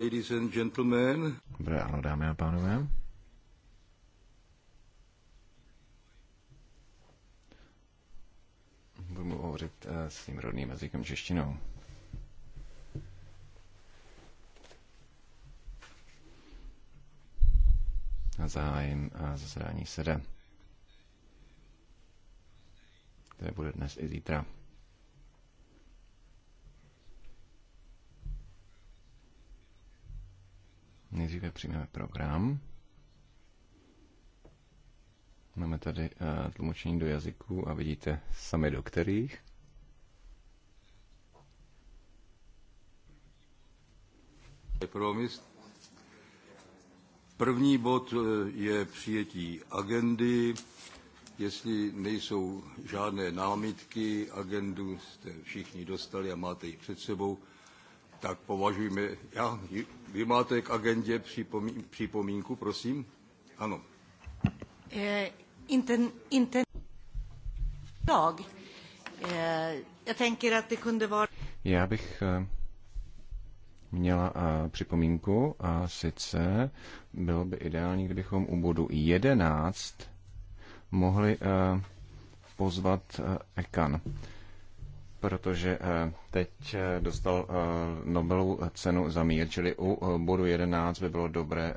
Ladies and gentlemen. Dobré ráno, dámy a pánové. Budu hovořit eh, s tím rodným jazykem češtinou. A zahájím eh, zasedání sede, které bude dnes i zítra. Nejdříve přijmeme program. Máme tady uh, tlumočení do jazyků a vidíte sami do kterých. První bod eh, je přijetí agendy. Jestli nejsou žádné námitky, agendu jste všichni dostali a máte ji před sebou tak považujeme, Já, vy máte k agendě připomín, připomínku, prosím? Ano. Eh, inten. inte dag. Eh, jag tänker att det kunde vara... Já bych eh, měla eh, připomínku a sice bylo by ideální, kdybychom u bodu 11 mohli eh, pozvat EKAN protože eh, teď eh, dostal eh, Nobelovu cenu za mír, čili u bodu 11 by bylo dobré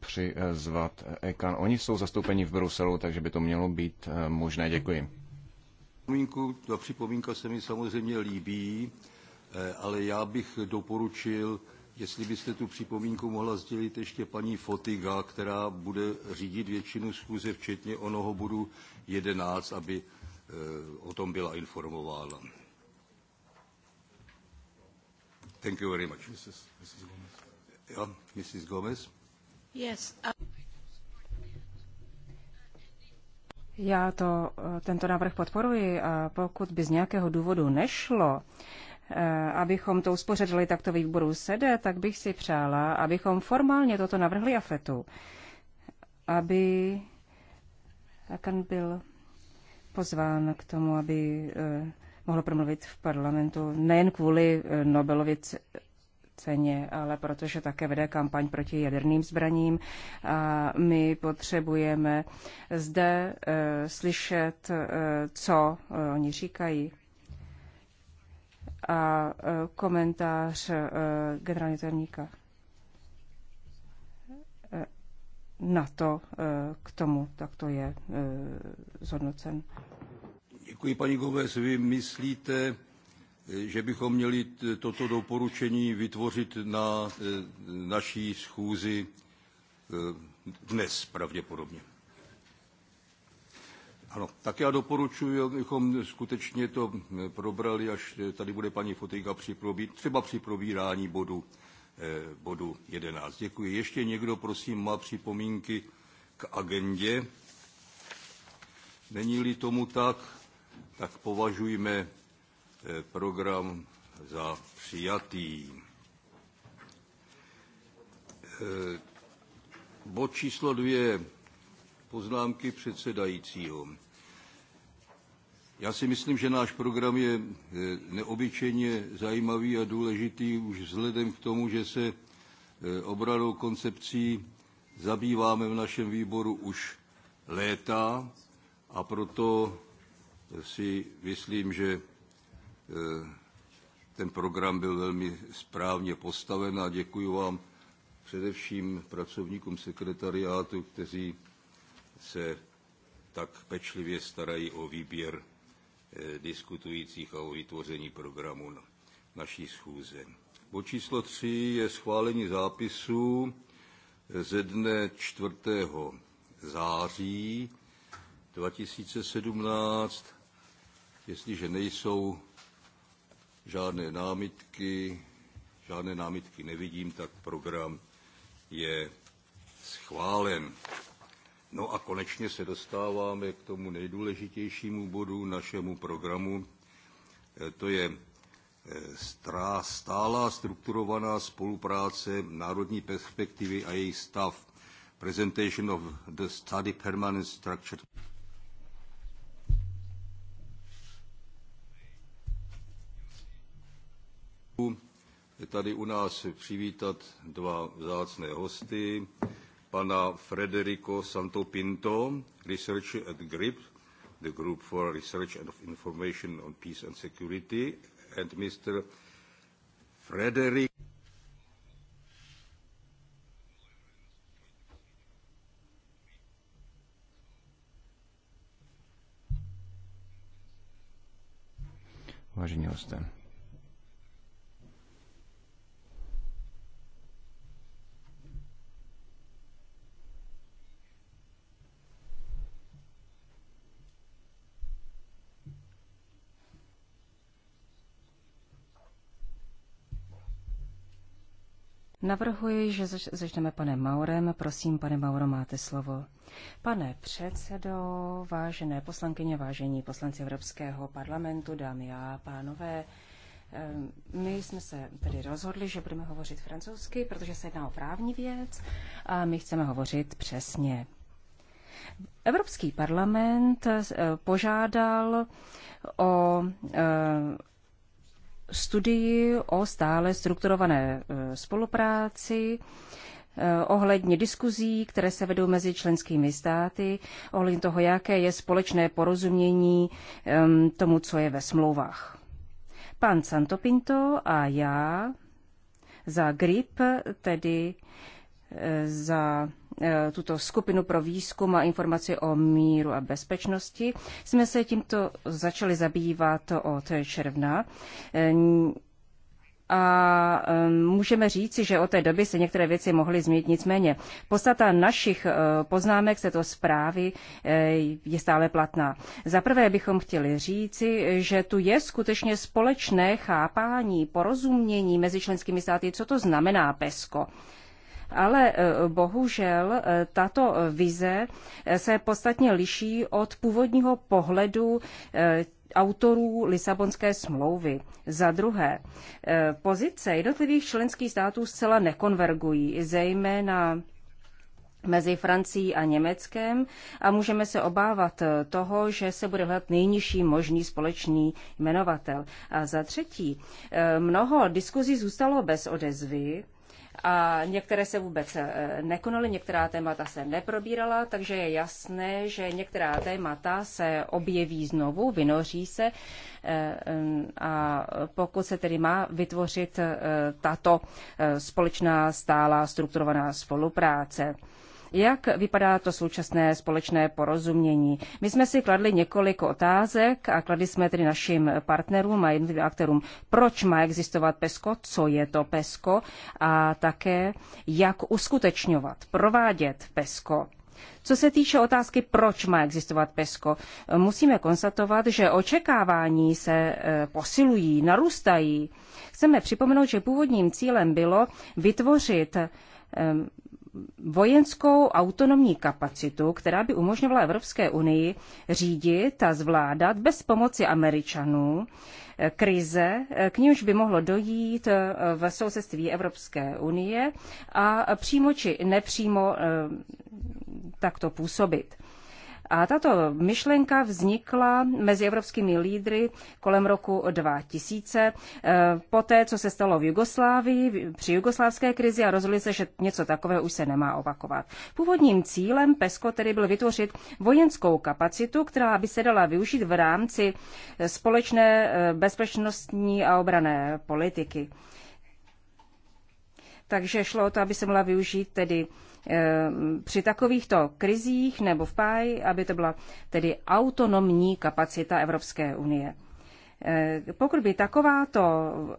přizvat EKAN. Oni jsou zastoupeni v Bruselu, takže by to mělo být možné. Děkuji. Ta připomínka se mi samozřejmě líbí, ale já bych doporučil, jestli byste tu připomínku mohla sdělit ještě paní Fotiga, která bude řídit většinu schůze, včetně onoho bodu 11, aby Eh, o tom byla informována. Thank you very much. Mrs. Mrs. Gomez. Yeah, Mrs. Gomez. Yes. Já to, eh, tento návrh podporuji a pokud by z nějakého důvodu nešlo, eh, abychom to uspořadili takto výboru sede, tak bych si přála, abychom formálně toto navrhli AFETu, aby Akan byl pozván k tomu, aby eh, mohl promluvit v parlamentu nejen kvůli eh, Nobelově ceně, ale protože také vede kampaň proti jaderným zbraním. A my potřebujeme zde eh, slyšet, co oni říkají a komentář generálního tajemníka. na to eh, k tomu, tak to je eh, zhodnocen. Děkuji, paní Goves. Vy myslíte, eh, že bychom měli toto doporučení vytvořit na naší schůzi dnes pravděpodobně? Ano, tak já doporučuji, abychom skutečně to probrali, až tady bude paní Fotyka při probí, třeba při probírání bodu Eh, bodu 11. Děkuji. Ještě někdo, prosím, má připomínky k agendě? Není-li tomu tak, tak považujme eh, program za přijatý. Eh, bod číslo dvě. Poznámky předsedajícího. Já si myslím, že náš program je neobyčejně zajímavý a důležitý už vzhledem k tomu, že se e, obranou koncepcí zabýváme v našem výboru už léta a proto si myslím, že e, ten program byl velmi správně postaven a děkuji vám především pracovníkům sekretariátu, kteří se tak pečlivě starají o výběr Eh, diskutujících a o vytvoření programu naší schůze. Bod číslo 3 je schválení zápisu ze dne 4. září 2017. Jestliže nejsou žádné námitky, žádné námitky nevidím, tak program je schválen. No a konečně se dostáváme k tomu nejdůležitějšímu bodu našemu programu. E, to je e, stálá strukturovaná spolupráce národní perspektivy a její stav. Presentation of the study permanent structure. Tady u nás přivítat dva vzácné hosty pana Frederico Santo Pinto, researcher at GRIP, the Group for Research and Information on Peace and Security, and Mr. Frederic, Vážení hosté. Navrhuji, že začneme panem Maurem. Prosím, pane Mauro, máte slovo. Pane předsedo, vážené poslankyně, vážení poslanci Evropského parlamentu, dámy a pánové, eh, my jsme se tedy rozhodli, že budeme hovořit francouzsky, protože se jedná o právní věc a my chceme hovořit přesně. Evropský parlament eh, požádal o eh, studii o stále strukturované e, spolupráci e, ohledně diskuzí, které se vedou mezi členskými státy, ohledně toho, jaké je společné porozumění tomu, co je ve smlouvách. Pan Santopinto a já za GRIP, tedy za e, tuto skupinu pro výzkum a informaci o míru a bezpečnosti. Jsme se tímto začali zabývat od června. E, a e, můžeme říci, že od té doby se některé věci mohly změnit, nicméně podstata našich poznámek se to zprávy je stále platná. Za prvé bychom chtěli říci, že tu je skutečně společné chápání, porozumění mezi členskými státy, co to znamená PESCO ale eh, bohužel eh, tato eh, vize se podstatně liší od původního pohledu autorů Lisabonské smlouvy. Za druhé, pozice jednotlivých členských států zcela nekonvergují, zejména mezi Francií a Německem a můžeme se obávat toho, že se bude hledat nejnižší možný společný jmenovatel. A za třetí, mnoho diskuzí zůstalo bez odezvy a některé se vůbec eh, nekonaly, některá témata se neprobírala, takže je jasné, že některá témata se objeví znovu, vynoří se eh, mm, a pokud se tedy má vytvořit eh, tato společná stála strukturovaná spolupráce. Jak vypadá to současné společné porozumění? My jsme si kladli několik otázek a kladli jsme tedy našim partnerům a jednotlivým aktérům, proč má existovat PESCO, co je to PESCO a také jak uskutečňovat, provádět PESCO. Co se týče otázky, proč má existovat PESCO, musíme konstatovat, že očekávání se e, posilují, narůstají. Chceme připomenout, že původním cílem bylo vytvořit e, vojenskou autonomní kapacitu, která by umožňovala Evropské unii řídit a zvládat bez pomoci Američanů eh, krize, eh, k nímž by mohlo dojít eh, v sousedství Evropské unie a přímo či nepřímo takto působit. A tato myšlenka vznikla mezi evropskými lídry kolem roku 2000, eh, poté, co se stalo v Jugoslávii, při jugoslávské krizi a rozhodli se, že něco takového už se nemá opakovat. Původním cílem PESCO tedy byl vytvořit vojenskou kapacitu, která by se dala využít v rámci eh, společné eh, bezpečnostní a obrané politiky. Takže šlo o to, aby se mohla využít tedy Ehm, při takovýchto krizích nebo v páji, aby to byla tedy autonomní kapacita Evropské unie. Ehm, pokud by takováto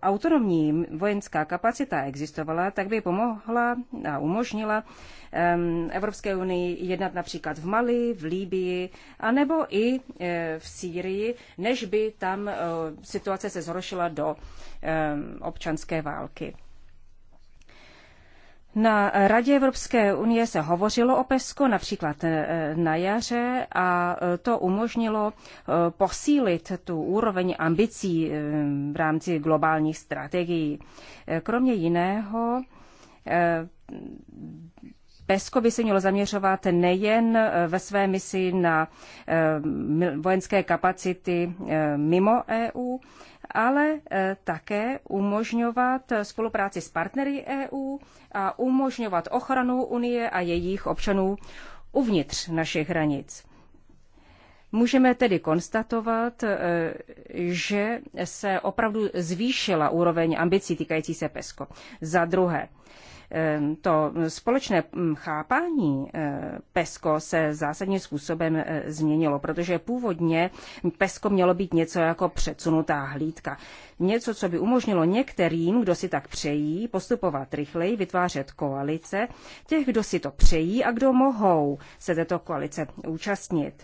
autonomní vojenská kapacita existovala, tak by pomohla a umožnila ehm, Evropské unii jednat například v Mali, v Líbii, anebo i e, v Sýrii, než by tam e, situace se zhoršila do občanské války. Na Radě Evropské unie se hovořilo o PESCO, například eh, na jaře, a eh, to umožnilo eh, posílit tu úroveň ambicí v rámci globálních strategií. Kromě jiného PESCO by se mělo zaměřovat nejen eh, ve své misi na eh, vojenské kapacity eh, mimo EU, ale také umožňovat spolupráci s partnery EU a umožňovat ochranu Unie a jejich občanů uvnitř našich hranic. Můžeme tedy konstatovat, že se opravdu zvýšila úroveň ambicí týkající se PESCO. Za druhé, Ehm, to společné hm, chápání eh, PESCO se zásadním způsobem eh, změnilo, protože původně PESCO mělo být něco jako předsunutá hlídka. Něco, co by umožnilo některým, kdo si tak přejí, postupovat rychleji, vytvářet koalice, těch, kdo si to přejí a kdo mohou se této koalice účastnit.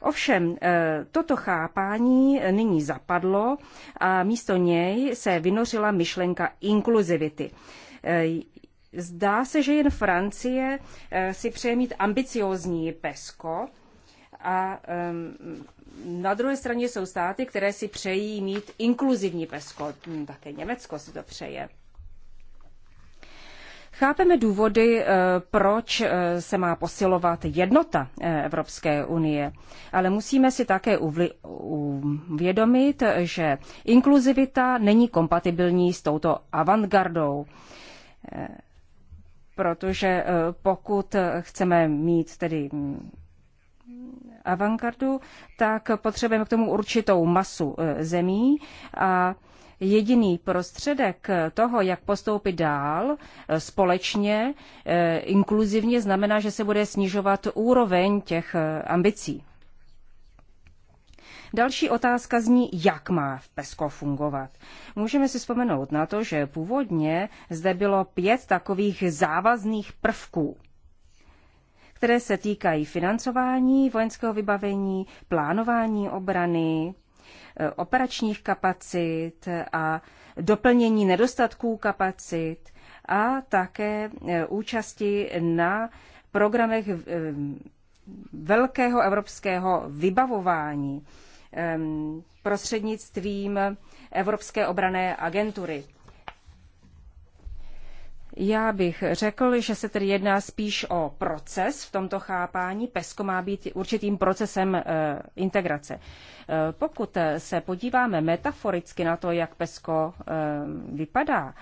Ovšem, eh, toto chápání nyní zapadlo a místo něj se vynořila myšlenka inkluzivity Zdá se, že jen Francie eh, si přeje mít ambiciózní PESCO a ehm, na druhé straně jsou státy, které si přejí mít inkluzivní PESCO. Hm, také Německo si to přeje. Chápeme důvody, eh, proč eh, se má posilovat jednota Evropské unie, ale musíme si také uvědomit, že inkluzivita není kompatibilní s touto avantgardou protože eh, pokud eh, chceme mít tedy mm, avantgardu, tak potřebujeme k tomu určitou masu eh, zemí a jediný prostředek toho, jak postoupit dál společně, inkluzivně, znamená, že se bude snižovat úroveň těch ambicí. Další otázka zní, jak má v PESCO fungovat. Můžeme si vzpomenout na to, že původně zde bylo pět takových závazných prvků které se týkají financování vojenského vybavení, plánování obrany, eh, operačních kapacit a doplnění nedostatků kapacit a také eh, účasti na programech eh, velkého evropského vybavování prostřednictvím Evropské obrané agentury. Já bych řekl, že se tedy jedná spíš o proces v tomto chápání. PESCO má být určitým procesem e, integrace. E, pokud se podíváme metaforicky na to, jak PESCO e, eh, vypadá,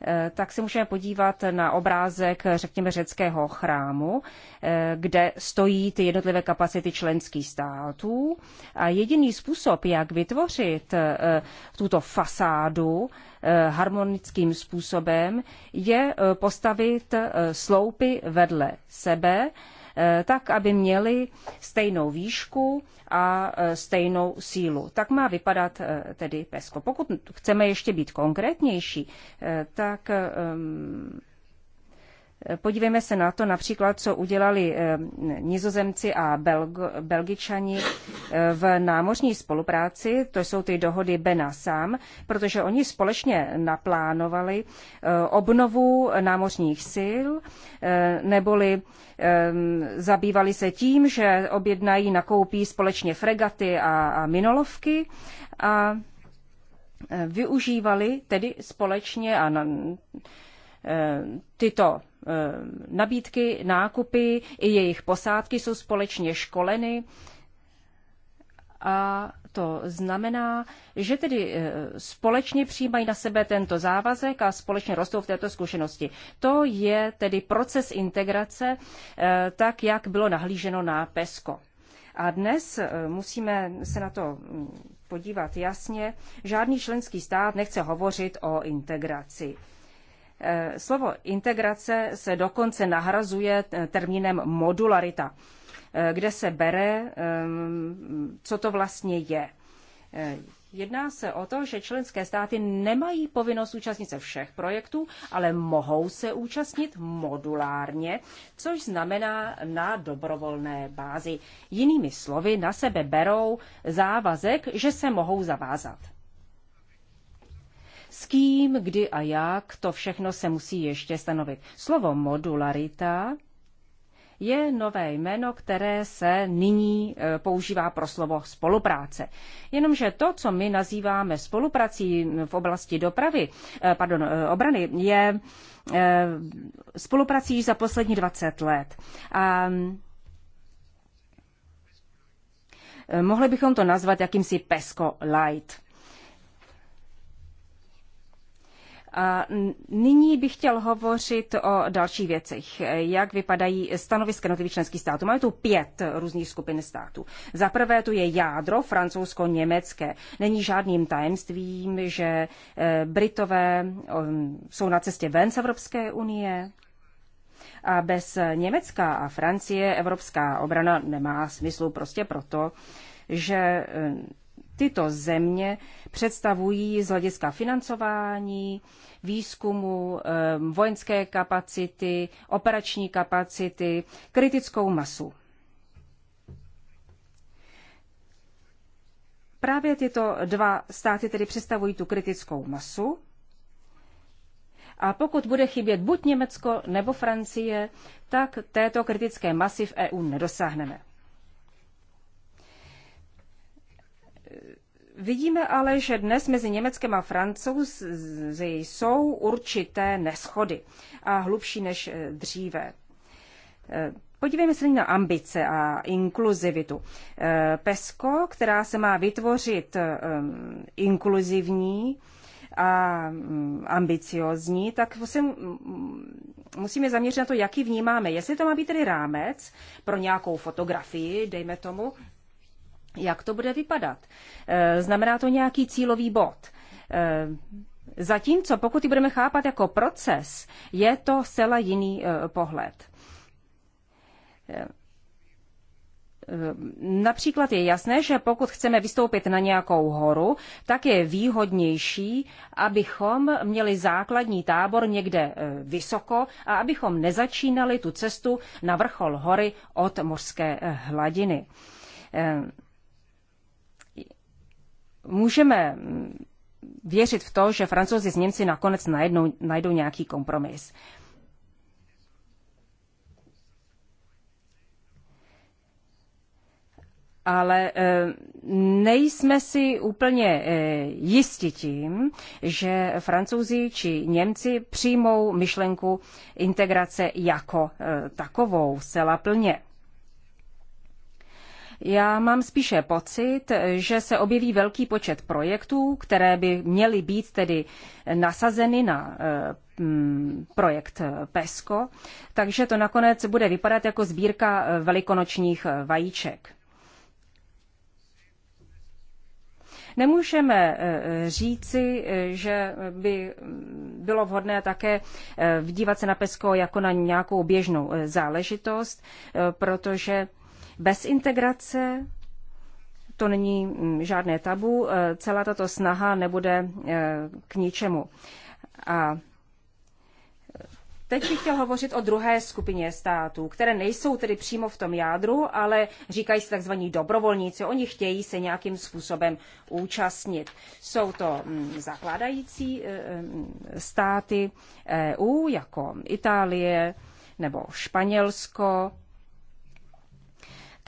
Eh, tak se můžeme podívat na obrázek, řekněme, řeckého chrámu, eh, kde stojí ty jednotlivé kapacity členských států. A jediný způsob, jak vytvořit eh, tuto fasádu harmonickým způsobem, je postavit sloupy vedle sebe, Eh, tak, aby měly stejnou výšku a eh, stejnou sílu. Tak má vypadat eh, tedy PESCO. Pokud chceme ještě být konkrétnější, tak um, Podívejme se na to například, co udělali eh, nizozemci a Belg- belgičani eh, v námořní spolupráci, to jsou ty dohody Bena sám, protože oni společně naplánovali eh, obnovu námořních sil, neboli ehm, zabývali se tím, že objednají, nakoupí společně fregaty a, a minolovky a využívali tedy společně a na, tyto Eh, nabídky, nákupy i jejich posádky jsou společně školeny. A to znamená, že tedy eh, společně přijímají na sebe tento závazek a společně rostou v této zkušenosti. To je tedy proces integrace, eh, tak jak bylo nahlíženo na PESCO. A dnes musíme se na to mm, podívat jasně. Žádný členský stát nechce hovořit o integraci. Eh, slovo integrace se dokonce nahrazuje termínem modularita, eh, kde se bere, eh, co to vlastně je. Jedná se o to, že členské státy nemají povinnost účastnit se všech projektů, ale mohou se účastnit modulárně, což znamená na dobrovolné bázi. Jinými slovy, na sebe berou závazek, že se mohou zavázat. S kým, kdy a jak, to všechno se musí ještě stanovit. Slovo modularita je nové jméno, které se nyní e, používá pro slovo spolupráce. Jenomže to, co my nazýváme spoluprací v oblasti dopravy, e, pardon, e, obrany, je spoluprací za poslední 20 let. A mohli bychom to nazvat jakýmsi PESCO Light. nyní bych chtěl hovořit o dalších věcech, jak vypadají stanoviska jednotlivých členských států. Máme tu pět různých skupin států. Za prvé tu je jádro francouzsko-německé. Není žádným tajemstvím, že e, Britové um, jsou na cestě ven z Evropské unie. A bez Německa a Francie evropská obrana nemá smyslu prostě proto, že um, tyto země představují z hlediska financování, výzkumu, vojenské kapacity, operační kapacity, kritickou masu. Právě tyto dva státy tedy představují tu kritickou masu. A pokud bude chybět buď Německo nebo Francie, tak této kritické masy v EU nedosáhneme. Vidíme ale, že dnes mezi Německem a Francouzi jsou určité neschody a hlubší než eh, dříve. Eh, podívejme se na ambice a inkluzivitu. Eh, PESCO, která se má vytvořit inkluzivní a mm, ambiciozní, tak se musíme zaměřit na to, jaký vnímáme. Jestli to má být tedy rámec pro nějakou fotografii, dejme tomu, jak to bude vypadat? Eh, znamená to nějaký cílový bod. Eh, zatímco pokud ji budeme chápat jako proces, je to zcela jiný eh, pohled. Například je jasné, že pokud chceme vystoupit na nějakou horu, tak je výhodnější, abychom měli základní tábor někde vysoko a abychom nezačínali tu cestu na vrchol hory od mořské hladiny můžeme věřit v to, že francouzi s Němci nakonec najednou, najdou nějaký kompromis. ale eh, nejsme si úplně eh, jisti tím, že francouzi či Němci přijmou myšlenku integrace jako eh, takovou zcela plně. Já mám spíše pocit, že se objeví velký počet projektů, které by měly být tedy nasazeny na eh, mm, projekt eh, PESCO, takže to nakonec bude vypadat jako sbírka eh, velikonočních vajíček. Nemůžeme říci, že by mm, bylo vhodné také vdívat se na PESCO jako na nějakou běžnou záležitost, protože bez integrace to není mm, žádné tabu, e, celá tato snaha nebude e, k ničemu. A Teď bych chtěl hovořit o druhé skupině států, které nejsou tedy přímo v tom jádru, ale říkají se takzvaní dobrovolníci. Oni chtějí se nějakým způsobem účastnit. Jsou to mm, zakládající e, mm, státy EU, jako Itálie nebo Španělsko,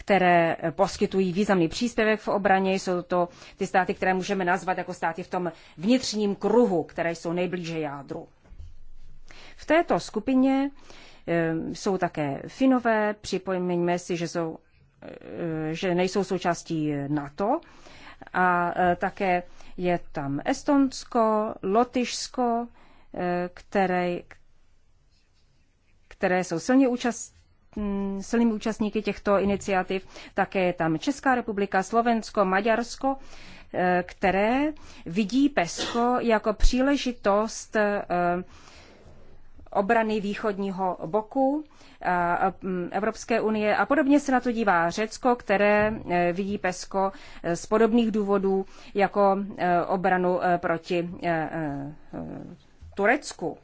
které poskytují významný příspěvek v obraně. Jsou to ty státy, které můžeme nazvat jako státy v tom vnitřním kruhu, které jsou nejblíže jádru. V této skupině e, jsou také Finové, připomeňme si, že, jsou, e, že nejsou součástí NATO a e, také je tam Estonsko, Lotyšsko, které, které jsou silně účast, Mm, silnými účastníky těchto iniciativ. Také je tam Česká republika, Slovensko, Maďarsko, eh, které vidí PESCO jako příležitost eh, obrany východního boku eh, mm, Evropské unie a podobně se na to dívá Řecko, které vidí PESCO z podobných důvodů jako obranu proti Turecku.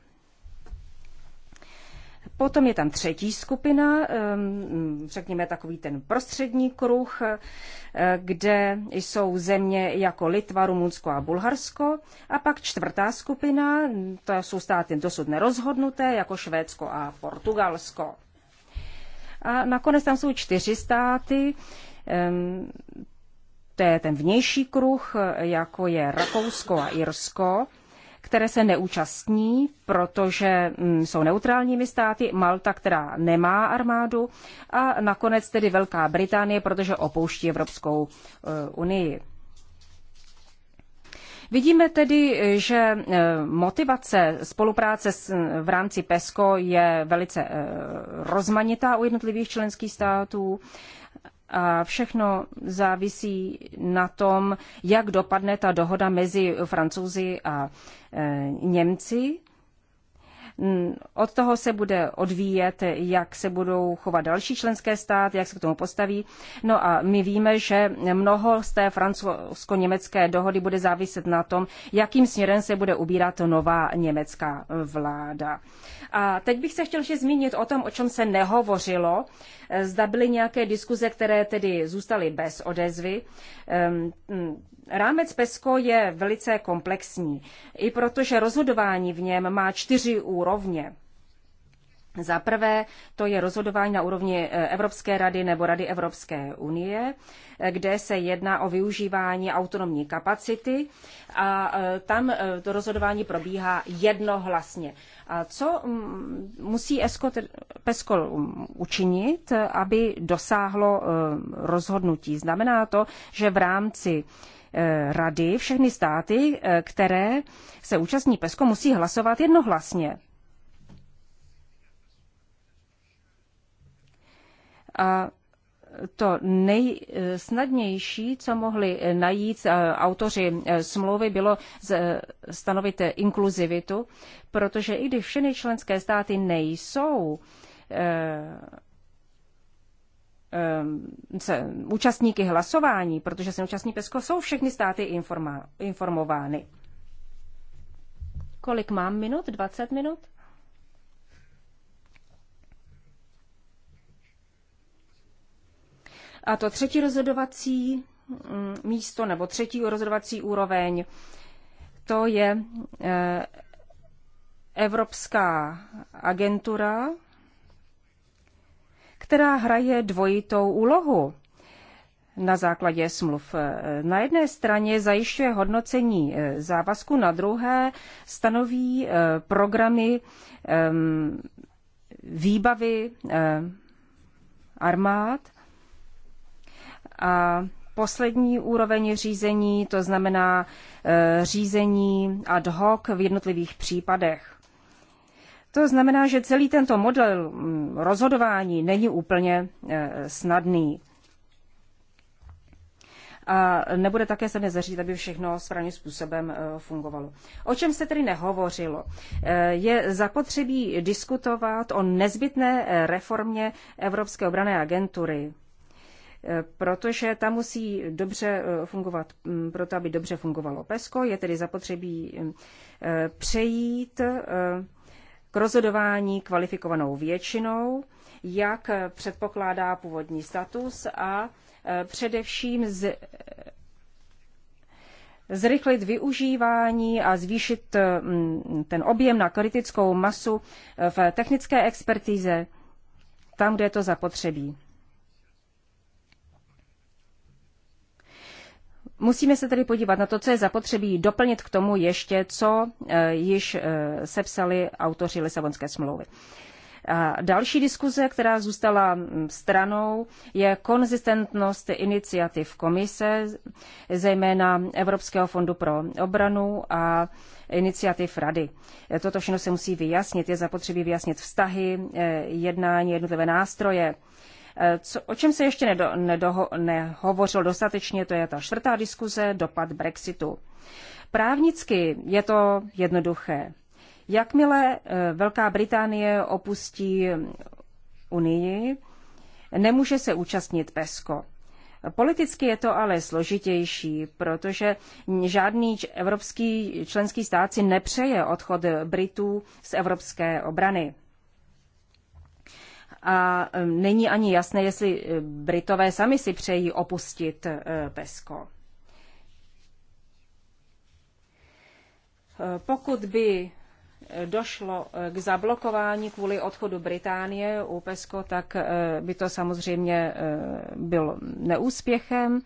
Potom je tam třetí skupina, ehm, řekněme takový ten prostřední kruh, eh, kde jsou země jako Litva, Rumunsko a Bulharsko. A pak čtvrtá skupina, to jsou státy dosud nerozhodnuté, jako Švédsko a Portugalsko. A nakonec tam jsou čtyři státy, ehm, to je ten vnější kruh, jako je Rakousko a Irsko které se neúčastní, protože mm, jsou neutrálními státy, Malta, která nemá armádu a nakonec tedy Velká Británie, protože opouští Evropskou e, unii. Vidíme tedy, že e, motivace spolupráce v rámci PESCO je velice e, rozmanitá u jednotlivých členských států a všechno závisí na tom, jak dopadne ta dohoda mezi Francouzi a e, Němci. Mm, od toho se bude odvíjet, jak se budou chovat další členské státy, jak se k tomu postaví. No a my víme, že mnoho z té francouzsko-německé dohody bude záviset na tom, jakým směrem se bude ubírat nová německá vláda. A teď bych se chtěl ještě zmínit o tom, o čem se nehovořilo. Zda byly nějaké diskuze, které tedy zůstaly bez odezvy. Ehm, mm, Rámec PESCO je velice komplexní, i protože rozhodování v něm má čtyři úrovně. Za prvé, to je rozhodování na úrovni e, Evropské rady nebo Rady Evropské unie, e, kde se jedná o využívání autonomní kapacity a e, tam to rozhodování probíhá jednohlasně. A co musí ESCO, PESCO učinit, aby dosáhlo rozhodnutí? Znamená to, že v rámci Eh, rady všechny státy, eh, které se účastní PESCO, musí hlasovat jednohlasně. A to nejsnadnější, co mohli najít eh, autoři smlouvy, bylo stanovit inkluzivitu, protože i když všechny členské státy nejsou Ehm, se, účastníky hlasování, protože se účastní PESCO, jsou všechny státy informa, informovány. Kolik mám minut? 20 minut? A to třetí rozhodovací mm, místo nebo třetí rozhodovací úroveň, to je eh, Evropská agentura která hraje dvojitou úlohu na základě smluv. Na jedné straně zajišťuje hodnocení eh, závazku, na druhé stanoví eh, programy ehm, výbavy eh, armád a poslední úroveň řízení, to znamená řízení ad hoc v jednotlivých případech. To znamená, že celý tento model mm, rozhodování není úplně e, snadný. A nebude také se nezařídit, aby všechno správným způsobem e, fungovalo. O čem se tedy nehovořilo? E, je zapotřebí diskutovat o nezbytné reformě Evropské obrané agentury protože tam musí dobře fungovat, proto aby dobře fungovalo PESCO, je tedy zapotřebí přejít rozhodování kvalifikovanou většinou, jak předpokládá původní status a e, především z, e, zrychlit využívání a zvýšit e, ten objem na kritickou masu v technické expertíze tam, kde je to zapotřebí. Musíme se tedy podívat na to, co je zapotřebí doplnit k tomu ještě, co eh, již eh, sepsali autoři Lisabonské smlouvy. A další diskuze, která zůstala mm, stranou, je konzistentnost iniciativ komise, zejména Evropského fondu pro obranu a iniciativ rady. Eh, toto všechno se musí vyjasnit. Je zapotřebí vyjasnit vztahy, jednání, jednotlivé nástroje. Eh, co, o čem se ještě nedo, nedoho, nehovořil dostatečně, to je ta čtvrtá diskuze, dopad Brexitu. Právnicky je to jednoduché. Jakmile eh, Velká Británie opustí Unii, nemůže se účastnit PESCO. Politicky je to ale složitější, protože žádný evropský členský stát si nepřeje odchod Britů z evropské obrany a není ani jasné, jestli eh, Britové sami si přejí opustit eh, PESCO. Eh, pokud by došlo k zablokování kvůli odchodu Británie u PESCO, tak by to samozřejmě bylo neúspěchem.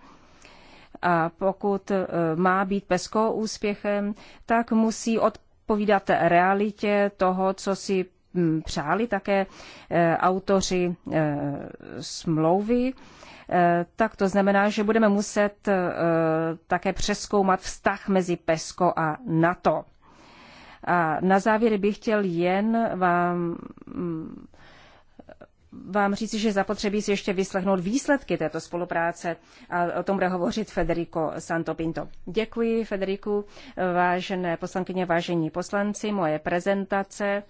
A pokud má být PESCO úspěchem, tak musí odpovídat realitě toho, co si Mm, přáli také eh, autoři eh, smlouvy, eh, tak to znamená, že budeme muset také přeskoumat vztah mezi PESCO a NATO. A na závěr bych chtěl jen vám mm, vám říci, že zapotřebí si ještě vyslechnout výsledky této spolupráce a o tom bude hovořit Federico Santopinto. Děkuji Federiku, vážené poslankyně, vážení poslanci, moje prezentace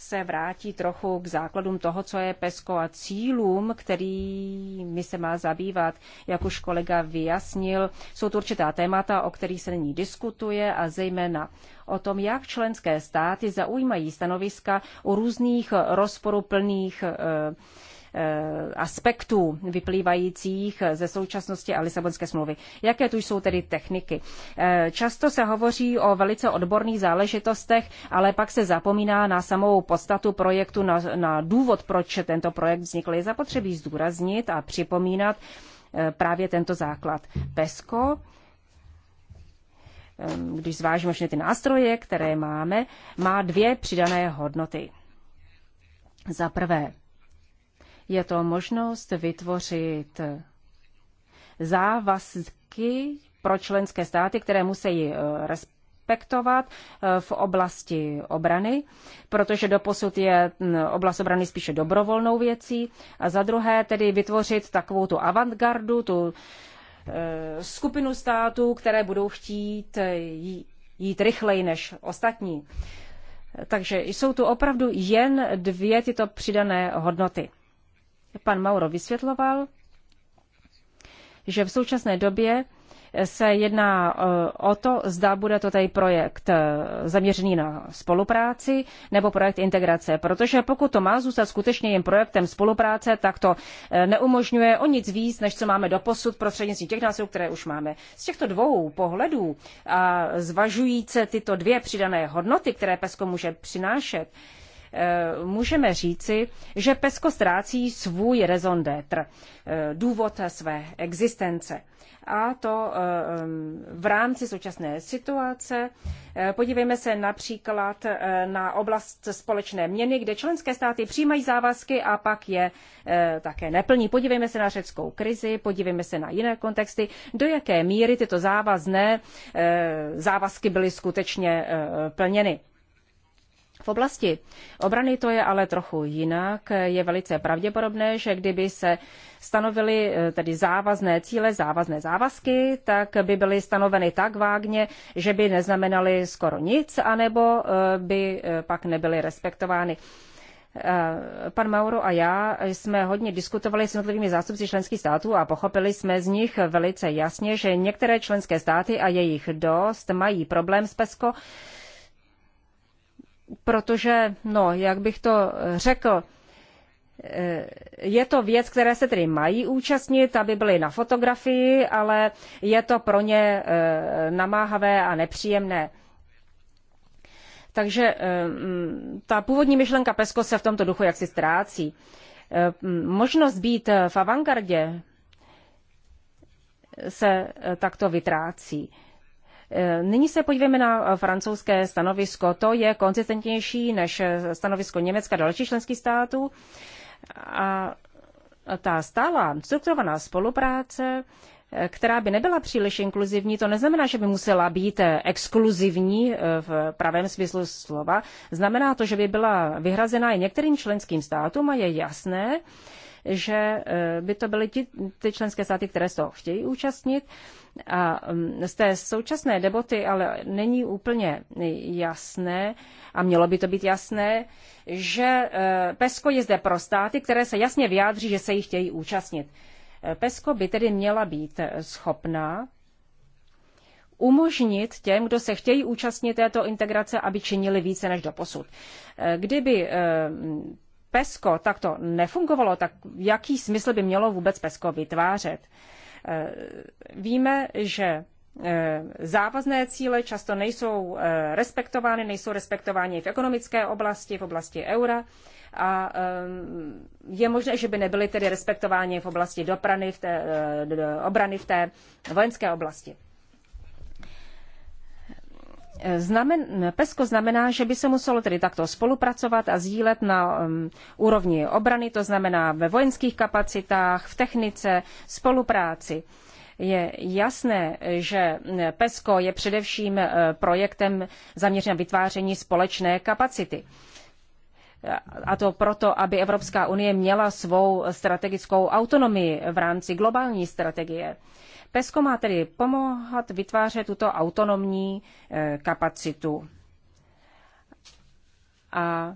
se vrátí trochu k základům toho, co je PESCO a cílům, kterými se má zabývat. Jak už kolega vyjasnil, jsou to určitá témata, o kterých se nyní diskutuje a zejména o tom, jak členské státy zaujímají stanoviska o různých rozporuplných eh, Eh, aspektů vyplývajících ze současnosti a Lisabonské smlouvy. Jaké tu jsou tedy techniky? Eh, často se hovoří o velice odborných záležitostech, ale pak se zapomíná na samou podstatu projektu, na, na důvod, proč tento projekt vznikl. Je zapotřebí zdůraznit a připomínat eh, právě tento základ. PESCO když zvážíme všechny ty nástroje, které máme, má dvě přidané hodnoty. Za prvé, je to možnost vytvořit závazky pro členské státy, které musí eh, respektovat eh, v oblasti obrany, protože doposud je mm, oblast obrany spíše dobrovolnou věcí. A za druhé tedy vytvořit takovou tu avantgardu, tu eh, skupinu států, které budou chtít jít rychleji než ostatní. Takže jsou tu opravdu jen dvě tyto přidané hodnoty pan Mauro vysvětloval, že v současné době se jedná eh, o to, zda bude to tady projekt eh, zaměřený na spolupráci nebo projekt integrace. Protože pokud to má zůstat skutečně jen projektem spolupráce, tak to eh, neumožňuje o nic víc, než co máme do posud prostřednictvím těch násilů, které už máme. Z těchto dvou pohledů a zvažujíce tyto dvě přidané hodnoty, které PESCO může přinášet, Eh, můžeme říci, že PESCO ztrácí svůj raison d'être, eh, důvod své existence. A to eh, v rámci současné situace. Podívejme se například na oblast společné měny, kde členské státy přijímají závazky a pak je také neplní. Podívejme se na řeckou krizi, podívejme se na jiné kontexty, do jaké míry tyto závazné závazky byly skutečně plněny. V oblasti obrany to je ale trochu jinak. Je velice pravděpodobné, že kdyby se stanovily eh, tedy závazné cíle, závazné závazky, tak by byly stanoveny tak vágně, že by neznamenaly skoro nic, anebo eh, by eh, pak nebyly respektovány. Pan Mauro a já jsme hodně diskutovali s jednotlivými zástupci členských států a pochopili jsme z nich velice jasně, že některé členské státy a jejich dost mají problém s PESCO, protože, no, jak bych to řekl, eh, je to věc, které se tedy mají účastnit, aby byly na fotografii, ale je to pro ně eh, namáhavé a nepříjemné. Takže eh, mm, ta původní myšlenka PESCO se v tomto duchu jaksi ztrácí. Mm, možnost být v avantgardě se takto vytrácí. Eh, nyní se podívejme na eh, francouzské stanovisko. To je konzistentnější než eh, stanovisko Německa a dalších členských států. A ta stála strukturovaná spolupráce která by nebyla příliš inkluzivní, to neznamená, že by musela být exkluzivní v pravém smyslu slova. Znamená to, že by byla vyhrazená i některým členským státům a je jasné, že by to byly ty, ty členské státy, které se toho chtějí účastnit. A um, z té současné deboty ale není úplně jasné, a mělo by to být jasné, že e, PESCO je zde pro státy, které se jasně vyjádří, že se jich chtějí účastnit. E, PESCO by tedy měla být schopná umožnit těm, kdo se chtějí účastnit této integrace, aby činili více než doposud. E, kdyby PESCO takto nefungovalo, tak jaký smysl by mělo vůbec PESCO vytvářet? Eh, víme, že eh, závazné cíle často nejsou eh, respektovány, nejsou respektovány v ekonomické oblasti, v oblasti eura a je možné, že by nebyly tedy respektovány v oblasti dopravy, v té, obrany, v té vojenské oblasti. Znamen, PESCO znamená, že by se muselo tedy takto spolupracovat a sdílet na um, úrovni obrany, to znamená ve vojenských kapacitách, v technice, spolupráci. Je jasné, že PESCO je především eh, projektem zaměřeným na vytváření společné kapacity. A to proto, aby Evropská unie měla svou strategickou autonomii v rámci globální strategie. PESCO má tedy pomohat vytvářet tuto autonomní eh, kapacitu. A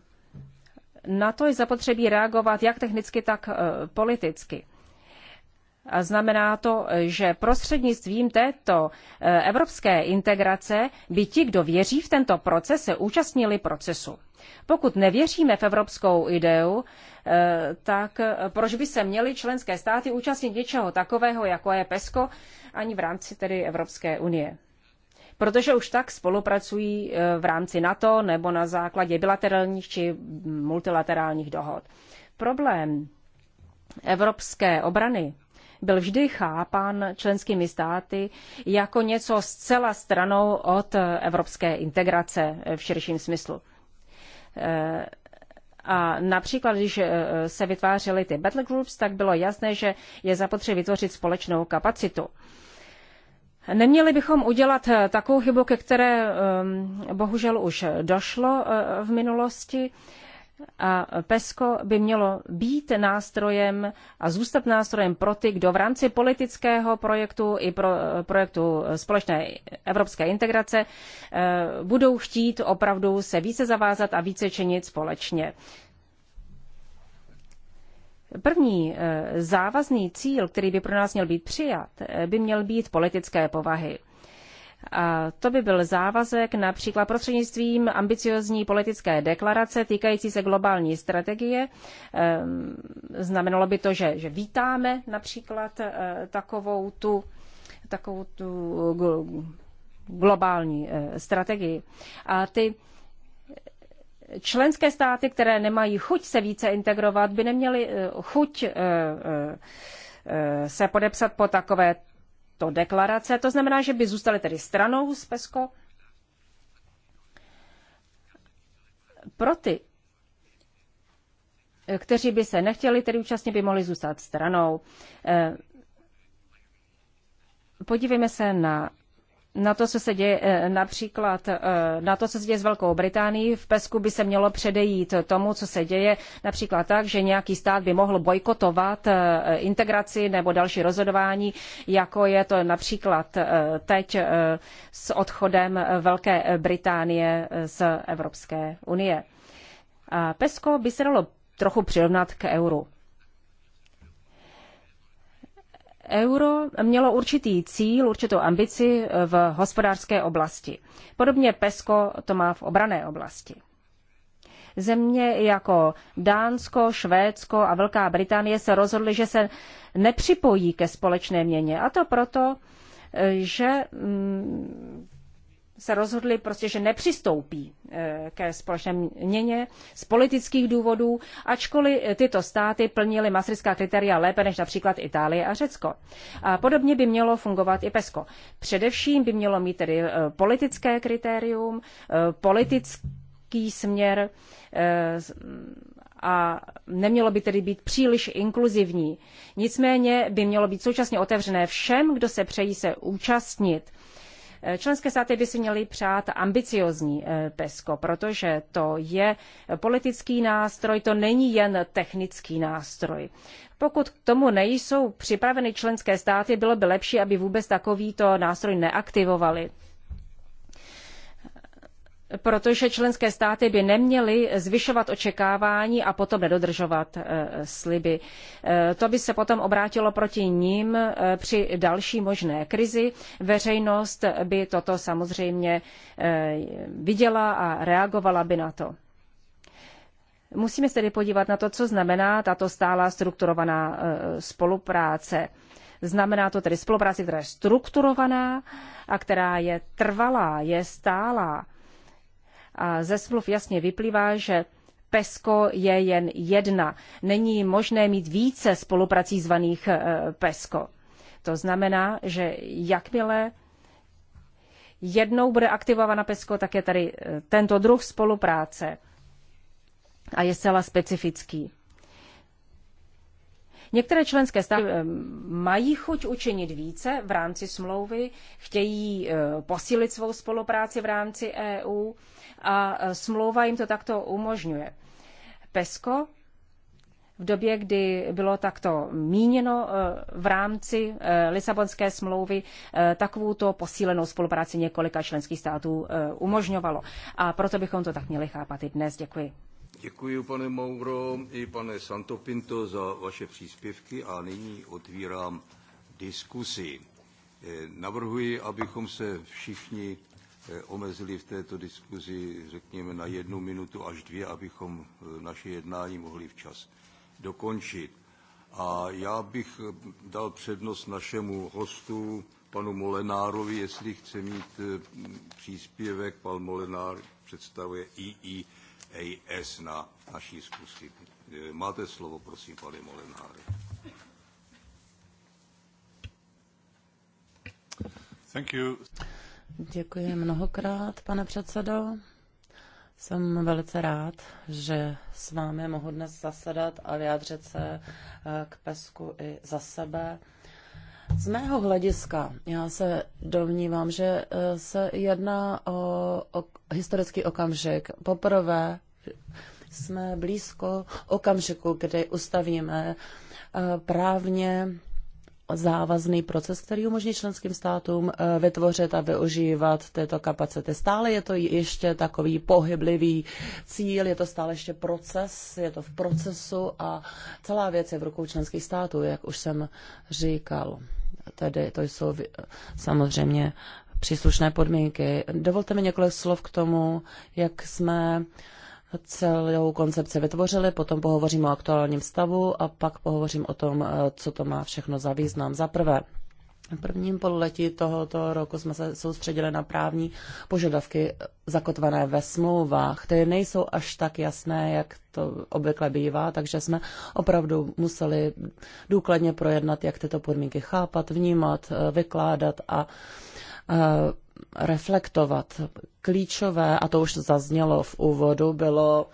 na to je zapotřebí reagovat jak technicky, tak eh, politicky. A znamená to, že prostřednictvím této eh, evropské integrace by ti, kdo věří v tento proces, se účastnili procesu. Pokud nevěříme v evropskou ideu, eh, tak eh, proč by se měly členské státy účastnit něčeho takového, jako je PESCO, ani v rámci tedy Evropské unie? Protože už tak spolupracují v rámci NATO nebo na základě bilaterálních či multilaterálních dohod. Problém evropské obrany byl vždy chápán členskými státy jako něco zcela stranou od evropské integrace v širším smyslu. Eh, a například, když eh, se vytvářely ty groups, tak bylo jasné, že je zapotřebí vytvořit společnou kapacitu. Neměli bychom udělat eh, takovou chybu, ke které ehm, bohužel už došlo v minulosti, a PESCO by mělo být nástrojem a zůstat nástrojem pro ty, kdo v rámci politického projektu i pro, projektu společné evropské integrace eh, budou chtít opravdu se více zavázat a více činit společně. První eh, závazný cíl, který by pro nás měl být přijat, eh, by měl být politické povahy. A to by byl závazek například prostřednictvím ambiciozní politické deklarace týkající se globální strategie. Ehm, znamenalo by to, že, že vítáme například e, takovou tu, takovou tu globální e, strategii. A ty členské státy, které nemají chuť se více integrovat, by neměly e, chuť se podepsat po takové této deklarace. To znamená, že by zůstali tedy stranou z PESCO. Pro ty, eh, kteří by se nechtěli tedy účastnit, by mohli zůstat stranou. Eh, podívejme se na na to, co se děje eh, například eh, na to, co se děje s Velkou Británií, v Pesku by se mělo předejít tomu, co se děje například tak, že nějaký stát by mohl bojkotovat eh, integraci nebo další rozhodování, jako je to například teď s odchodem Velké Británie z Evropské unie. A Pesko by se dalo trochu přirovnat k euru. Euro mělo určitý cíl, určitou ambici v hospodářské oblasti. Podobně PESCO to má v obrané oblasti. Země jako Dánsko, Švédsko a Velká Británie se rozhodly, že se nepřipojí ke společné měně. A to proto, že mm, se rozhodli prostě, že nepřistoupí e, ke společné měně z politických důvodů, ačkoliv tyto státy plnily masrická kritéria lépe než například Itálie a Řecko. A podobně by mělo fungovat i PESCO. Především by mělo mít tedy e, politické kritérium, e, politický směr a nemělo by tedy být příliš inkluzivní. Nicméně by mělo být současně otevřené všem, kdo se přejí se účastnit Členské státy by si měly přát ambiciozní eh, PESCO, protože to je politický nástroj, to není jen technický nástroj. Pokud k tomu nejsou připraveny členské státy, bylo by lepší, aby vůbec takovýto nástroj neaktivovali protože členské státy by neměly zvyšovat očekávání a potom nedodržovat e, sliby. E, to by se potom obrátilo proti ním e, při další možné krizi. Veřejnost by toto samozřejmě viděla a reagovala by na to. Musíme se tedy podívat na to, co znamená tato stálá strukturovaná spolupráce. Znamená to tedy spolupráci, která je strukturovaná a která je trvalá, je stálá a ze smluv jasně vyplývá, že PESCO je jen jedna. Není možné mít více spoluprací zvaných eh, PESCO. To znamená, že jakmile jednou bude aktivována PESCO, tak je tady eh, tento druh spolupráce a je zcela specifický. Některé členské státy eh, mají chuť učinit více v rámci smlouvy, chtějí eh, posílit svou spolupráci v rámci EU a eh, smlouva jim to takto umožňuje. PESCO v době, kdy bylo takto míněno v rámci Lisabonské smlouvy, takovou to posílenou spolupráci několika členských států umožňovalo. A proto bychom to tak měli chápat i dnes. Děkuji. Děkuji, pane Mauro i pane Santopinto, za vaše příspěvky a nyní otvírám diskusi. Eh, navrhuji, abychom se všichni eh, omezili v této diskuzi, řekněme, na jednu minutu až dvě, abychom eh, naše jednání mohli včas dokončit. A já bych dal přednost našemu hostu, panu Molenárovi, jestli chce mít příspěvek. Pan Molenár představuje II AS na naší zkusky. Eh, máte slovo, prosím, pane Molenáre. Thank you. Děkuji mnohokrát, pane předsedo. Jsem velice rád, že s vámi mohu dnes zasedat a vyjádřit se eh, k pesku i za sebe. Z mého hlediska já se domnívám, že eh, se jedná o, o historický okamžik. Poprvé jsme blízko okamžiku, kdy ustavíme eh, právně závazný proces, který umožní členským státům eh, vytvořit a využívat tyto kapacity. Stále je to ještě takový pohyblivý cíl, je to stále ještě proces, je to v procesu a celá věc je v rukou členských států, jak už jsem říkal. Tedy to jsou samozřejmě příslušné podmínky. Dovolte mi několik slov k tomu, jak jsme celou koncepci vytvořili, potom pohovořím o aktuálním stavu a pak pohovořím o tom, eh, co to má všechno za význam. Za prvé, v prvním pololetí tohoto roku jsme se soustředili na právní požadavky zakotvené ve smlouvách. které nejsou až tak jasné, jak to obvykle bývá, takže jsme opravdu museli důkladně projednat, jak tyto podmínky chápat, vnímat, eh, vykládat a eh, reflektovat. Klíčové, a to už zaznělo v úvodu, bylo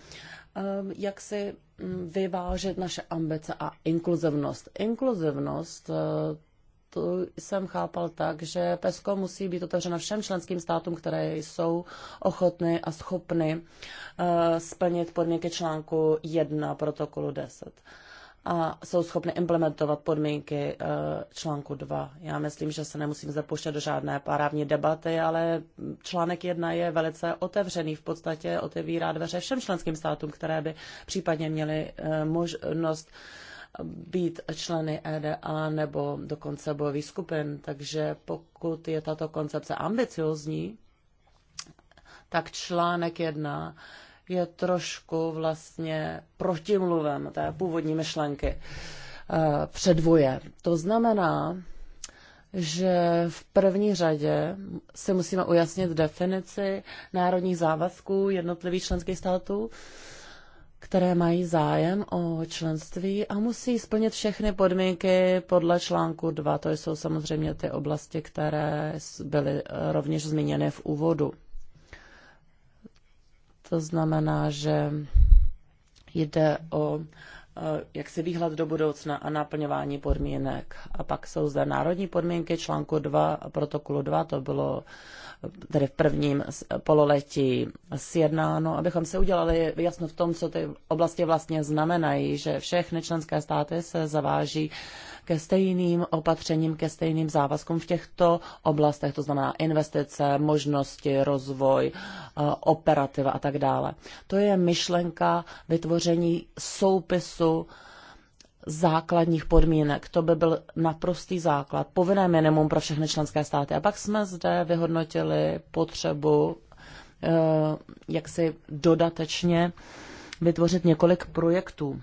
eh, jak si mm, vyvážet naše ambice a inkluzivnost. Inkluzivnost to jsem chápal tak, že PESCO musí být otevřena všem členským státům, které jsou ochotny a schopny uh, splnit podmínky článku 1 protokolu 10 a jsou schopny implementovat podmínky eh, článku 2. Já myslím, že se nemusím zapuštět do žádné právní debaty, ale článek 1 je velice otevřený, v podstatě otevírá dveře všem členským státům, které by případně měly eh, možnost být členy EDA nebo dokonce bojových skupin. Takže pokud je tato koncepce ambiciozní, tak článek jedna je trošku vlastně protimluvem té původní myšlenky eh, předvoje. To znamená, že v první řadě si musíme ujasnit definici národních závazků jednotlivých členských států které mají zájem o členství a musí splnit všechny podmínky podle článku 2. To jsou samozřejmě ty oblasti, které byly eh, rovněž zmíněny v úvodu. To znamená, že jde o eh, jak si výhled do budoucna a naplňování podmínek. A pak jsou zde národní podmínky článku 2 a protokolu 2, to bylo tedy v prvním pololetí sjednáno, abychom se udělali jasno v tom, co ty oblasti vlastně znamenají, že všechny členské státy se zaváží ke stejným opatřením, ke stejným závazkům v těchto oblastech, to znamená investice, možnosti, rozvoj, eh, operativa a tak dále. To je myšlenka vytvoření soupisu základních podmínek. To by byl naprostý základ, povinné minimum pro všechny členské státy. A pak jsme zde vyhodnotili potřebu eh, jak si dodatečně vytvořit několik projektů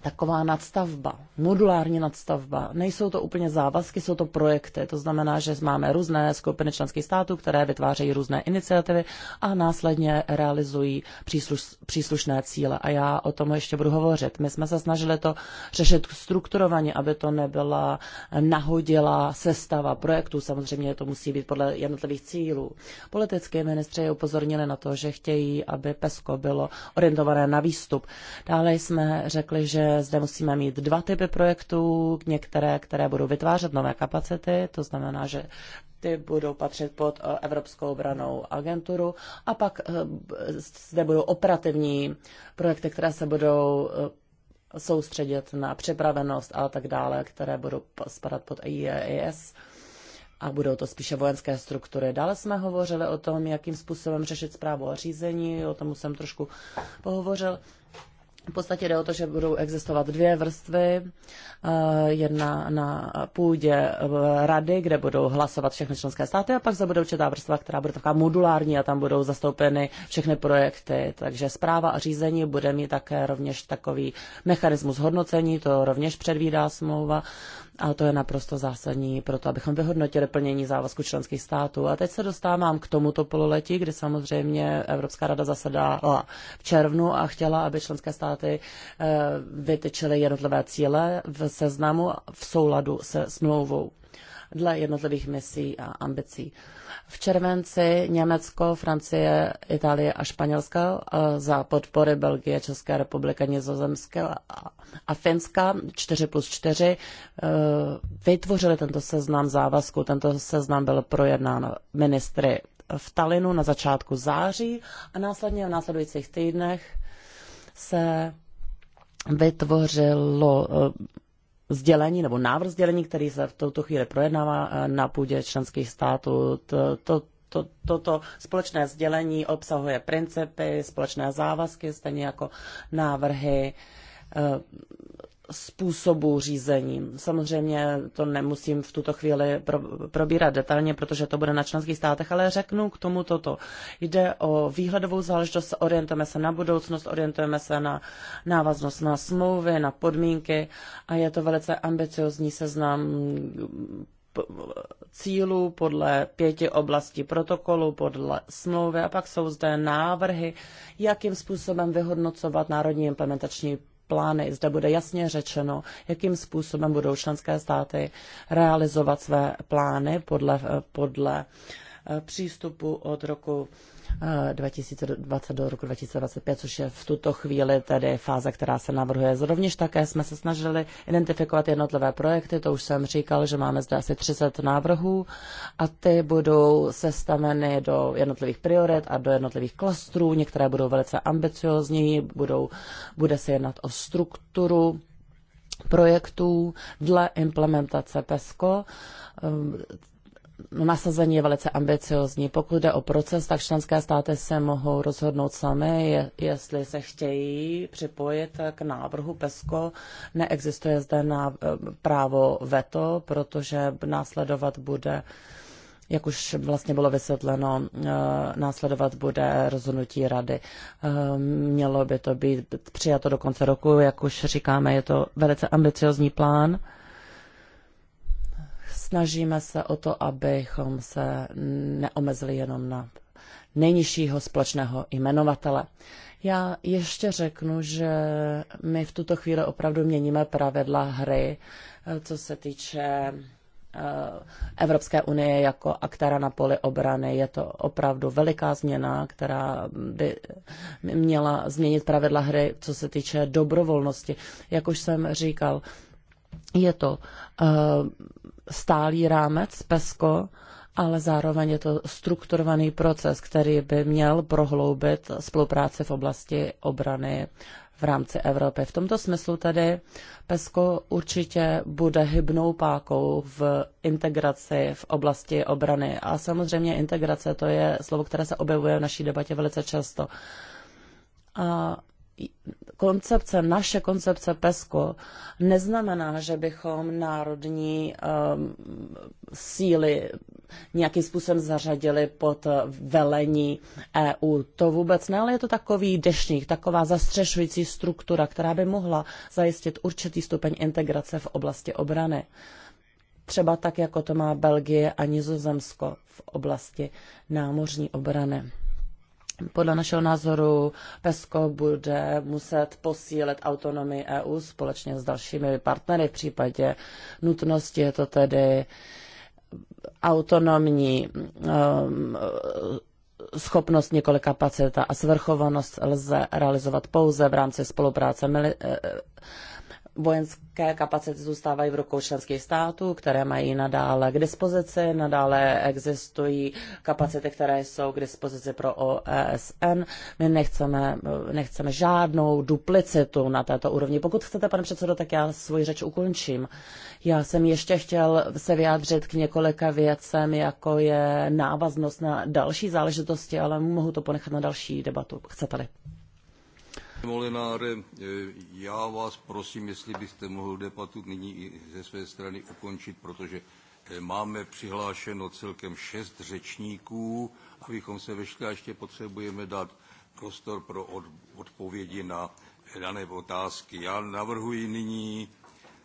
taková nadstavba, modulární nadstavba. Nejsou to úplně závazky, jsou to projekty. To znamená, že máme různé skupiny členských států, které vytvářejí různé iniciativy a následně realizují přísluš, příslušné cíle. A já o tom ještě budu hovořit. My jsme se snažili to řešit strukturovaně, aby to nebyla nahodila sestava projektů. Samozřejmě to musí být podle jednotlivých cílů. Politické ministři upozornili na to, že chtějí, aby PESCO bylo orientované na výstup. Dále jsme řekli, že zde musíme mít dva typy projektů, některé, které budou vytvářet nové kapacity, to znamená, že ty budou patřit pod eh, Evropskou obranou agenturu a pak eh, zde budou operativní projekty, které se budou eh, soustředit na připravenost a tak dále, které budou spadat pod EIS a budou to spíše vojenské struktury. Dále jsme hovořili o tom, jakým způsobem řešit zprávu a řízení, o tom jsem trošku pohovořil. V podstatě jde o to, že budou existovat dvě vrstvy. Eh, jedna na půdě eh, rady, kde budou hlasovat všechny členské státy, a pak se bude určitá vrstva, která bude taková modulární a tam budou zastoupeny všechny projekty. Takže zpráva a řízení bude mít také rovněž takový mechanismus hodnocení, to rovněž předvídá smlouva. A to je naprosto zásadní pro to, abychom vyhodnotili plnění závazku členských států. A teď se dostávám k tomuto pololetí, kdy samozřejmě Evropská rada zasedala v červnu a chtěla, aby členské státy eh, vytyčily jednotlivé cíle v seznamu v souladu se smlouvou dle jednotlivých misí a ambicí. V červenci Německo, Francie, Itálie a Španělska eh, za podpory Belgie, České republiky, Nizozemské a Finska 4 plus 4 eh, vytvořili tento seznam závazků. Tento seznam byl projednán ministry v Talinu na začátku září a následně v následujících týdnech se vytvořilo eh, sdělení nebo návrh sdělení, který se v tuto chvíli projednává eh, na půdě členských států. To, to, to, toto společné sdělení obsahuje principy, společné závazky, stejně jako návrhy eh, způsobu řízení. Samozřejmě to nemusím v tuto chvíli pro, probírat detailně, protože to bude na členských státech, ale řeknu k tomu toto. Jde o výhledovou záležitost, orientujeme se na budoucnost, orientujeme se na návaznost na smlouvy, na podmínky a je to velice ambiciozní seznam cílů podle pěti oblastí protokolu, podle smlouvy a pak jsou zde návrhy, jakým způsobem vyhodnocovat národní implementační plány. Zde bude jasně řečeno, jakým způsobem budou členské státy realizovat své plány podle, eh, podle uh, přístupu od roku 2020 eh, do roku 2025, což je v tuto chvíli tedy fáze, která se navrhuje. Rovněž také jsme se snažili identifikovat jednotlivé projekty, to už jsem říkal, že máme zde asi 30 návrhů a ty budou sestaveny do jednotlivých priorit a do jednotlivých klastrů. Některé budou velice ambiciozní, budou, bude se jednat o strukturu projektů dle implementace PESCO ehm, nasazení je velice ambiciozní. Pokud jde o proces, tak členské státy se mohou rozhodnout sami, jestli se chtějí připojit k návrhu PESCO. Neexistuje zde na eh, právo veto, protože následovat bude jak už vlastně bylo vysvětleno, eh, následovat bude rozhodnutí rady. Eh, mělo by to být přijato do konce roku, jak už říkáme, je to velice ambiciozní plán snažíme se o to, abychom se neomezili jenom na nejnižšího společného jmenovatele. Já ještě řeknu, že my v tuto chvíli opravdu měníme pravidla hry, co se týče eh, Evropské unie jako aktéra na poli obrany. Je to opravdu veliká změna, která by měla změnit pravidla hry, co se týče dobrovolnosti. Jak už jsem říkal, je to uh, stálý rámec PESCO, ale zároveň je to strukturovaný proces, který by měl prohloubit spolupráci v oblasti obrany v rámci Evropy. V tomto smyslu tedy PESCO určitě bude hybnou pákou v integraci v oblasti obrany. A samozřejmě integrace to je slovo, které se objevuje v naší debatě velice často. A koncepce, naše koncepce PESCO neznamená, že bychom národní um, síly nějakým způsobem zařadili pod velení EU. To vůbec ne, ale je to takový dešník, taková zastřešující struktura, která by mohla zajistit určitý stupeň integrace v oblasti obrany. Třeba tak, jako to má Belgie a Nizozemsko v oblasti námořní obrany podle našeho názoru PESCO bude muset posílit autonomii EU společně s dalšími partnery. V případě nutnosti je to tedy autonomní um, schopnost, nikoli kapacita a svrchovanost lze realizovat pouze v rámci spolupráce mili- vojenské kapacity zůstávají v rukou členských států, které mají nadále k dispozici, nadále existují kapacity, které jsou k dispozici pro OSN. My nechceme, nechceme žádnou duplicitu na této úrovni. Pokud chcete, pane předsedo, tak já svoji řeč ukončím. Já jsem ještě chtěl se vyjádřit k několika věcem, jako je návaznost na další záležitosti, ale mohu to ponechat na další debatu. Chcete-li? Molináre, eh, já vás prosím, jestli byste mohl debatu nyní i ze své strany ukončit, protože eh, máme přihlášeno celkem šest řečníků, abychom se vešli a ještě potřebujeme dát prostor pro od, odpovědi na dané otázky. Já navrhuji nyní,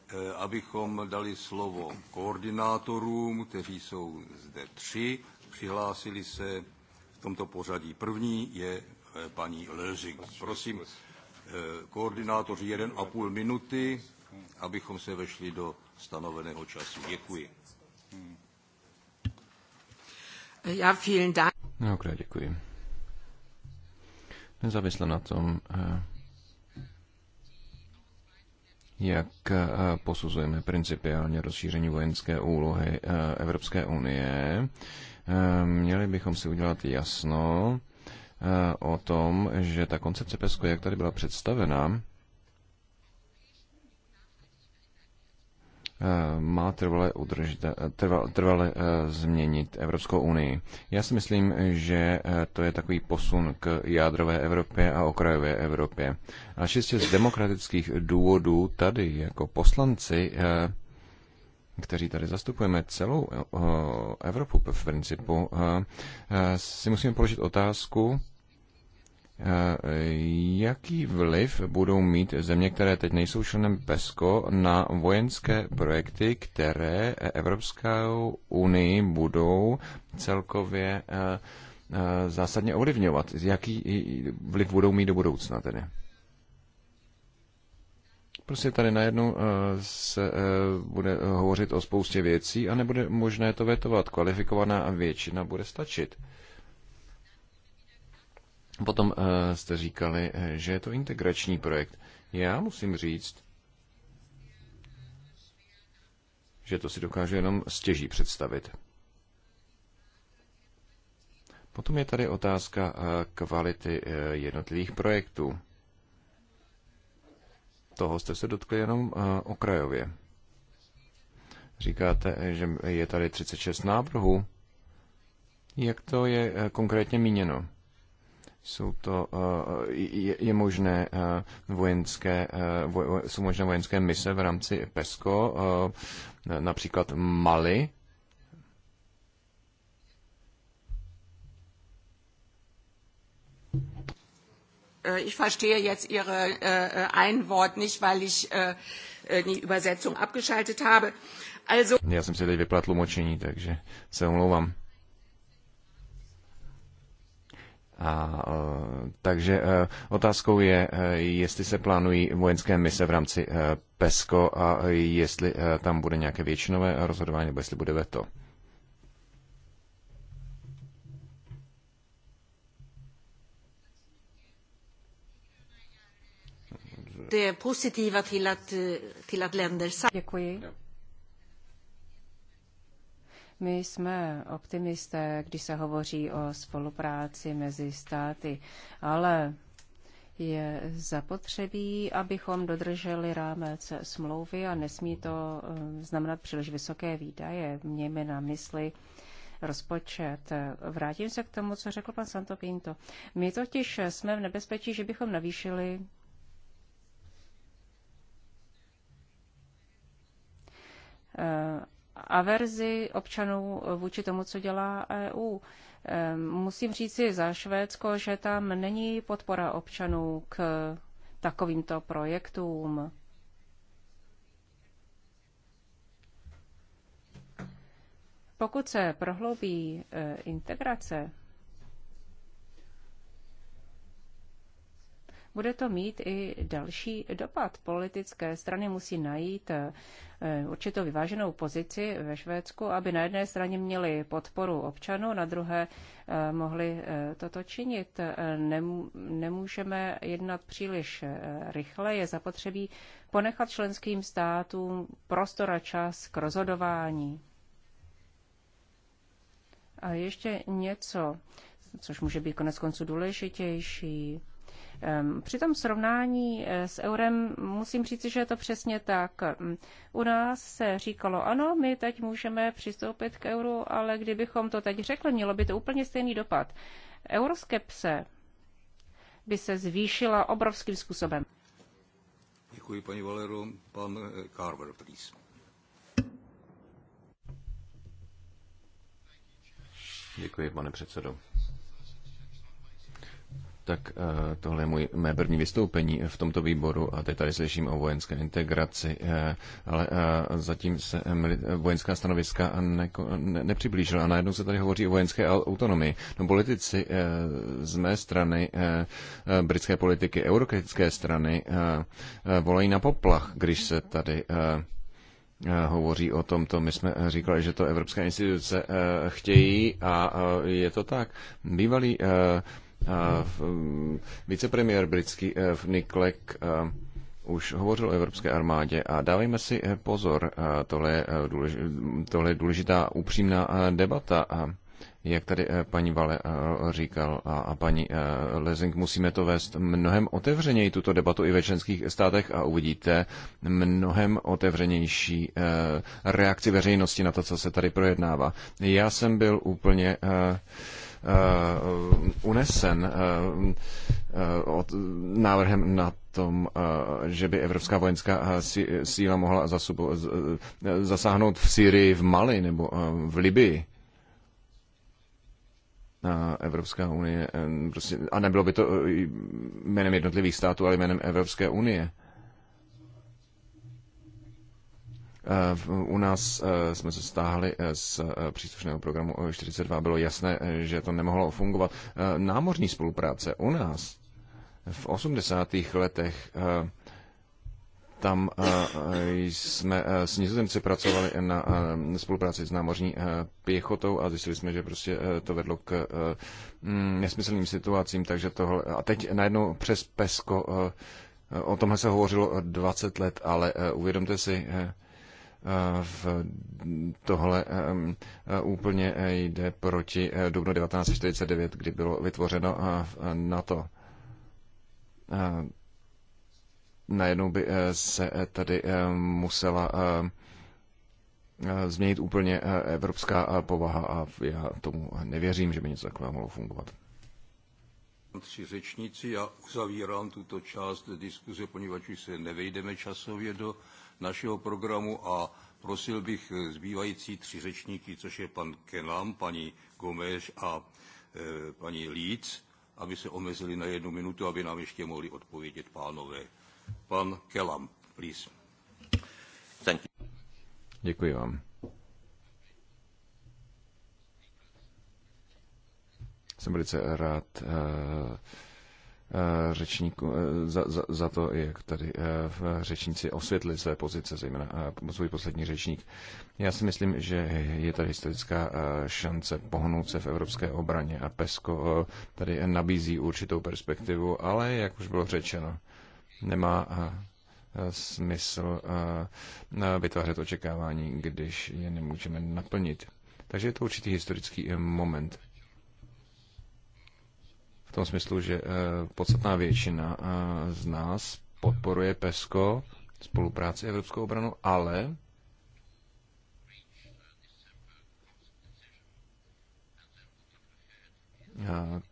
eh, abychom dali slovo koordinátorům, kteří jsou zde tři, přihlásili se v tomto pořadí. První je Eh, paní Ležik. Prosím, eh, koordinátoři 1,5 minuty, abychom se vešli do stanoveného času. Děkuji. Já vielen Dank. Mnohokrát děkuji. Nezávisle na tom, eh, jak posuzujeme principiálně rozšíření vojenské úlohy Evropské unie, měli bychom si udělat jasno, Eh, o tom, že ta koncepce PESCO, jak tady byla představena, eh, má trvale, udržit, eh, trvale, trvale změnit Evropskou unii. Já si myslím, že to je takový posun k jádrové Evropě a okrajové Evropě. A čistě z demokratických důvodů tady jako poslanci, kteří tady zastupujeme celou Evropu v principu, si musíme položit otázku, Eh, jaký vliv budou mít země, které teď nejsou členem PESCO, na vojenské projekty, které Evropskou unii budou celkově eh, eh, zásadně ovlivňovat? Jaký vliv budou mít do budoucna tedy? Prostě tady najednou se bude hovořit o spoustě věcí a nebude možné to vetovat. Kvalifikovaná většina bude stačit. Potom eh, jste říkali, eh, že je to integrační projekt. Já musím říct, že to si dokáže jenom stěží představit. Potom je tady otázka eh, kvality jednotlivých projektů. Toho jste se dotkli jenom okrajově. Říkáte, že je tady 36 návrhů. Jak to je konkrétně míněno? Jsou to, eh, je, je možné eh, vojenské, eh, jsou možné vojenské mise v rámci PESCO, například Mali, äh, ich verstehe jetzt Ihre äh, ein Wort nicht, weil ich äh, äh die Übersetzung abgeschaltet habe. Also Já jsem si teď vypla tlumočení, takže se omlouvám. A, e, takže e, otázkou je, e, jestli se plánují vojenské mise v rámci PESCO a jestli tam bude nějaké většinové rozhodování, nebo jestli bude veto. Děkuji. My jsme optimisté, když se hovoří o spolupráci mezi státy, ale je zapotřebí, abychom dodrželi rámec smlouvy a nesmí to eh, znamenat příliš vysoké výdaje. Mějme na mysli rozpočet. Vrátím se k tomu, co řekl pan Santo Pinto. My totiž jsme v nebezpečí, že bychom navýšili eh, averzi občanů vůči tomu, co dělá EU. Ehm, musím říci za Švédsko, že tam není podpora občanů k takovýmto projektům. Pokud se prohloubí eh, integrace, bude to mít i další dopad. Politické strany musí najít eh, určitou vyváženou pozici ve Švédsku, aby na jedné straně měli podporu občanů, na druhé eh, mohli eh, toto činit. Nemůžeme jednat příliš rychle, je zapotřebí ponechat členským státům prostor a čas k rozhodování. A ještě něco, což může být konec konců důležitější. Ehm, při tom srovnání eh, s eurem musím říct, že je to přesně tak. Ehm, u nás se říkalo, ano, my teď můžeme přistoupit k euru, ale kdybychom to teď řekli, mělo by to úplně stejný dopad. Euroskepse by se zvýšila obrovským způsobem. Děkuji, paní Valero. Pan eh, Carver, please. Děkuji, pane předsedo. Tak eh, tohle je můj, mé první vystoupení v tomto výboru a teď tady slyším o vojenské integraci, eh, ale eh, zatím se vojenská stanoviska ne, ne, nepřiblížila. Najednou se tady hovoří o vojenské autonomii. No politici z mé strany, britské politiky, eurokritické strany, volají na poplach, když se tady hovoří o tomto. My jsme říkali, že to evropské instituce chtějí a je to tak. Bývalý Mm, vicepremiér britský eh, Niklek eh, už hovořil o evropské armádě a dávejme si eh, pozor, tohle je, důležitá, tohle je důležitá upřímná debata. Jak tady paní Vale říkal a paní Lezing, musíme to vést mnohem otevřeněji, tuto debatu i ve členských státech a uvidíte mnohem otevřenější reakci veřejnosti na to, co se tady projednává. Já jsem byl úplně Eh, unesen eh, od, návrhem na tom, eh, že by evropská vojenská síla mohla zasáhnout v Syrii, v Mali nebo v Libii. Evropská unie, prostě, a nebylo by to jménem jednotlivých států, ale jménem Evropské unie. Eh, u nás eh, jsme se stáhli eh, z příslušného programu 42, bylo jasné, že to nemohlo fungovat. Námořní spolupráce u nás v 80. letech tam jsme s nizozemci pracovali na spolupráci s námořní pěchotou a zjistili jsme, že prostě to vedlo k mm, nesmyslným situacím, takže tohle... A teď najednou přes PESCO, o tomhle se hovořilo 20 let, ale uvědomte si, Eh, v tohle eh, úplně eh, jde proti dubnu 1949, kdy bylo vytvořeno NATO. Najednou by se tady musela změnit úplně evropská povaha a já tomu nevěřím, že by něco takového mohlo fungovat. Tři řečníci, já uzavírám tuto část diskuze, poněvadž už se nevejdeme časově do našeho programu a prosil bych eh, zbývající tři řečníky, což je pan Kenlam, paní Gomeš a e, paní Líc, aby se omezili na jednu minutu, aby nám ještě mohli odpovědět pánové. Pan Kelam, please. Thank you. Děkuji vám. Jsem velice rád, eh, Eh, řečníku, eh, za, za, za to, jak tady eh, řečníci osvětli své pozice, zejména svůj poslední řečník. Já si myslím, že je tady historická šance pohnout se v evropské obraně a PESCO tady nabízí určitou perspektivu, ale jak už bylo řečeno, nemá smysl vytvářet očekávání, když je nemůžeme naplnit. Takže je to určitý historický moment v tom smyslu, že eh, podstatná většina eh, z nás podporuje PESCO, spolupráci Evropskou obranu, ale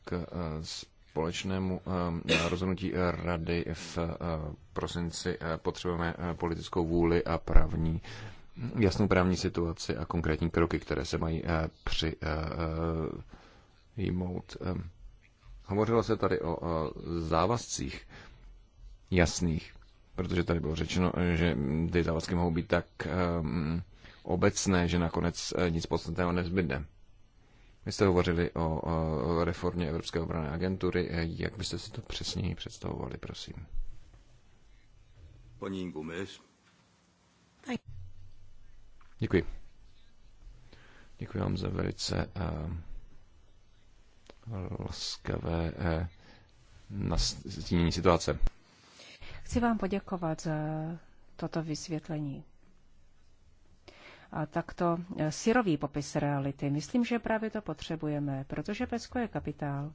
k eh, společnému rozhodnutí rady v prosinci potřebujeme politickou vůli a právní jasnou právní situaci a konkrétní kroky, které se mají přijmout. Uh, Hovořilo se tady o, o závazcích jasných, protože tady bylo řečeno, že ty závazky mohou být tak um, obecné, že nakonec e, nic podstatného nezbyde. Vy jste hovořili o, o reformě Evropské obrané agentury. E, jak byste si to přesněji představovali, prosím? Paní Gomez. Děkuji. Děkuji vám za velice uh, laskavé eh, nastínění situace. Chci vám poděkovat za toto vysvětlení. A takto eh, syrový popis reality. Myslím, že právě to potřebujeme, protože Pesko je kapitál,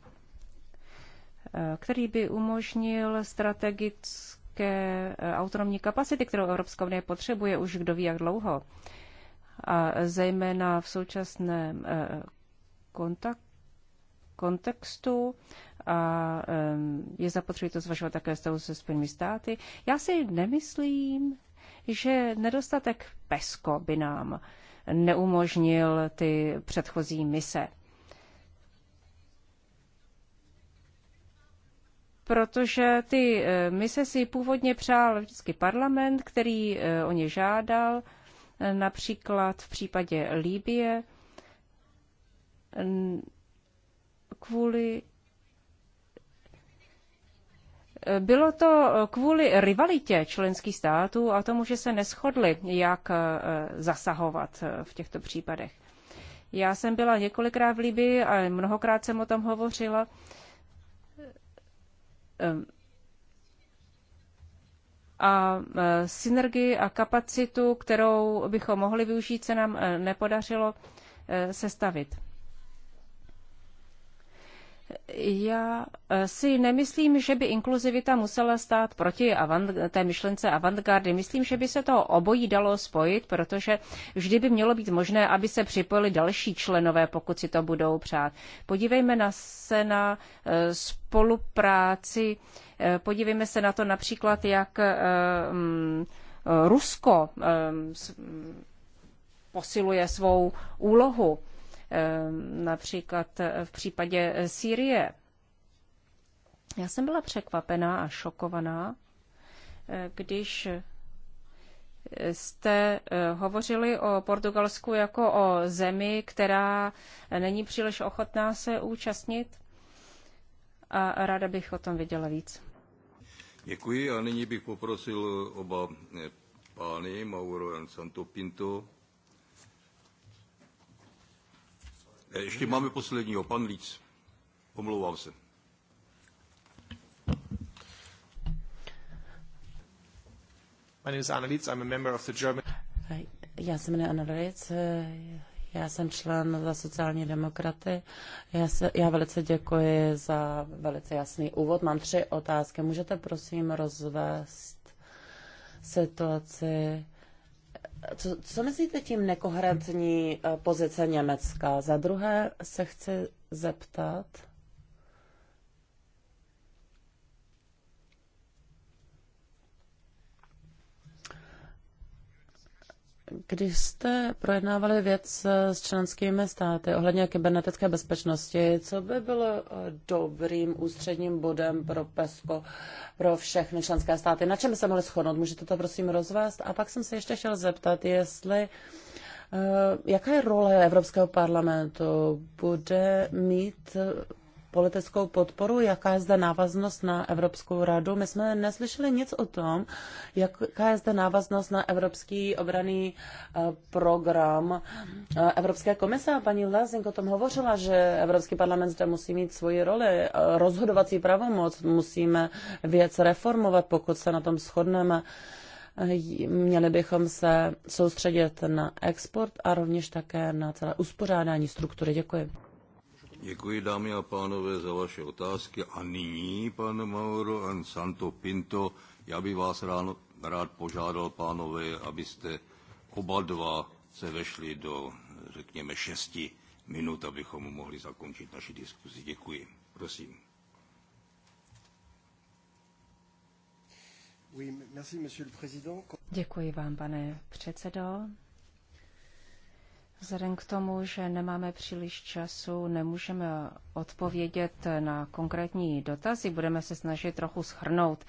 eh, který by umožnil strategické autonomní kapacity, kterou Evropská unie potřebuje už kdo ví jak dlouho. A zejména v současném kontaktu kontextu a je zapotřebí to zvažovat také stavu se Spojenými státy. Já si nemyslím, že nedostatek PESCO by nám neumožnil ty předchozí mise. Protože ty eh, mise si původně přál vždycky parlament, který eh, o ně žádal, eh, například v případě Líbie kvůli bylo to kvůli rivalitě členských států a tomu, že se neschodli, jak eh, zasahovat eh, v těchto případech. Já jsem byla několikrát v Libii a mnohokrát jsem o tom hovořila. Ehm, a eh, synergii a kapacitu, kterou bychom mohli využít, se nám nepodařilo sestavit. Já eh, si nemyslím, že by inkluzivita musela stát proti té myšlence avantgardy. Myslím, že by se to obojí dalo spojit, protože vždy by mělo být možné, aby se připojili další členové, pokud si to budou přát. Podívejme na se na eh, spolupráci, eh, podívejme se na to například, jak mm, Rusko mm, posiluje svou úlohu Ehm, například eh, v případě eh, Sýrie. Já jsem byla překvapená a šokovaná, eh, když jste hovořili o Portugalsku jako o zemi, která není příliš ochotná se účastnit a ráda bych o tom věděla víc. Děkuji a nyní bych poprosil oba pány, Mauro a Santo Pinto, Ještě máme posledního, pan Líc. Omlouvám se. My name is Anna Lietz. I'm a member of the German... Já jsem jmenuji Anna Lietz. já jsem člen za sociální demokraty. Já, se, já velice děkuji za velice jasný úvod. Mám tři otázky. Můžete prosím rozvést situaci co, co myslíte tím nekoherentní eh, pozice Německa? Za druhé se chci zeptat, Když jste projednávali věc s členskými státy ohledně kybernetické bezpečnosti, co by bylo eh, dobrým ústředním bodem pro PESCO, pro všechny členské státy? Na čem se mohli shodnout? Můžete to prosím rozvést? A pak jsem se ještě chtěl zeptat, jestli eh, jaká je role Evropského parlamentu bude mít politickou podporu, jaká je zde návaznost na Evropskou radu. My jsme neslyšeli nic o tom, jaká je zde návaznost na Evropský obraný eh, program eh, Evropské komise. a Paní Lezing o tom hovořila, že Evropský parlament zde musí mít svoji roli, eh, rozhodovací pravomoc, musíme věc reformovat, pokud se na tom shodneme měli bychom se soustředit na export a rovněž také na celé uspořádání struktury. Děkuji. Děkuji dámy a pánové za vaše otázky a nyní pan Mauro a Santo Pinto. Já bych vás ráno, rád požádal, pánové, abyste oba dva se vešli do, řekněme, šesti minut, abychom mohli zakončit naši diskuzi. Děkuji. Prosím. Děkuji vám, pane předsedo. Vzhledem k tomu, že nemáme příliš času, nemůžeme odpovědět na konkrétní dotazy. Budeme se snažit trochu schrnout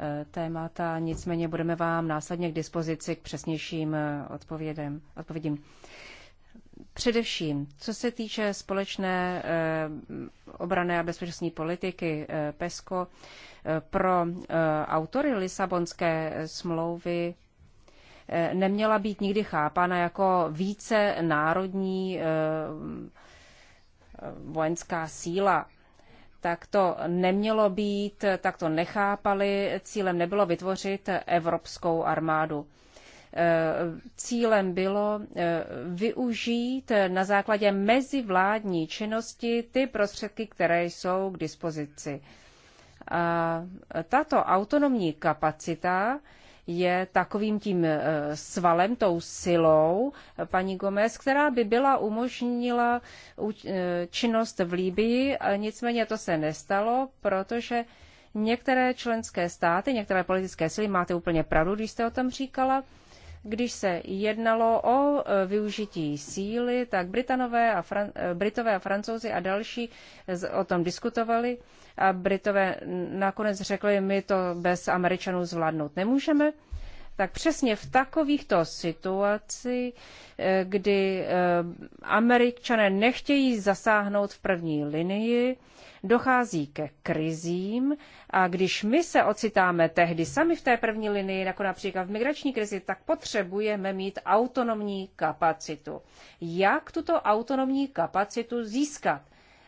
eh, témata, nicméně budeme vám následně k dispozici k přesnějším eh, odpovědem, odpovědím. Především, co se týče společné eh, obrané a bezpečnostní politiky PESCO, pro autory Lisabonské smlouvy neměla být nikdy chápána jako více národní eh, vojenská síla. Tak to nemělo být, tak to nechápali. Cílem nebylo vytvořit evropskou armádu eh, cílem bylo eh, využít na základě mezivládní činnosti ty prostředky, které jsou k dispozici. A tato autonomní kapacita je takovým tím eh, svalem, tou silou eh, paní Gomez, která by byla umožnila eh, činnost v Líbii, nicméně to se nestalo, protože některé členské státy, některé politické síly, máte úplně pravdu, když jste o tom říkala, když se jednalo o e, využití síly, tak Britanové a Fran- e, Britové a Francouzi a další o tom diskutovali a Britové nakonec řekli, my to bez Američanů zvládnout nemůžeme. Tak přesně v takovýchto situaci, e, kdy Američané nechtějí zasáhnout v první linii, dochází ke krizím a když my se ocitáme tehdy sami v té první linii, jako například v migrační krizi, tak potřebujeme mít autonomní kapacitu. Jak tuto autonomní kapacitu získat?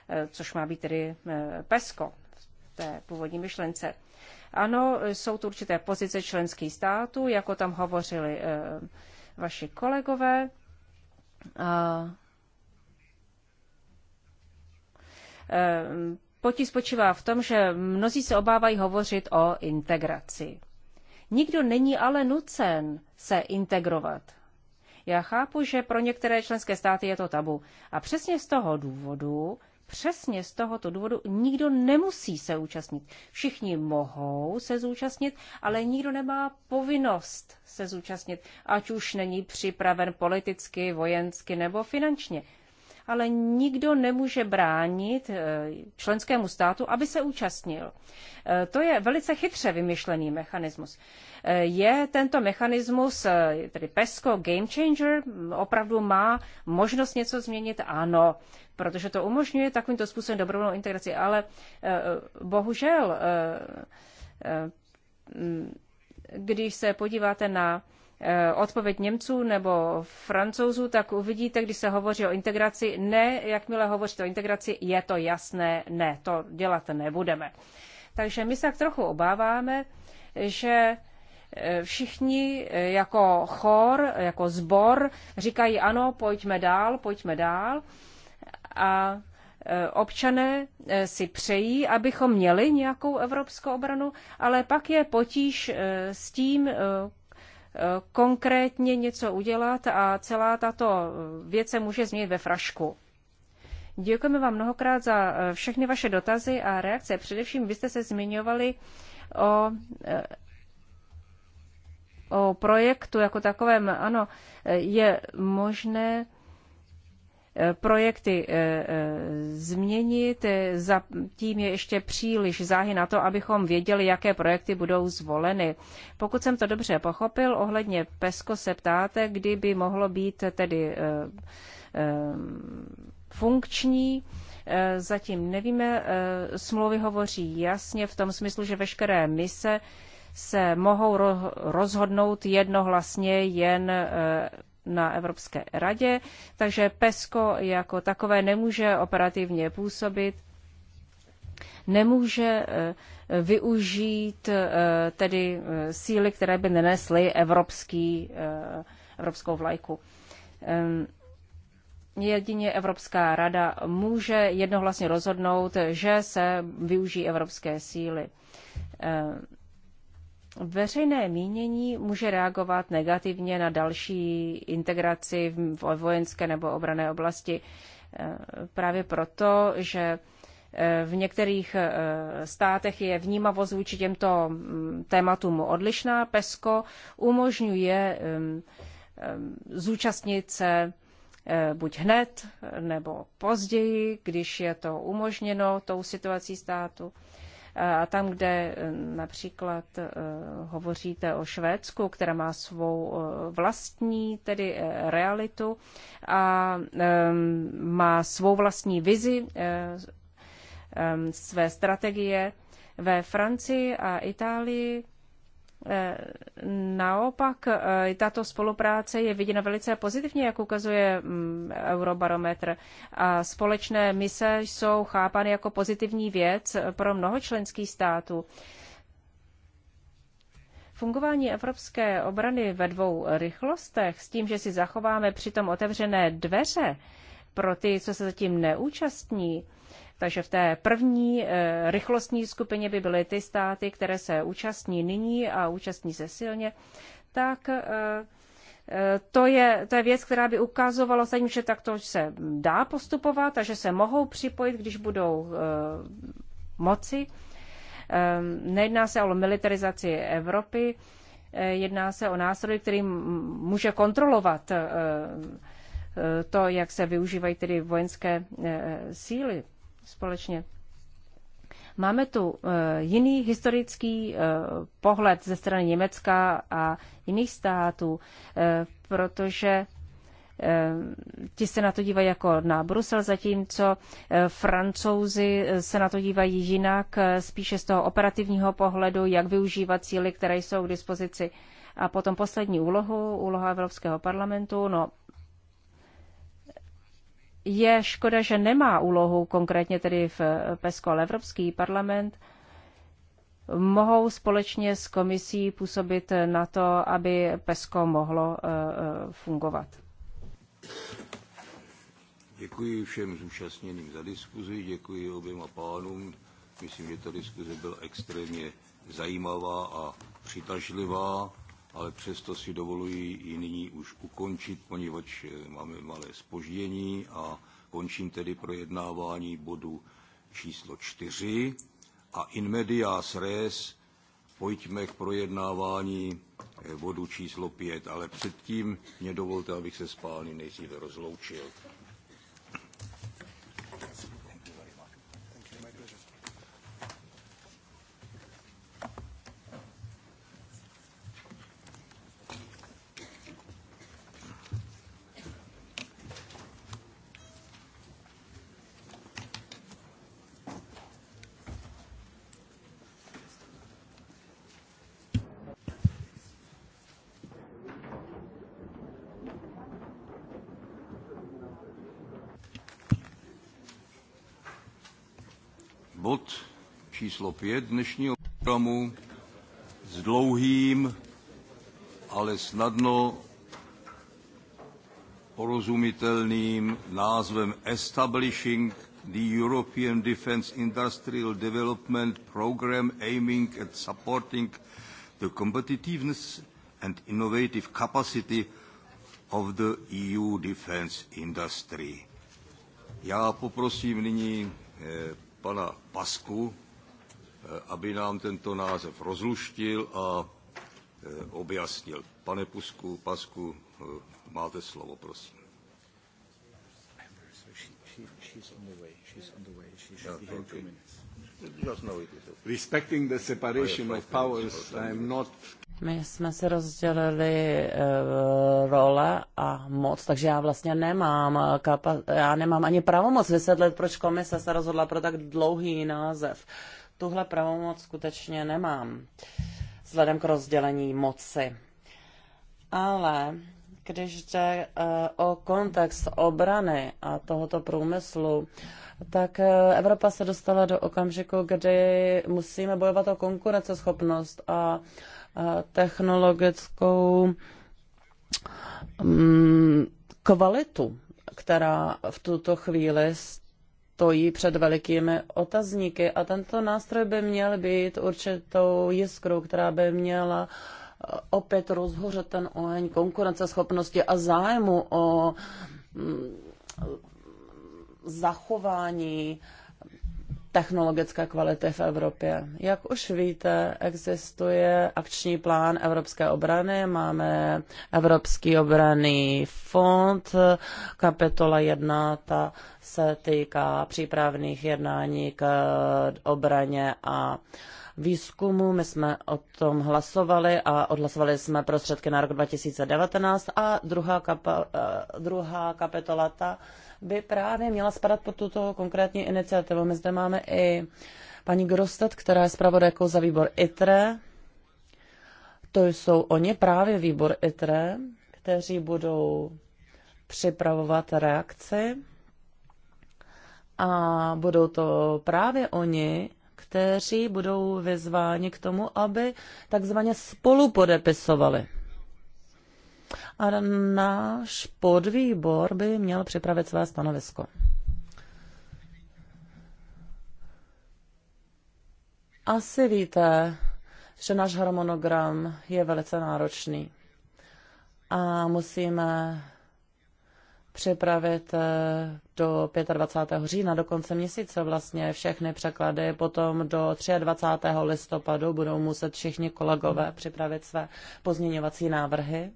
Eh, což má být tedy eh, PESCO v té původní myšlence. Ano, jsou tu určité pozice členských států, jako tam hovořili eh, vaši kolegové. A Eh, potí spočívá v tom, že mnozí se obávají hovořit o integraci. Nikdo není ale nucen se integrovat. Já chápu, že pro některé členské státy je to tabu. A přesně z toho důvodu, přesně z tohoto důvodu nikdo nemusí se účastnit. Všichni mohou se zúčastnit, ale nikdo nemá povinnost se zúčastnit, ať už není připraven politicky, vojensky nebo finančně ale nikdo nemůže bránit eh, členskému státu, aby se účastnil. Eh, to je velice chytře vymyšlený mechanismus. Eh, je tento mechanismus, tedy PESCO Game Changer, opravdu má možnost něco změnit? Ano, protože to umožňuje takovýmto způsobem dobrovolnou integraci, ale bohužel, když se podíváte na Eh, odpověď Němců nebo Francouzů, tak uvidíte, když se hovoří o integraci, ne, jakmile hovoříte o integraci, je to jasné, ne, to dělat nebudeme. Takže my se tak trochu obáváme, že eh, všichni eh, jako chor, jako zbor říkají ano, pojďme dál, pojďme dál. A občané si přejí, abychom měli nějakou evropskou obranu, ale pak je potíž s tím, konkrétně něco udělat a celá tato věc se může změnit ve frašku. Děkujeme vám mnohokrát za eh, všechny vaše dotazy a reakce. Především vy jste se zmiňovali o, eh, o projektu jako takovém. Ano, eh, je možné Eh, projekty eh, eh, změnit. Zatím je ještě příliš záhy na to, abychom věděli, jaké projekty budou zvoleny. Pokud jsem to dobře pochopil, ohledně PESCO se ptáte, kdy by mohlo být tedy funkční. Zatím nevíme, smlouvy hovoří jasně v tom smyslu, že veškeré mise se mohou rozhodnout jednohlasně jen na Evropské radě, takže PESCO jako takové nemůže operativně působit, nemůže eh, využít eh, tedy eh, síly, které by nenesly evropský, evropskou vlajku. Ehm, jedině Evropská rada může jednohlasně rozhodnout, že se využijí evropské síly. Ehm, Veřejné mínění může reagovat negativně na další integraci v vojenské nebo obrané oblasti eh, právě proto, že eh, v některých eh, státech je vnímavost vůči těmto mm, tématům odlišná. PESCO umožňuje mm, mm, zúčastnit se buď hned nebo později, když je to umožněno tou situací státu. A tam, kde eh, například eh, hovoříte o Švédsku, která má svou eh, vlastní tedy realitu a ehm, má svou vlastní vizi ehm, své strategie, ve Francii a Itálii Naopak, e, tato spolupráce je viděna velice pozitivně, jak ukazuje mm, Eurobarometr. A společné mise jsou chápány jako pozitivní věc pro mnoho členských států. Fungování evropské obrany ve dvou rychlostech s tím, že si zachováme přitom otevřené dveře pro ty, co se zatím neúčastní, takže v té první eh, rychlostní skupině by byly ty státy, které se účastní nyní a účastní se silně, tak eh, eh, to je, to je věc, která by ukazovala se že takto se dá postupovat a že se mohou připojit, když budou moci. Nejedná se o militarizaci Evropy, jedná se o nástroj, který může kontrolovat to, jak se využívají tedy vojenské síly společně. Máme tu eh, jiný historický eh, pohled ze strany Německa a jiných států, eh, protože ti se na to dívají jako na Brusel, zatímco francouzi se na to dívají jinak, spíše z toho operativního pohledu, jak využívat cíly, které jsou k dispozici. A potom poslední úlohu, úloha Evropského parlamentu, no je škoda, že nemá úlohu, konkrétně tedy v eh, PESCO, ale Evropský parlament, mohou společně s komisí působit eh, na to, aby PESCO mohlo eh, fungovat. Děkuji všem zúčastněným za diskuzi, děkuji oběma pánům. Myslím, že ta diskuze byla extrémně zajímavá a přitažlivá ale přesto si dovoluji i nyní už ukončit, poněvadž eh, máme malé spoždění a končím tedy projednávání bodu číslo 4 a in medias res pojďme k projednávání eh, bodu číslo 5, ale předtím mě dovolte, abych se s pány nejdříve rozloučil. číslo 5 dnešního programu s dlouhým, ale snadno porozumitelným názvem Establishing the European Defence Industrial Development Program aiming at supporting the competitiveness and innovative capacity of the EU defence industry. Já poprosím nyní eh, pana Pasku, Eh, aby nám tento název rozluštil a eh, objasnil. Pane Pusku, Pasku, eh, máte slovo, prosím. My jsme se rozdělili uh, role a moc, takže já vlastně nemám, kapa- já nemám ani pravomoc vysvětlit, proč komise se rozhodla pro tak dlouhý název. Uh, tuhle pravomoc skutečně nemám, vzhledem k rozdělení moci. Ale když jde eh, o kontext obrany a tohoto průmyslu, tak eh, Evropa se dostala do okamžiku, kdy musíme bojovat o konkurenceschopnost a technologickou mm, kvalitu, která v tuto chvíli stojí před velikými otazníky a tento nástroj by měl být určitou jiskrou, která by měla eh, opět rozhořet ten oheň konkurenceschopnosti a zájmu o mm, hm, hm, hm, zachování uh, technologické kvality v Evropě. Jak už víte, existuje akční plán evropské obrany, máme Evropský obraný fond, kapitola 1, ta se týká přípravných jednání k obraně a výzkumu. My jsme o tom hlasovali a odhlasovali jsme prostředky na rok 2019 a druhá, kapa, eh, druhá kapitola ta by právě měla spadat pod tuto konkrétní iniciativu. My zde máme i paní Grostet, která je zpravodajkou za výbor ITRE. To jsou oni, právě výbor ITRE, kteří budou připravovat reakci. A budou to právě oni, kteří budou vyzváni k tomu, aby takzvaně spolu podepisovali a náš podvýbor by měl připravit své stanovisko. Asi víte, že náš harmonogram je velice náročný a musíme připravit eh, do 25. října, do konce měsíce vlastně všechny překlady. Potom do 23. listopadu budou muset všichni kolegové připravit své pozměňovací návrhy.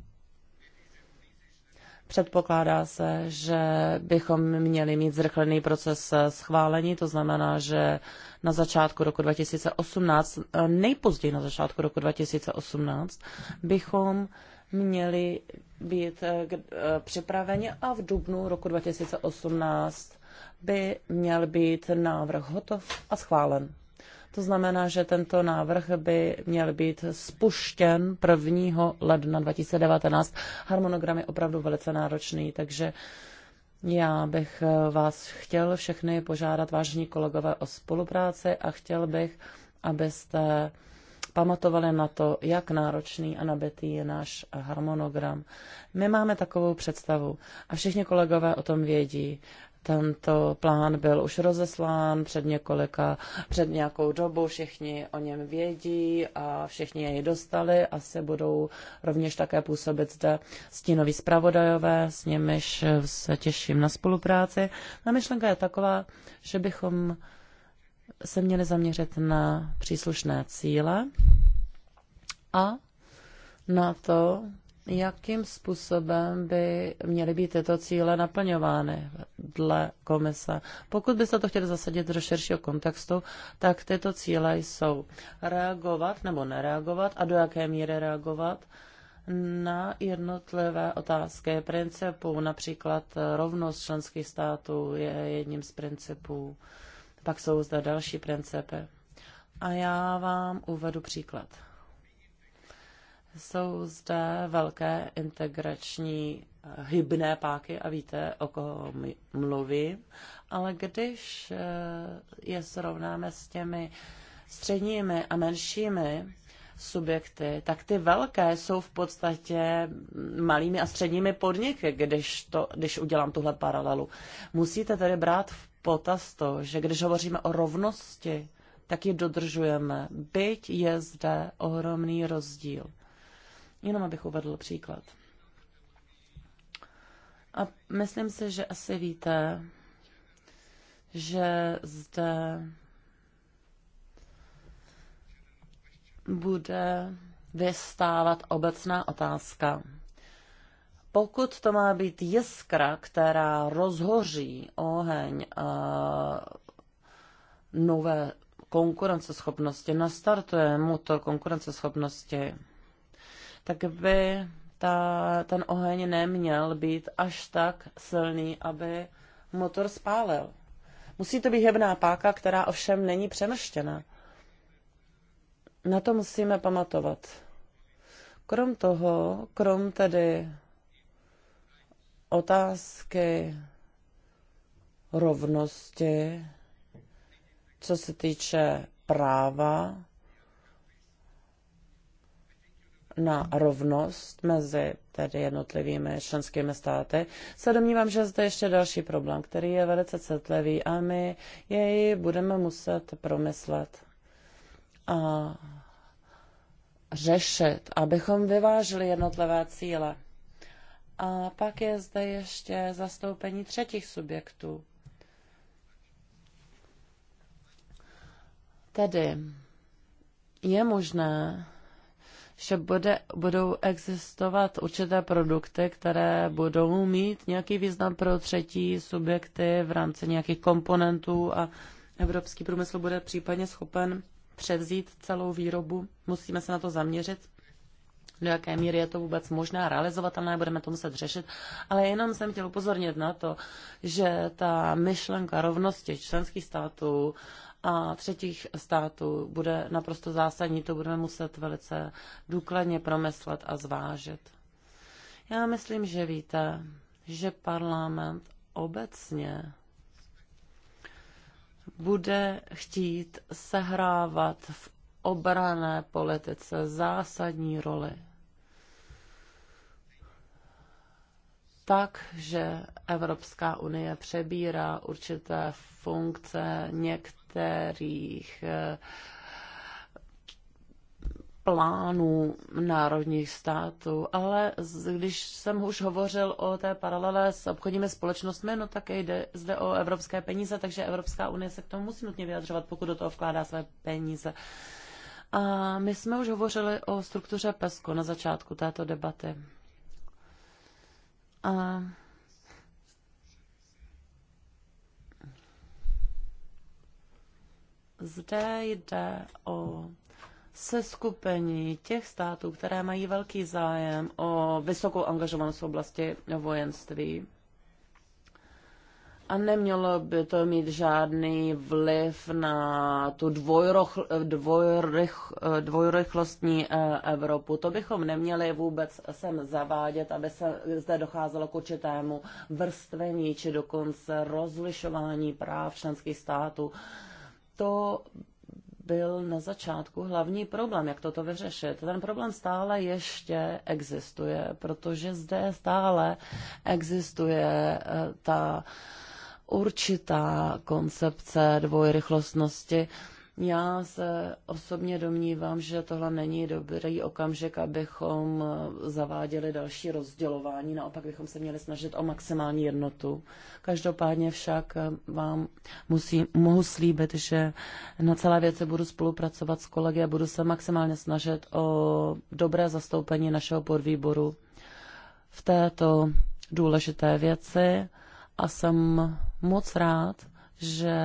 Předpokládá se, že bychom měli mít zrychlený proces schválení, to znamená, že na začátku roku 2018, nejpozději na začátku roku 2018, bychom měli být eh, eh, připraveni a v dubnu roku 2018 by měl být návrh hotov a schválen. To znamená, že tento návrh by měl být spuštěn 1. ledna 2019. Harmonogram je opravdu velice náročný, takže já bych eh, vás chtěl všechny požádat, vážení kolegové, o spolupráci a chtěl bych, abyste pamatovali na to, jak náročný a nabitý je náš harmonogram. My máme takovou představu a všichni kolegové o tom vědí, tento plán byl už rozeslán před několika, před nějakou dobu, všichni o něm vědí a všichni jej dostali. A se budou rovněž také působit zde stínoví zpravodajové, s nimiž se těším na spolupráci. Na myšlenka je taková, že bychom se měli zaměřit na příslušné cíle a na to, Jakým způsobem by měly být tyto cíle naplňovány dle komise? Pokud byste to chtěli zasadit do širšího kontextu, tak tyto cíle jsou reagovat nebo nereagovat a do jaké míry reagovat na jednotlivé otázky principů. Například rovnost členských států je jedním z principů. Pak jsou zde další principy. A já vám uvedu příklad jsou zde velké integrační eh, hybné páky a víte, o koho mluvím, ale když eh, je srovnáme s těmi středními a menšími subjekty, tak ty velké jsou v podstatě malými a středními podniky, když, to, když udělám tuhle paralelu. Musíte tedy brát v potaz to, že když hovoříme o rovnosti, tak ji dodržujeme, byť je zde ohromný rozdíl. Jenom abych uvedl příklad. A myslím si, že asi víte, že zde bude vystávat obecná otázka. Pokud to má být jiskra, která rozhoří oheň a eh, nové konkurenceschopnosti, nastartuje motor konkurenceschopnosti, tak by ta, ten oheň neměl být až tak silný, aby motor spálil. Musí to být hebná páka, která ovšem není přemrštěna. Na to musíme pamatovat. Krom toho, krom tedy otázky rovnosti, co se týče práva, na rovnost mezi tedy jednotlivými členskými státy, se domnívám, že zde ještě další problém, který je velice citlivý a my jej budeme muset promyslet a řešit, abychom vyvážili jednotlivé cíle. A pak je zde ještě zastoupení třetích subjektů. Tedy je možné že bude, budou existovat určité produkty, které budou mít nějaký význam pro třetí subjekty v rámci nějakých komponentů a evropský průmysl bude případně schopen převzít celou výrobu. Musíme se na to zaměřit, do jaké míry je to vůbec možné a realizovatelné, budeme to muset řešit. Ale jenom jsem chtěl upozornit na to, že ta myšlenka rovnosti členských států a třetích států bude naprosto zásadní. To budeme muset velice důkladně promyslet a zvážit. Já myslím, že víte, že parlament obecně bude chtít sehrávat v obrané politice zásadní roli. tak, že Evropská unie přebírá určité funkce některých některých eh, plánů národních států, ale když jsem už hovořil o té paralele s obchodními společnostmi, no tak jde zde o evropské peníze, takže Evropská unie se k tomu musí nutně vyjadřovat, pokud do toho vkládá své peníze. A my jsme už hovořili o struktuře PESCO na začátku této debaty. A Zde jde o seskupení těch států, které mají velký zájem o vysokou angažovanost v oblasti vojenství. A nemělo by to mít žádný vliv na tu dvojroch, dvojrych, dvojrychlostní eh, Evropu. To bychom neměli vůbec sem zavádět, aby se zde docházelo k určitému vrstvení či dokonce rozlišování práv členských států to byl na začátku hlavní problém, jak toto vyřešit. Ten problém stále ještě existuje, protože zde stále existuje eh, ta určitá koncepce dvojrychlostnosti, já se osobně domnívám, že tohle není dobrý okamžik, abychom eh, zaváděli další rozdělování, naopak bychom se měli snažit o maximální jednotu. Každopádně však eh, vám musí, mohu slíbit, že na celé věci budu spolupracovat s kolegy a budu se maximálně snažit o dobré zastoupení našeho podvýboru v této důležité věci a jsem moc rád, že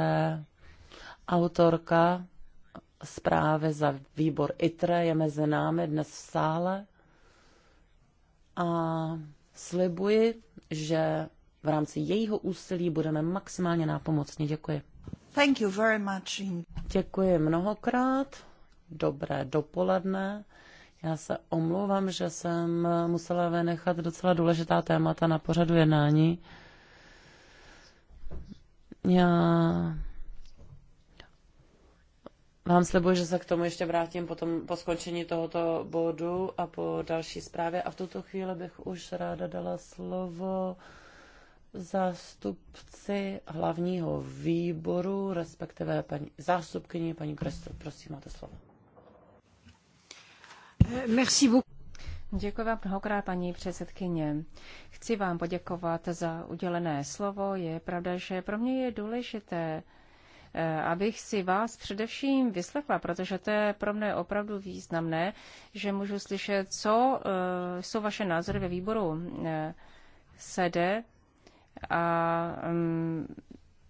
Autorka zprávy za výbor ITRE je mezi námi dnes v sále a slibuji, že v rámci jejího úsilí budeme maximálně nápomocně. Děkuji. Thank you very much. Děkuji mnohokrát. Dobré dopoledne. Já se omlouvám, že jsem musela vynechat docela důležitá témata na pořadu jednání. Já vám slibuji, že se k tomu ještě vrátím potom po skončení tohoto bodu a po další zprávě. A v tuto chvíli bych už ráda dala slovo zástupci hlavního výboru, respektive paní, zástupkyni paní Kresto. Prosím, máte slovo. Merci beaucoup. Děkuji vám mnohokrát, paní předsedkyně. Chci vám poděkovat za udělené slovo. Je pravda, že pro mě je důležité Eh, abych si vás především vyslechla, protože to je pro mě opravdu významné, že můžu slyšet, co eh, jsou vaše názory ve výboru eh, sede a mm,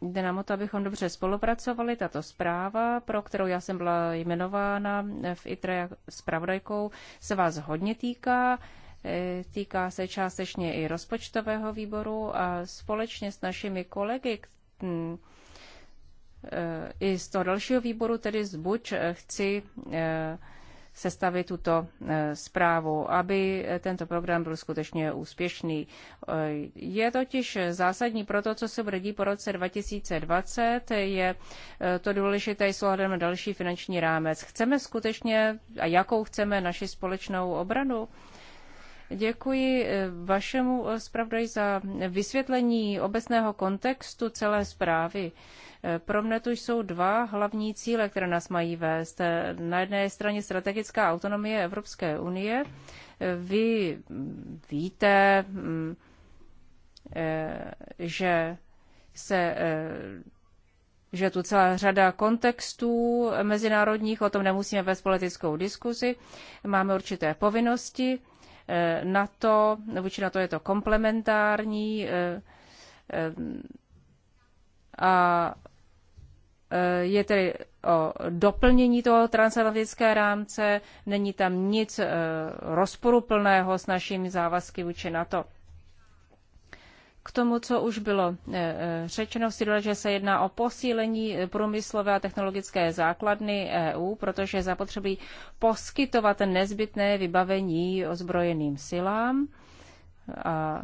Jde nám o to, abychom dobře spolupracovali. Tato zpráva, pro kterou já jsem byla jmenována v ITRE zpravodajkou, se vás hodně týká. Týká se částečně i rozpočtového výboru a společně s našimi kolegy, mm, Eh, i z toho dalšího výboru, tedy z Buč, eh, chci eh, sestavit tuto zprávu, aby tento program byl skutečně úspěšný. Je totiž zásadní pro to, co se brdí po roce 2020, je to důležité i s na další finanční rámec. Chceme skutečně a jakou chceme naši společnou obranu? Děkuji eh, vašemu eh, zpravodaji za vysvětlení obecného kontextu celé zprávy. Eh, pro mne tu jsou dva hlavní cíle, které nás mají vést. Na jedné straně strategická autonomie Evropské unie. Vy hm, víte, hm, že se že tu celá řada kontextů mezinárodních, o tom nemusíme vést politickou diskuzi, máme určité povinnosti Eh, na to vůči to je to komplementární eh, eh, a je tedy o doplnění toho transatlantické rámce, není tam nic rozporuplného s našimi závazky vůči NATO. K tomu, co už bylo eh, eh, řečeno, si dole, že se jedná o posílení eh, průmyslové a technologické základny EU, protože zapotřebí poskytovat nezbytné vybavení ozbrojeným silám. A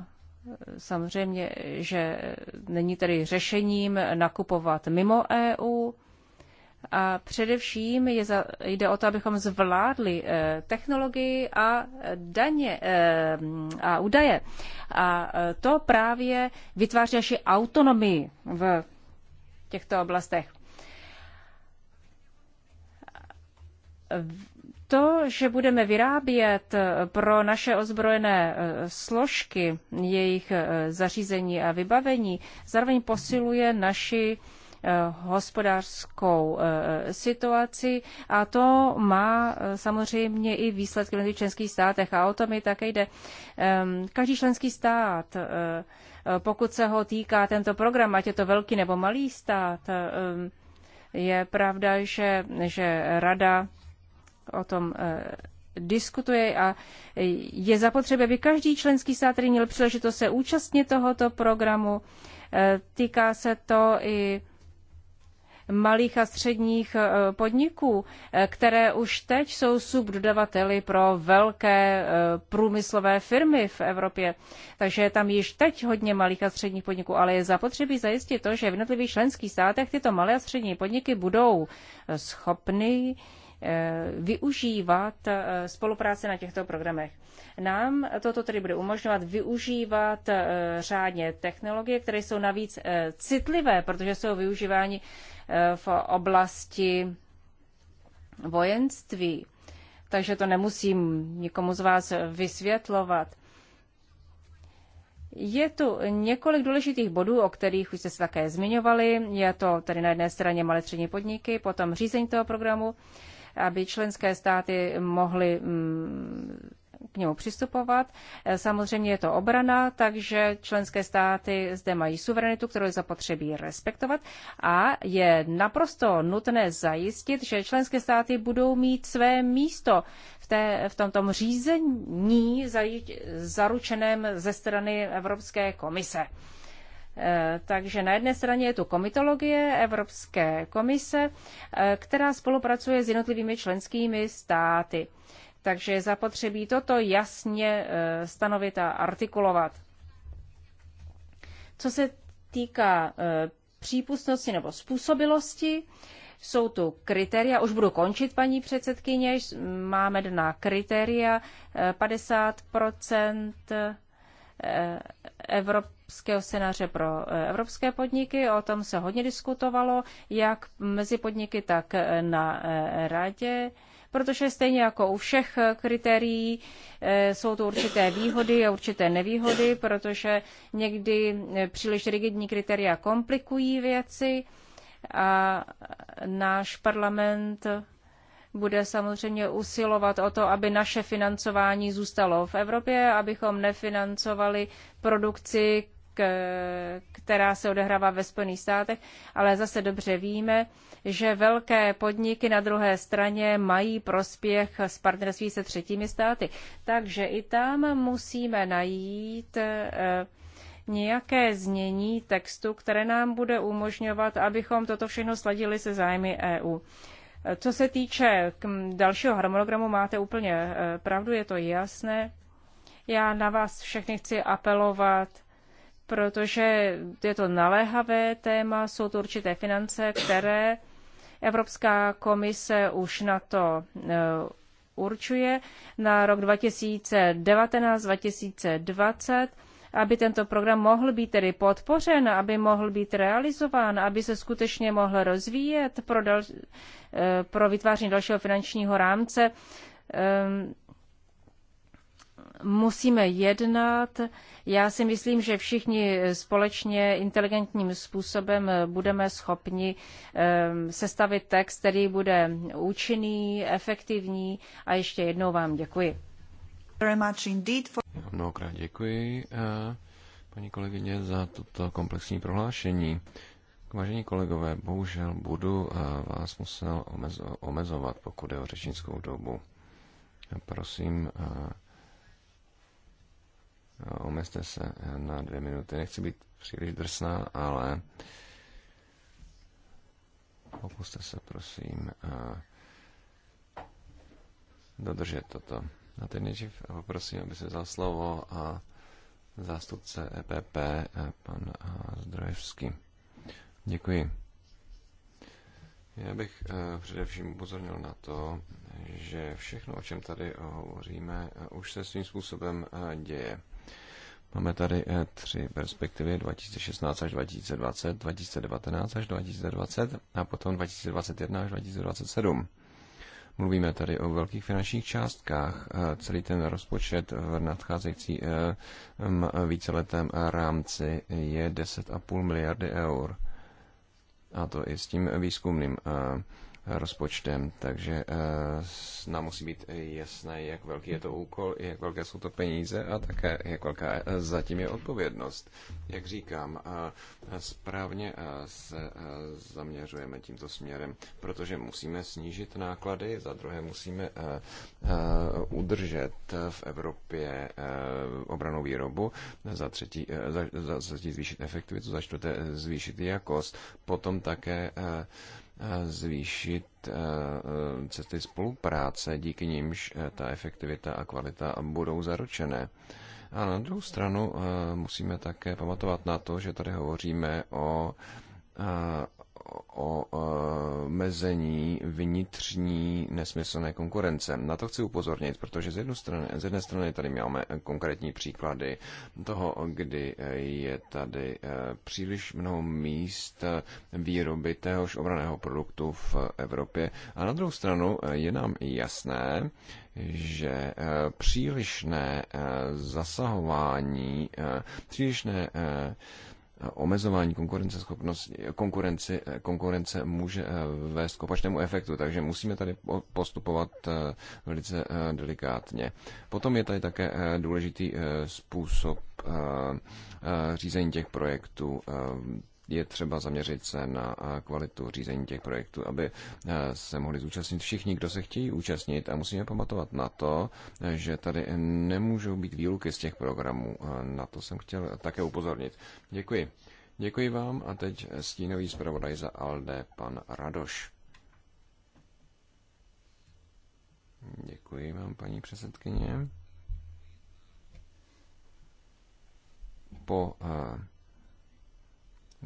samozřejmě, že není tedy řešením nakupovat mimo EU, a především je za, jde o to, abychom zvládli eh, technologii a daně eh, a údaje. A eh, to právě vytváří naši autonomii v těchto oblastech. To, že budeme vyrábět eh, pro naše ozbrojené eh, složky jejich eh, zařízení a vybavení, zároveň posiluje naši eh, Eh, hospodářskou eh, situaci a to má eh, samozřejmě i výsledky v členských státech a o to mi také jde. Ehm, každý členský stát, pokud se ho týká tento program, ať je to velký nebo malý stát, ehm, je pravda, že, že rada o tom diskutuje a je zapotřebí, aby každý členský stát, který měl příležitost se účastnit tohoto programu, týká se to i malých a středních eh, podniků, eh, které už teď jsou subdodavateli pro velké eh, průmyslové firmy v Evropě. Takže je tam již teď hodně malých a středních podniků, ale je zapotřebí zajistit to, že v jednotlivých členských státech tyto malé a střední podniky budou schopny využívat spolupráce na těchto programech. Nám toto tedy bude umožňovat využívat řádně technologie, které jsou navíc citlivé, protože jsou využívány v oblasti vojenství, takže to nemusím nikomu z vás vysvětlovat. Je tu několik důležitých bodů, o kterých už jste se také zmiňovali. Je to tedy na jedné straně malé střední podniky, potom řízení toho programu, aby členské státy mohly mm, k němu přistupovat. Eh, samozřejmě je to obrana, takže členské státy zde mají suverenitu, kterou je zapotřebí respektovat a je naprosto nutné zajistit, že členské státy budou mít své místo v, té, v tomto řízení zaručeném ze strany Evropské komise. Eh, takže na jedné straně je tu komitologie Evropské komise, eh, která spolupracuje s jednotlivými členskými státy. Takže je zapotřebí toto jasně eh, stanovit a artikulovat. Co se týká eh, přípustnosti nebo způsobilosti, jsou tu kritéria, už budu končit, paní předsedkyně, máme na kritéria 50 eh, evropského scénáře pro evropské podniky. O tom se hodně diskutovalo, jak mezi podniky, tak na radě protože stejně jako u všech eh, kritérií eh, jsou to určité výhody a určité nevýhody, protože někdy eh, příliš rigidní kritéria komplikují věci a náš parlament bude samozřejmě usilovat o to, aby naše financování zůstalo v Evropě, abychom nefinancovali produkci, která se odehrává ve Spojených státech, ale zase dobře víme, že velké podniky na druhé straně mají prospěch s partnerství se třetími státy. Takže i tam musíme najít eh, nějaké znění textu, které nám bude umožňovat, abychom toto všechno sladili se zájmy EU. Eh, co se týče dalšího harmonogramu, máte úplně eh, pravdu, je to jasné. Já na vás všechny chci apelovat, protože je to naléhavé téma, jsou to určité finance, které Evropská komise už na to e, určuje na rok 2019-2020, aby tento program mohl být tedy podpořen, aby mohl být realizován, aby se skutečně mohl rozvíjet pro, dal, e, pro vytváření dalšího finančního rámce. Ehm, musíme jednat. Já si myslím, že všichni společně inteligentním způsobem budeme schopni ehm, sestavit text, který bude účinný, efektivní. A ještě jednou vám děkuji. Mnohokrát děkuji, eh, paní kolegyně, za toto komplexní prohlášení. Vážení kolegové, bohužel budu eh, vás musel omezovat, pokud je o řečnickou dobu. Prosím, eh, Omezte se na dvě minuty. Nechci být příliš drsná, ale pokuste se, prosím, dodržet toto. A teď nejdřív poprosím, aby se vzal slovo a zástupce EPP, pan Zdrojevský. Děkuji. Já bych e, především upozornil na to, že všechno, o čem tady hovoříme, e, už se svým způsobem e, děje. Máme tady eh, tři perspektivy 2016 až 2020, 2019 až 2020 a potom 2021 až 2027. Mluvíme tady o velkých finančních částkách. Eh, celý ten rozpočet v nadcházejícím eh, víceletém rámci je 10,5 miliardy eur. A to i s tím výzkumným rozpočtem, takže eh, nám musí být jasné, jak velký je to úkol, jak velké jsou to peníze a také jak velká eh, zatím je odpovědnost. Jak říkám, eh, správně se zaměřujeme tímto směrem, protože musíme snížit náklady, za druhé musíme udržet v Evropě obranou výrobu, za třetí, za, za, za třetí zvýšit efektivitu, za čtvrté zvýšit jakost, potom také zvýšit eh, eh, cesty spolupráce, díky nimž eh, ta efektivita a kvalita budou zaručené. A na druhou stranu musíme také pamatovat na to, že tady hovoříme o o e, mezení vnitřní nesmyslné konkurence. Na to chci upozornit, protože z, jednu strany, z jedné strany tady máme konkrétní příklady toho, kdy e, je tady e, příliš mnoho míst výroby téhož obraného produktu v Evropě. A na druhou stranu je nám jasné, že přílišné zasahování, přílišné omezování konkurence, konkurence, eh, konkurence může eh, vést k opačnému efektu, takže musíme tady postupovat eh, velice delikátně. Potom je tady také důležitý způsob řízení těch projektů je třeba zaměřit se na kvalitu řízení těch projektů, aby se mohli zúčastnit všichni, kdo se chtějí účastnit. A musíme pamatovat na to, že tady nemůžou být výluky z těch programů. Na to jsem chtěl také upozornit. Děkuji. Děkuji vám a teď stínový zpravodaj za ALDE, pan Radoš. Děkuji vám, paní předsedkyně. Po uh,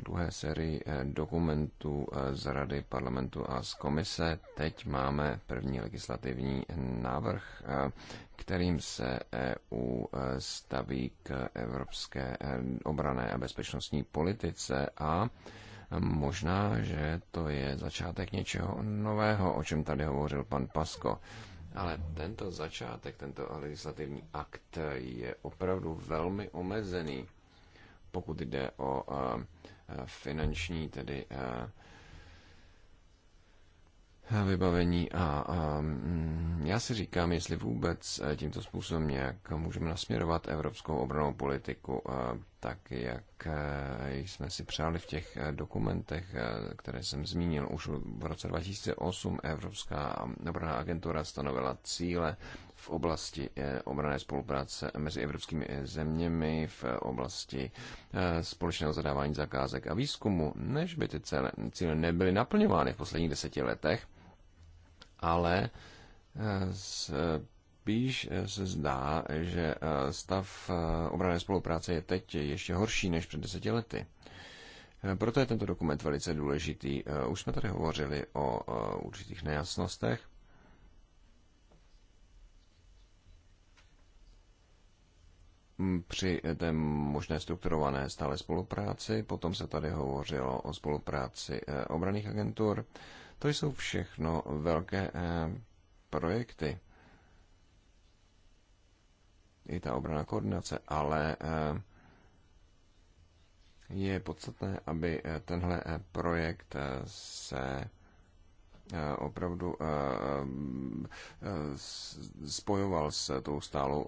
druhé sérii eh, dokumentů eh, z Rady parlamentu a z komise. Teď máme první legislativní návrh, eh, kterým se EU staví k evropské obrané a bezpečnostní politice a možná, že to je začátek něčeho nového, o čem tady hovořil pan Pasko. Ale tento začátek, tento legislativní akt je opravdu velmi omezený, pokud jde o finanční tedy eh, vybavení a, a mm, já si říkám, jestli vůbec eh, tímto způsobem nějak můžeme nasměrovat evropskou obranou politiku eh, tak, jak jsme si přáli v těch dokumentech, které jsem zmínil už v roce 2008, Evropská obranná agentura stanovila cíle v oblasti eh, obrané spolupráce mezi evropskými eh, zeměmi, v eh, oblasti společného zadávání zakázek a výzkumu, než by ty cíle nebyly naplňovány v posledních deseti letech, ale spíš se zdá, že stav obrané spolupráce je teď ještě horší než před deseti lety. Proto je tento dokument velice důležitý. Už jsme tady hovořili o určitých nejasnostech Mm, při té možné strukturované stále spolupráci, potom se tady hovořilo o spolupráci eh, obraných agentur. To jsou všechno velké eh, projekty. I ta obraná koordinace, ale eh, je podstatné, aby tenhle projekt se Eh, opravdu eh, eh, spojoval s tou stálou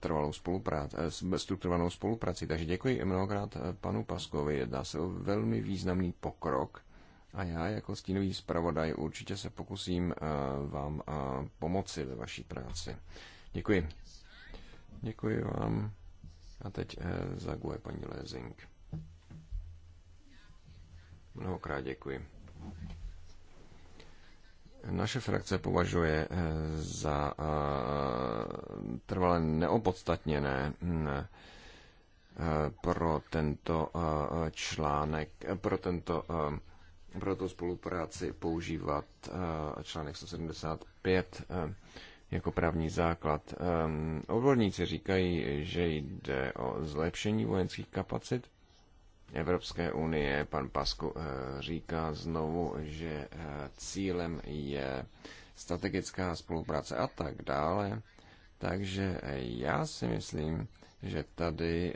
trvalou spolupráci, strukturovanou spoluprací. Takže děkuji mnohokrát panu Paskovi. Jedná se o velmi významný pokrok a já jako stínový zpravodaj určitě se pokusím vám pomoci ve vaší práci. Děkuji. Děkuji vám. A teď zaguje paní Lézink. Mnohokrát děkuji naše frakce považuje eh, za eh, trvale neopodstatněné mm, eh, pro tento článek, pro tento pro tu spolupráci používat článek 175 jako právní základ. Odborníci říkají, že jde o zlepšení vojenských kapacit Evropské unie, pan Pasku, eh, říká znovu, že eh, cílem je strategická spolupráce a tak dále. Takže eh, já si myslím, že tady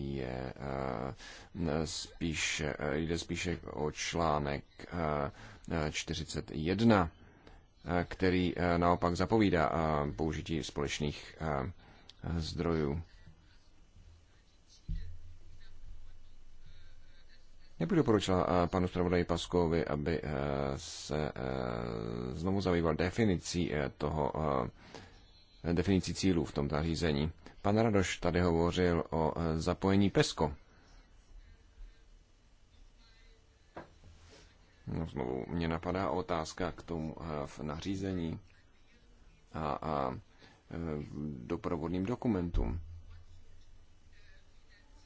je spíš jde spíše o článek 41, který naopak zapovídá použití společných zdrojů. Jak bych eh, panu zpravodaji Paskovi, aby eh, se eh, znovu zabýval definicí toho definicí cílů v tom nařízení. Pan Radoš tady hovořil o zapojení PESCO. No, znovu mě napadá otázka k tomu v nařízení a, a doprovodným dokumentům.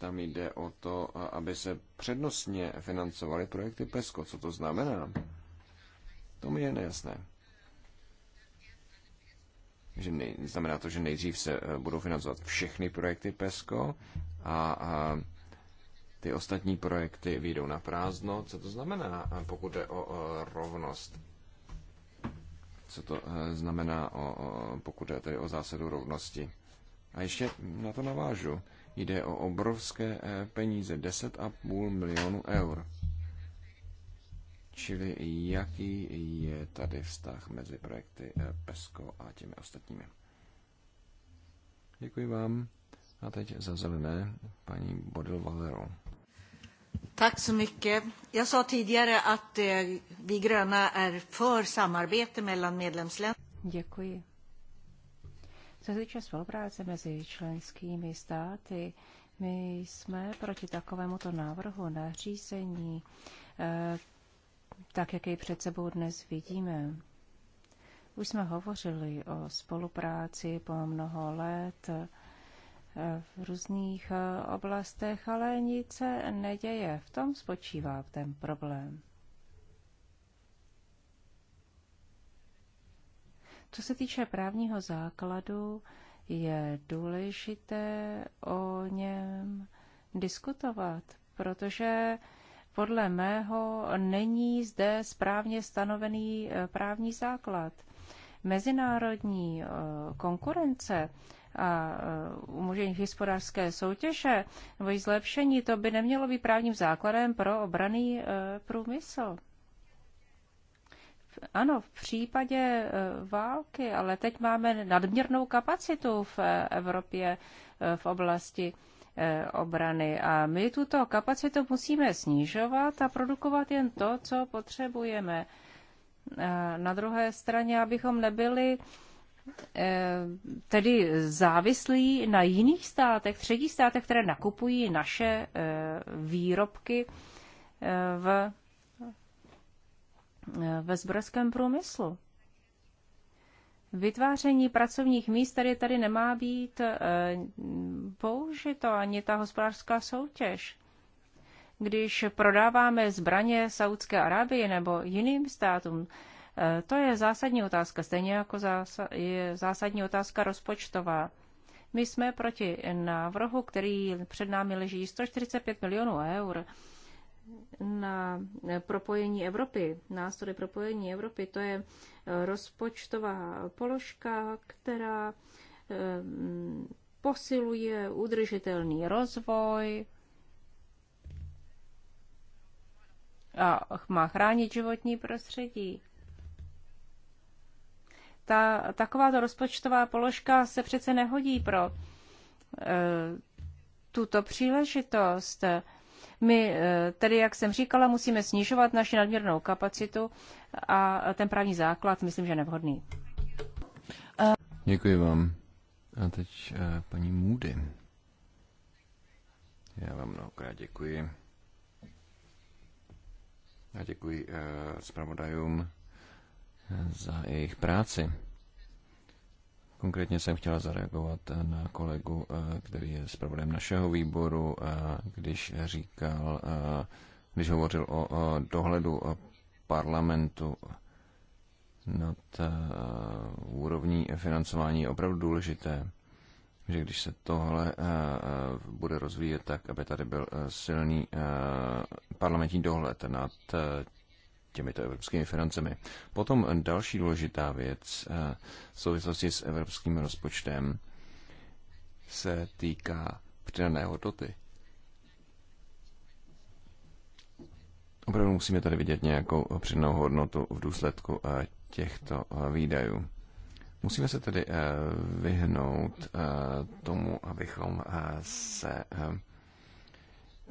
Tam jde o to, aby se přednostně financovaly projekty PESCO. Co to znamená? To mi je nejasné. Že nej, znamená to, že nejdřív se e, budou financovat všechny projekty PESCO a, a ty ostatní projekty vyjdou na prázdno. Co to znamená, e, pokud jde o, o rovnost? Co to e, znamená, o, o, pokud jde tedy o zásadu rovnosti? A ještě na to navážu. Jde o obrovské eh, peníze, 10,5 milionů eur. Čili jaký je tady vztah mezi projekty eh, PESCO a těmi ostatními? Děkuji vám. A teď za zelené paní Bodil Valero. Tak så mycket. Jag sa tidigare att eh, vi gröna är för samarbete mellan medlemsländerna. Děkuji. Co se týče spolupráce mezi členskými státy, my jsme proti takovémuto návrhu nařízení, eh, tak jak jej před sebou dnes vidíme. Už jsme hovořili o spolupráci po mnoho let eh, v různých eh, oblastech, ale nic se neděje. V tom spočívá ten problém. Co se týče právního základu, je důležité o něm diskutovat, protože podle mého není zde správně stanovený eh, právní základ. Mezinárodní eh, konkurence a eh, umožení hospodářské soutěže nebo zlepšení, to by nemělo být právním základem pro obraný průmysl ano, v případě e, války, ale teď máme nadměrnou kapacitu v e, Evropě e, v oblasti obrany a my tuto kapacitu musíme snižovat a produkovat jen to, co potřebujeme. Na druhé straně, abychom nebyli tedy závislí na jiných státech, třetích státech, které nakupují naše výrobky v Eh, ve zbrojském průmyslu. Vytváření pracovních míst tady, tady nemá být eh, použito ani ta hospodářská soutěž. Když prodáváme zbraně Saudské Arábie nebo jiným státům, eh, to je zásadní otázka, stejně jako je zásadní otázka rozpočtová. My jsme proti návrhu, který před námi leží 145 milionů eur na propojení Evropy, nástroj propojení Evropy, to je rozpočtová položka, která eh, posiluje udržitelný rozvoj a má chránit životní prostředí. Ta, takováto rozpočtová položka se přece nehodí pro e, tuto příležitost. E, my eh, tedy, jak jsem říkala, musíme snižovat naši nadměrnou kapacitu a ten právní základ myslím, že nevhodný. Děkuji vám. A teď eh, paní Můdy. Já vám mnohokrát děkuji. A děkuji eh, zpravodajům za jejich práci. Konkrétně jsem chtěla zareagovat na kolegu, eh, který je zpravodajem našeho výboru, eh, když říkal, eh, když hovořil o dohledu parlamentu nad úrovní financování, je opravdu důležité, že když se tohle bude rozvíjet tak, aby tady byl silný parlamentní dohled nad těmito evropskými financemi. Potom další důležitá věc eh, v souvislosti s evropským rozpočtem se týká přidané hodnoty. Opravdu musíme tady vidět nějakou přidanou hodnotu v důsledku eh, těchto eh, výdajů. Musíme se tedy vyhnout tomu, abychom se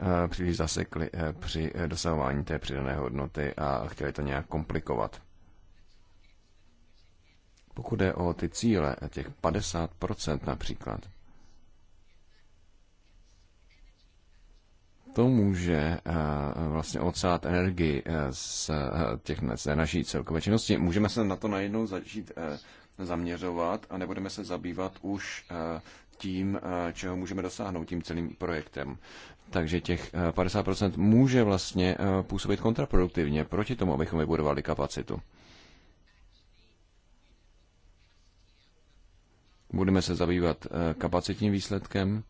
Eh, příliš zasekli eh, při eh, dosahování té přidané hodnoty a chtěli to nějak komplikovat. Pokud jde o ty cíle, těch 50% například, to může vlastně odsát energii z, těch, z té naší celkové činnosti. Můžeme se na to najednou začít zaměřovat a nebudeme se zabývat už tím, eh, čeho můžeme dosáhnout tím celým projektem. Takže těch 50% eh, může vlastně eh, působit kontraproduktivně proti tomu, abychom vybudovali kapacitu. Budeme se zabývat kapacitním výsledkem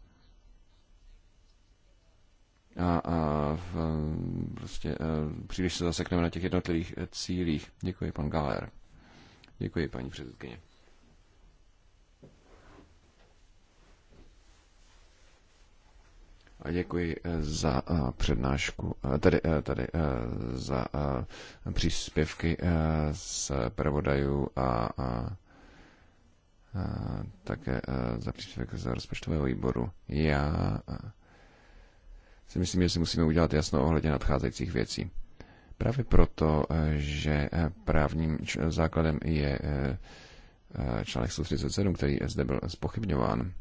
a, a v, prostě příliš se zasekneme na těch jednotlivých cílích. Děkuji, pan Galer. Děkuji, paní předsedkyně. děkuji eh, za eh, přednášku, eh, tedy, tedy za příspěvky z pravodajů a, a také za příspěvky z rozpočtového výboru. Já si myslím, že si musíme udělat jasno ohledně nadcházejících věcí. Právě proto, že právním základem je článek 137, který zde byl spochybňován.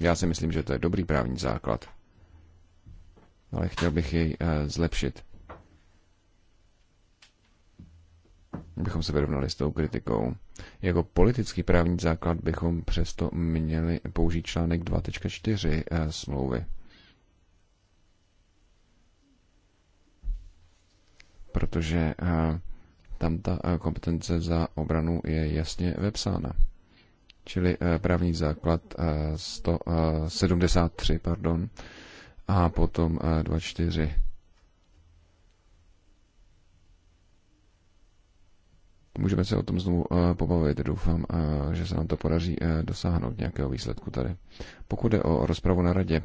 Já si myslím, že to je dobrý právní základ. No, ale chtěl bych jej eh, zlepšit. Bychom se vyrovnali s tou kritikou. Jako politický právní základ bychom přesto měli použít článek 2.4 eh, smlouvy. Protože eh, tam ta kompetence za obranu je jasně vepsána. Čili právní základ 173, pardon, a potom 2.4. Eh, Můžeme se o tom znovu eh, pobavit. Doufám, eh, že se nám to podaří dosáhnout nějakého výsledku tady. Pokud jde o rozpravu na radě,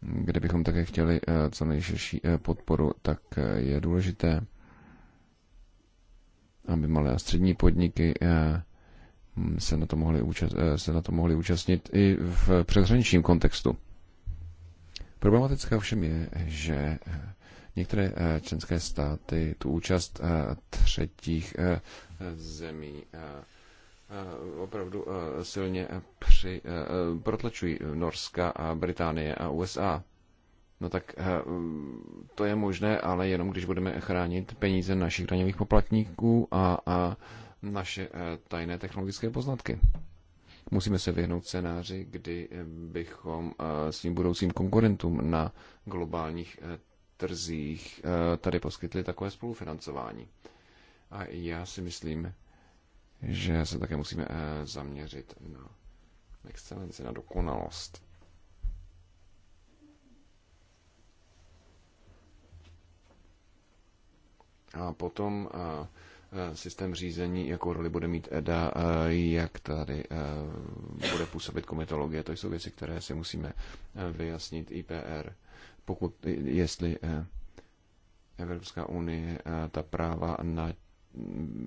kde bychom také chtěli co nejširší podporu, tak je důležité, aby malé a střední podniky se na to mohli, účast, eh, se na to mohli účastnit i v přeshraničním kontextu. Problematické všem je, že eh, některé eh, členské státy tu účast třetích zemí opravdu silně při, protlačují Norska a Británie a USA. No tak to je možné, ale jenom když budeme chránit peníze našich daňových poplatníků a, a naše eh, tajné technologické poznatky. Musíme se vyhnout scénáři, kdy eh, bychom eh, svým budoucím konkurentům na globálních trzích tady poskytli takové spolufinancování. A já si myslím, že se také musíme zaměřit na excelenci, na dokonalost. A potom Eh, systém řízení, jakou roli bude mít EDA, eh, jak tady eh, bude působit komitologie. To jsou věci, které si musíme vyjasnit IPR, pokud, jestli Evropská unie ta práva na,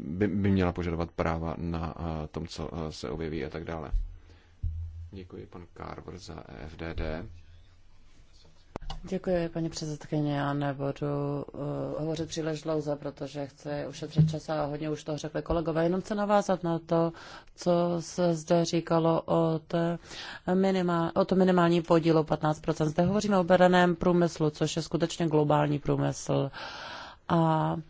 by, by měla požadovat práva na tom, co se objeví a tak dále. Děkuji pan Carver za e FDD. Děkuji, paní předsedkyně. Já nebudu uh, hovořit příliš dlouze, protože chci ušetřit čas a hodně už toho řekli kolegové. Jenom chci navázat na to, co se zde říkalo o, té minimál, o to minimální podílu 15%. Zde hovoříme o beraném průmyslu, což je skutečně globální průmysl. A uh,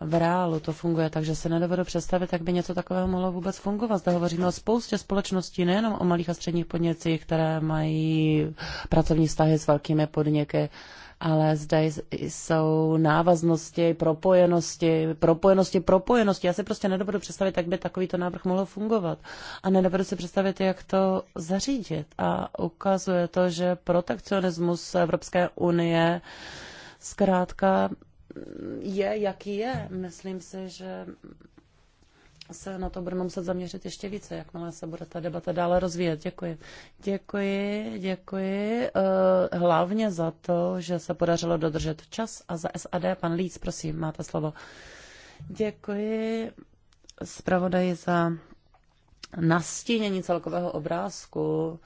v reálu to funguje, takže se nedovedu představit, jak by něco takového mohlo vůbec fungovat. Zde hovoříme o spoustě společností, nejenom o malých a středních podnicích, které mají pracovní vztahy s velkými podniky, ale zde jsou návaznosti, propojenosti, propojenosti, propojenosti. Já si prostě nedovedu představit, jak by takovýto návrh mohl fungovat. A nedovedu si představit, jak to zařídit. A ukazuje to, že protekcionismus Evropské unie zkrátka je, jaký je. Myslím si, že se na to budeme muset zaměřit ještě více, jakmile se bude ta debata dále rozvíjet. Děkuji. Děkuji, děkuji. Eh, hlavně za to, že se podařilo dodržet čas a za SAD pan Líc, prosím, máte slovo. Děkuji zpravodaji za nastínění celkového obrázku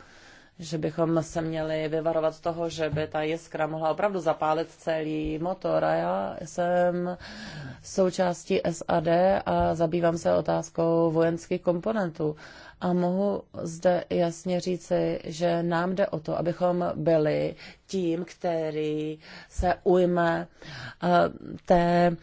že bychom se měli vyvarovat toho, že by ta jiskra mohla opravdu zapálit celý motor. A já jsem součástí SAD a zabývám se otázkou vojenských komponentů. A mohu zde jasně říci, že nám jde o to, abychom byli tím, který se ujme eh, té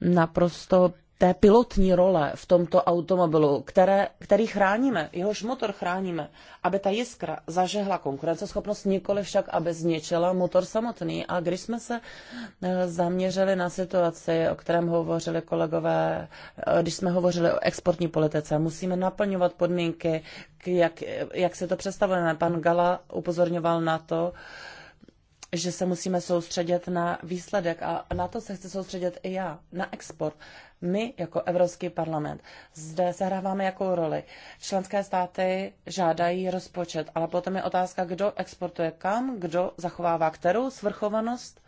naprosto té pilotní role v tomto automobilu, které, který chráníme, jehož motor chráníme, aby ta jiskra zažehla konkurenceschopnost, nikoli však, aby zničila motor samotný. A když jsme se eh, zaměřili na situaci, o kterém hovořili kolegové, eh, když jsme hovořili o exportní politice, musíme naplňovat podmínky, jak, jak si to představujeme. Pan Gala upozorňoval na to, že se musíme soustředit na výsledek a na to se chci soustředit i já, na export. My jako Evropský parlament zde sehráváme jakou roli? Členské státy žádají rozpočet, ale potom je otázka, kdo exportuje kam, kdo zachovává kterou svrchovanost.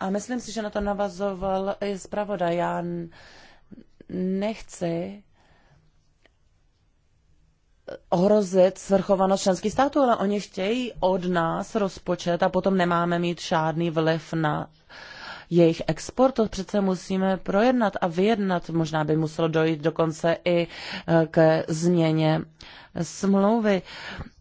A myslím si, že na to navazoval i zpravodaj. Já nechci ohrozit svrchovanost členských států, ale oni chtějí od nás rozpočet a potom nemáme mít žádný vliv na uh, jejich export, to přece musíme projednat a vyjednat. Možná by muselo dojít dokonce i eh, ke změně smlouvy.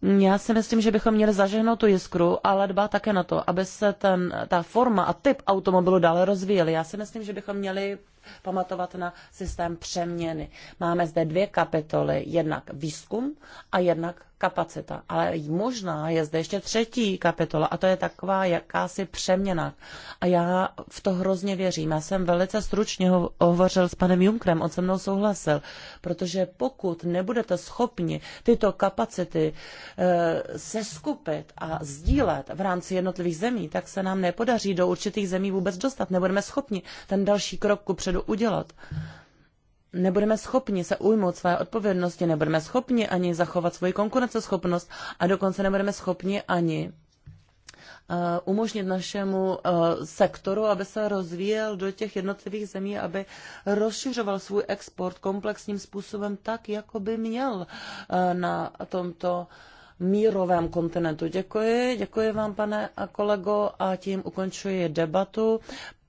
Já si myslím, že bychom měli zažehnout tu jiskru, ale dbát také na to, aby se ten, ta forma a typ automobilu dále rozvíjely. Já si myslím, že bychom měli pamatovat na systém přeměny. Máme zde dvě kapitoly, jednak výzkum a jednak kapacita. Ale možná je zde ještě třetí kapitola a to je taková jakási přeměna. A já v to hrozně věřím. Já jsem velice stručně ho- hovořil s panem Junkrem, on se mnou souhlasil, protože pokud nebudete schopni tyto kapacity eh, seskupit a sdílet v rámci jednotlivých zemí, tak se nám nepodaří do určitých zemí vůbec dostat. Nebudeme schopni ten další krok kupředu udělat nebudeme schopni se ujmout své odpovědnosti, nebudeme schopni ani zachovat svoji konkurenceschopnost a dokonce nebudeme schopni ani Eh, umožnit našemu eh, sektoru, aby se rozvíjel do těch jednotlivých zemí, aby rozšiřoval svůj export komplexním způsobem tak, jako by měl eh, na tomto mírovém kontinentu. Děkuji, děkuji vám, pane a kolego, a tím ukončuji debatu.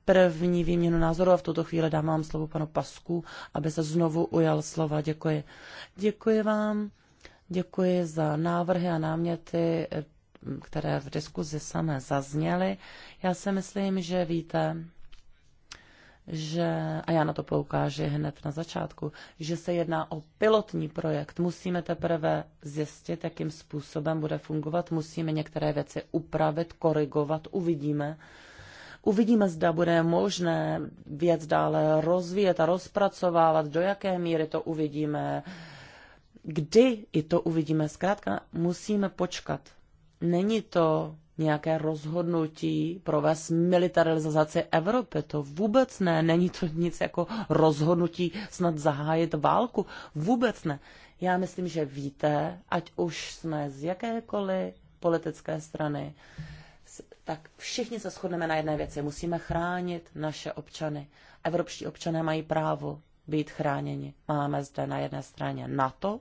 První výměnu názoru a v tuto chvíli dám vám slovo panu Pasku, aby se znovu ujal slova. Děkuji. Děkuji vám. Děkuji za návrhy a náměty které v diskuzi samé zazněly. Já si myslím, že víte, že, a já na to poukážu hned na začátku, že se jedná o pilotní projekt. Musíme teprve zjistit, jakým způsobem bude fungovat, musíme některé věci upravit, korigovat, uvidíme. Uvidíme, zda bude možné věc dále rozvíjet a rozpracovávat, do jaké míry to uvidíme, kdy i to uvidíme. Zkrátka musíme počkat Není to nějaké rozhodnutí provést militarizaci Evropy. To vůbec ne. Není to nic jako rozhodnutí snad zahájit válku. Vůbec ne. Já myslím, že víte, ať už jsme z jakékoliv politické strany, tak všichni se shodneme na jedné věci. Musíme chránit naše občany. Evropští občané mají právo být chráněni. Máme zde na jedné straně NATO,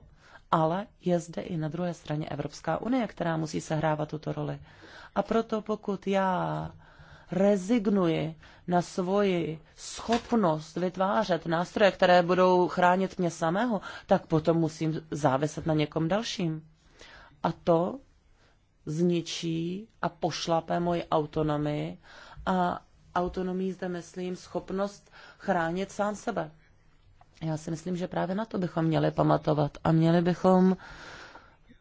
ale je zde i na druhé straně Evropská unie, která musí sehrávat tuto roli. A proto pokud já rezignuji na svoji schopnost vytvářet nástroje, které budou chránit mě samého, tak potom musím záviset na někom dalším. A to zničí a pošlape moji autonomii a autonomii zde myslím schopnost chránit sám sebe. Já si myslím, že právě na to bychom měli pamatovat a měli bychom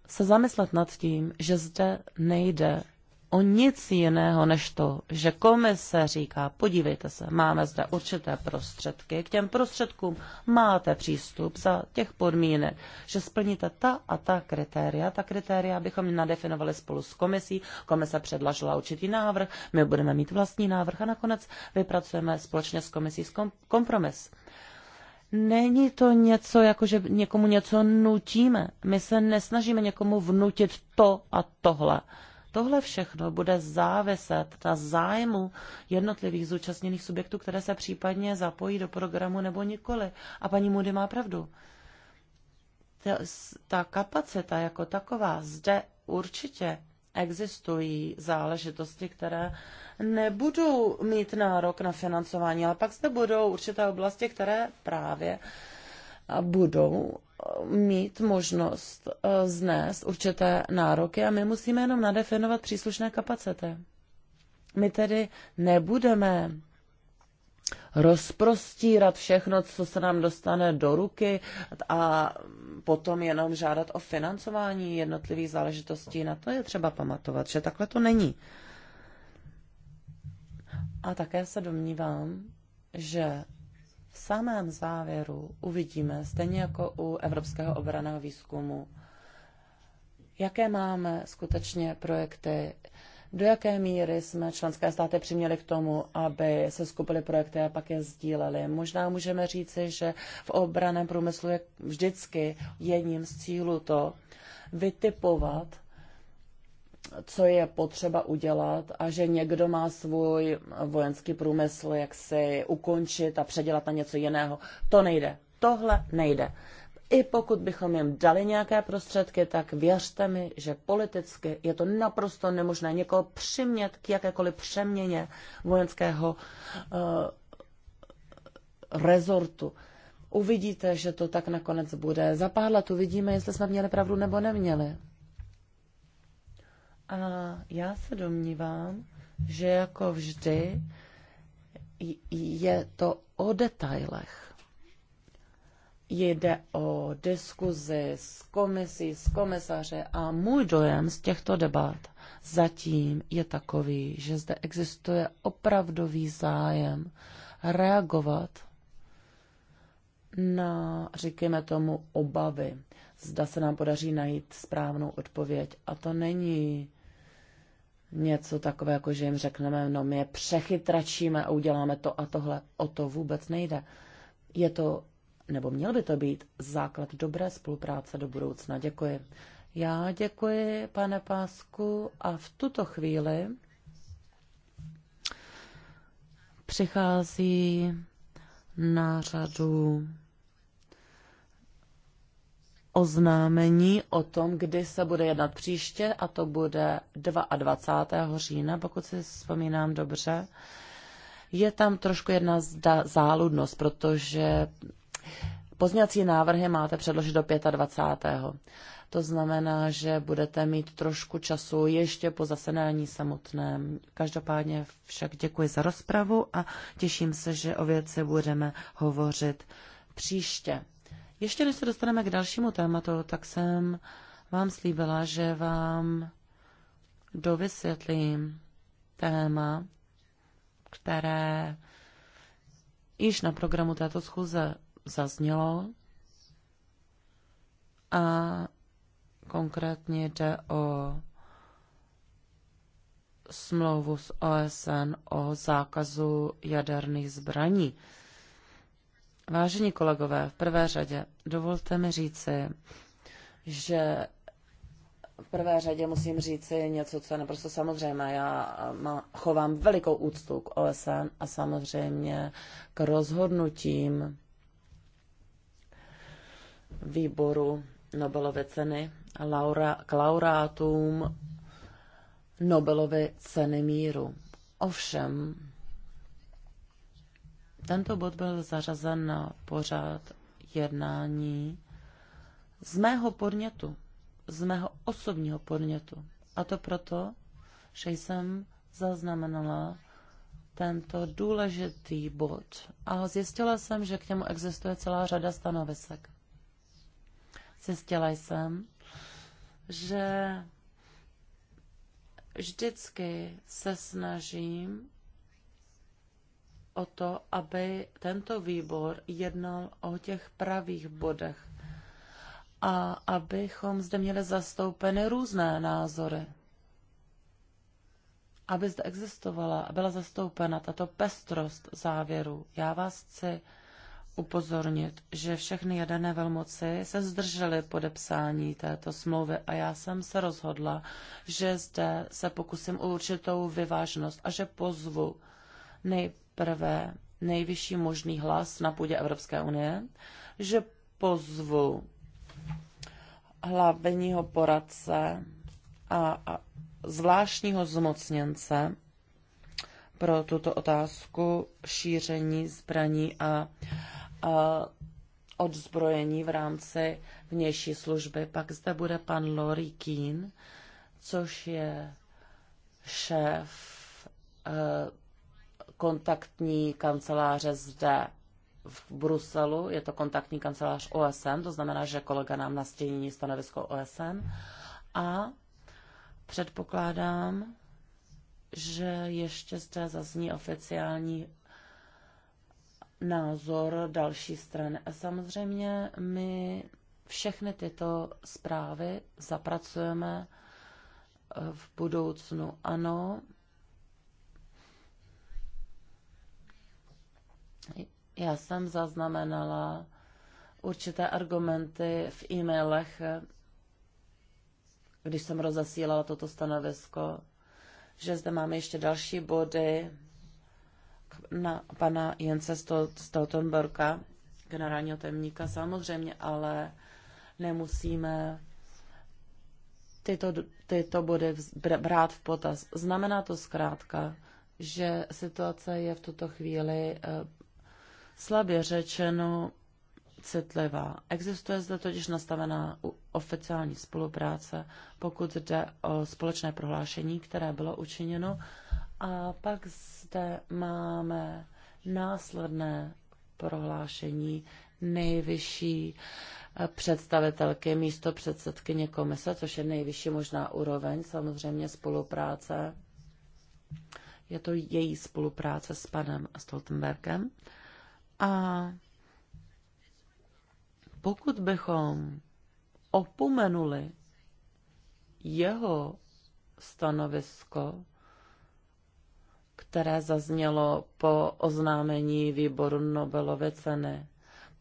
se zamyslet nad tím, že zde nejde o nic jiného než to, že komise říká, podívejte se, máme zde určité prostředky, k těm prostředkům máte přístup za těch podmínek, že splníte ta a ta kritéria. Ta kritéria bychom nadefinovali spolu s komisí, komise předlažila určitý návrh, my budeme mít vlastní návrh a nakonec vypracujeme společně s komisí kompromis. Není to něco, jako že někomu něco nutíme. My se nesnažíme někomu vnutit to a tohle. Tohle všechno bude záviset na zájmu jednotlivých zúčastněných subjektů, které se případně zapojí do programu nebo nikoli. A paní Moody má pravdu. Ta, ta kapacita jako taková zde určitě existují záležitosti, které nebudou mít nárok na financování, ale pak zde budou určité oblasti, které právě budou mít možnost eh, znést určité nároky a my musíme jenom nadefinovat příslušné kapacity. My tedy nebudeme rozprostírat všechno, co se nám dostane do ruky a potom jenom žádat o financování jednotlivých záležitostí. Na to je třeba pamatovat, že takhle to není. A také se domnívám, že v samém závěru uvidíme, stejně jako u Evropského obraného výzkumu, jaké máme skutečně projekty, do jaké míry jsme členské státy přiměli k tomu, aby se skupily projekty a pak je sdíleli. Možná můžeme říci, že v obraném průmyslu je vždycky jedním z cílů to vytipovat, co je potřeba udělat a že někdo má svůj vojenský průmysl, jak si ukončit a předělat na něco jiného. To nejde. Tohle nejde. I pokud bychom jim dali nějaké prostředky, tak věřte mi, že politicky je to naprosto nemožné někoho přimět k jakékoliv přeměně vojenského uh, rezortu. Uvidíte, že to tak nakonec bude. Za pár let uvidíme, jestli jsme měli pravdu nebo neměli. A já se domnívám, že jako vždy je to o detailech Jde o diskuzi s komisí, s komisaře a můj dojem z těchto debat zatím je takový, že zde existuje opravdový zájem reagovat na, říkáme tomu, obavy. Zda se nám podaří najít správnou odpověď. A to není něco takové, jako že jim řekneme, no my je přechytračíme a uděláme to a tohle. O to vůbec nejde. Je to nebo měl by to být základ dobré spolupráce do budoucna. Děkuji. Já děkuji, pane Pásku, a v tuto chvíli přichází na řadu oznámení o tom, kdy se bude jednat příště, a to bude 22. října, pokud si vzpomínám dobře. Je tam trošku jedna záludnost, protože Pozněcí návrhy máte předložit do 25. To znamená, že budete mít trošku času ještě po zasedání samotném. Každopádně však děkuji za rozpravu a těším se, že o věci budeme hovořit příště. Ještě než se dostaneme k dalšímu tématu, tak jsem vám slíbila, že vám dovysvětlím téma, které již na programu této schůze zaznělo. A konkrétně jde o smlouvu s OSN o zákazu jaderných zbraní. Vážení kolegové, v prvé řadě dovolte mi říci, že v prvé řadě musím říci něco, co je naprosto samozřejmé. Já má, chovám velikou úctu k OSN a samozřejmě k rozhodnutím výboru Nobelové ceny Laura, k laurátům Nobelové ceny míru. Ovšem, tento bod byl zařazen na pořád jednání z mého podnětu, z mého osobního podnětu. A to proto, že jsem zaznamenala tento důležitý bod a zjistila jsem, že k němu existuje celá řada stanovisek. Zjistila jsem, že vždycky se snažím o to, aby tento výbor jednal o těch pravých bodech a abychom zde měli zastoupeny různé názory. Aby zde existovala a byla zastoupena tato pestrost závěru. Já vás chci upozornit, že všechny jaderné velmoci se zdržely podepsání této smlouvy a já jsem se rozhodla, že zde se pokusím o určitou vyvážnost a že pozvu nejprve nejvyšší možný hlas na půdě Evropské unie, že pozvu hlavního poradce a, a zvláštního zmocněnce pro tuto otázku šíření zbraní a Eh, odzbrojení v rámci vnější služby. Pak zde bude pan Lori Keen, což je šéf eh, kontaktní kanceláře zde v Bruselu. Je to kontaktní kancelář OSN, to znamená, že kolega nám nastění stanovisko OSN. A předpokládám, že ještě zde zazní oficiální názor další strany. A samozřejmě my všechny tyto zprávy zapracujeme eh, v budoucnu. Ano, já jsem zaznamenala určité argumenty v e-mailech, když jsem rozesílala toto stanovisko, že zde máme ještě další body na pana Jence Stoltenberga, generálního tajemníka, samozřejmě, ale nemusíme tyto, tyto body brát v potaz. Znamená to zkrátka, že situace je v tuto chvíli eh, slabě řečeno citlivá. Existuje zde totiž nastavená oficiální spolupráce, pokud jde o společné prohlášení, které bylo učiněno a pak zde máme následné prohlášení nejvyšší eh, představitelky místo předsedkyně komise, což je nejvyšší možná úroveň samozřejmě spolupráce. Je to její spolupráce s panem Stoltenbergem. A pokud bychom opomenuli jeho stanovisko, které zaznělo po oznámení výboru Nobelové ceny,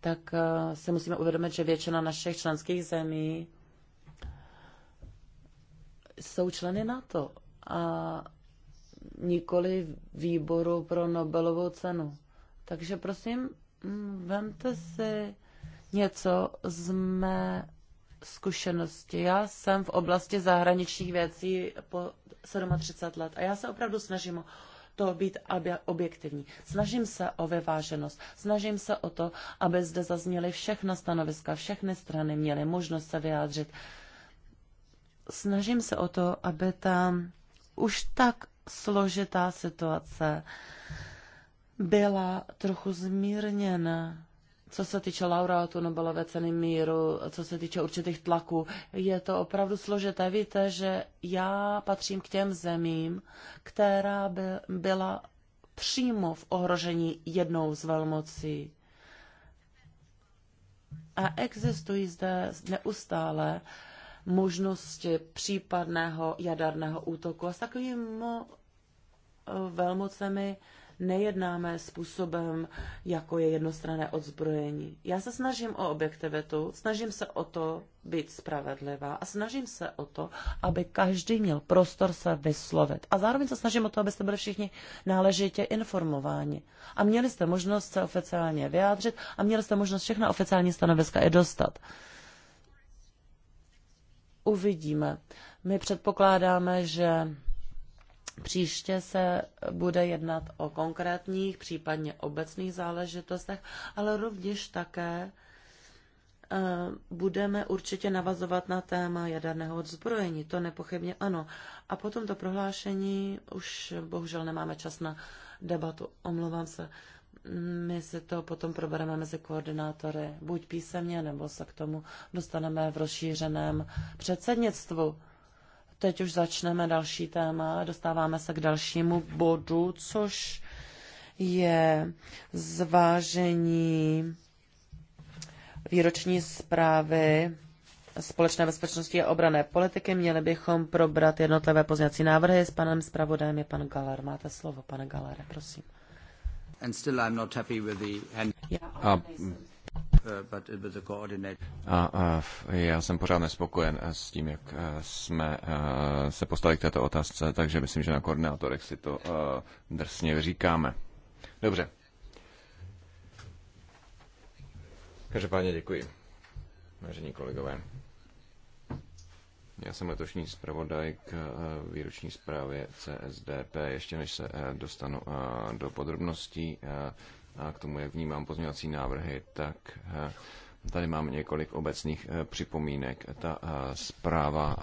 tak eh, si musíme uvědomit, že většina našich členských zemí jsou členy NATO a nikoli výboru pro Nobelovou cenu. Takže prosím, mm, vemte si něco z mé zkušenosti. Já jsem v oblasti zahraničních věcí po 37 let a já se opravdu snažím to být objektivní. Snažím se o vyváženost, snažím se o to, aby zde zazněly všechna stanoviska, všechny strany měly možnost se vyjádřit. Snažím se o to, aby ta už tak složitá situace byla trochu zmírněna co se týče laureátu Nobelové ceny míru, co se týče určitých tlaků, je to opravdu složité. Víte, že já patřím k těm zemím, která by byla přímo v ohrožení jednou z velmocí. A existují zde neustále možnosti případného jaderného útoku. A s takovými velmocemi nejednáme způsobem, jako je jednostranné odzbrojení. Já se snažím o objektivitu, snažím se o to být spravedlivá a snažím se o to, aby každý měl prostor se vyslovit. A zároveň se snažím o to, abyste byli všichni náležitě informováni. A měli jste možnost se oficiálně vyjádřit a měli jste možnost všechna oficiální stanoviska i dostat uvidíme. My předpokládáme, že Příště se bude jednat o konkrétních, případně obecných záležitostech, ale rovněž také eh, budeme určitě navazovat na téma jaderného odzbrojení, to nepochybně ano. A potom to prohlášení už bohužel nemáme čas na debatu, omlouvám se. My si to potom probereme mezi koordinátory, buď písemně, nebo se k tomu dostaneme v rozšířeném předsednictvu. Teď už začneme další téma, dostáváme se k dalšímu bodu, což je zvážení výroční zprávy společné bezpečnosti a obrané politiky. Měli bychom probrat jednotlivé pozněcí návrhy. S panem zpravodajem je pan Galer. Máte slovo, pane Galere, prosím. And still I'm not happy with the... a a, a já jsem pořád nespokojen eh, s tím, jak eh, jsme eh, se postali k této otázce, takže myslím, že na koordinátorech si to drsně vyříkáme. Dobře. Každopádně děkuji, vážení kolegové. Já jsem letošní zpravodaj k výroční zprávě CSDP. Ještě než se dostanu do podrobností, a k tomu, jak vnímám pozměňovací návrhy, tak eh, tady mám několik obecných eh, připomínek. Ta eh, zpráva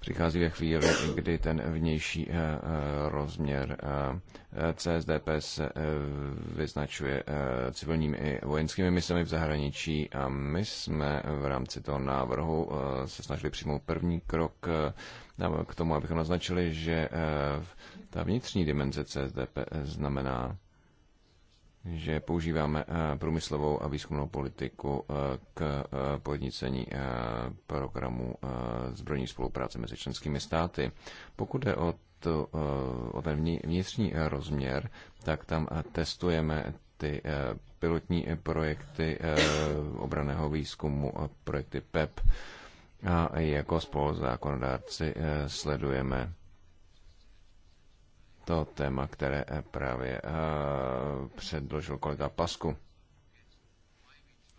přichází ve chvíli, kdy ten vnější rozměr CSDP se vyznačuje civilními i vojenskými misemi v zahraničí a my jsme v rámci toho návrhu se snažili přijmout první krok k tomu, abychom naznačili, že ta vnitřní dimenze CSDP znamená že používáme eh, průmyslovou a výzkumnou politiku eh, k eh, podnicení programu zbrojní spolupráce mezi členskými státy. Pokud jde o, to, o ten vnitřní rozměr, tak tam testujeme ty pilotní projekty obraného výzkumu, projekty PEP e a jako spoluzákonodárci sledujeme to téma, které eh, právě eh, předložil kolega Pasku.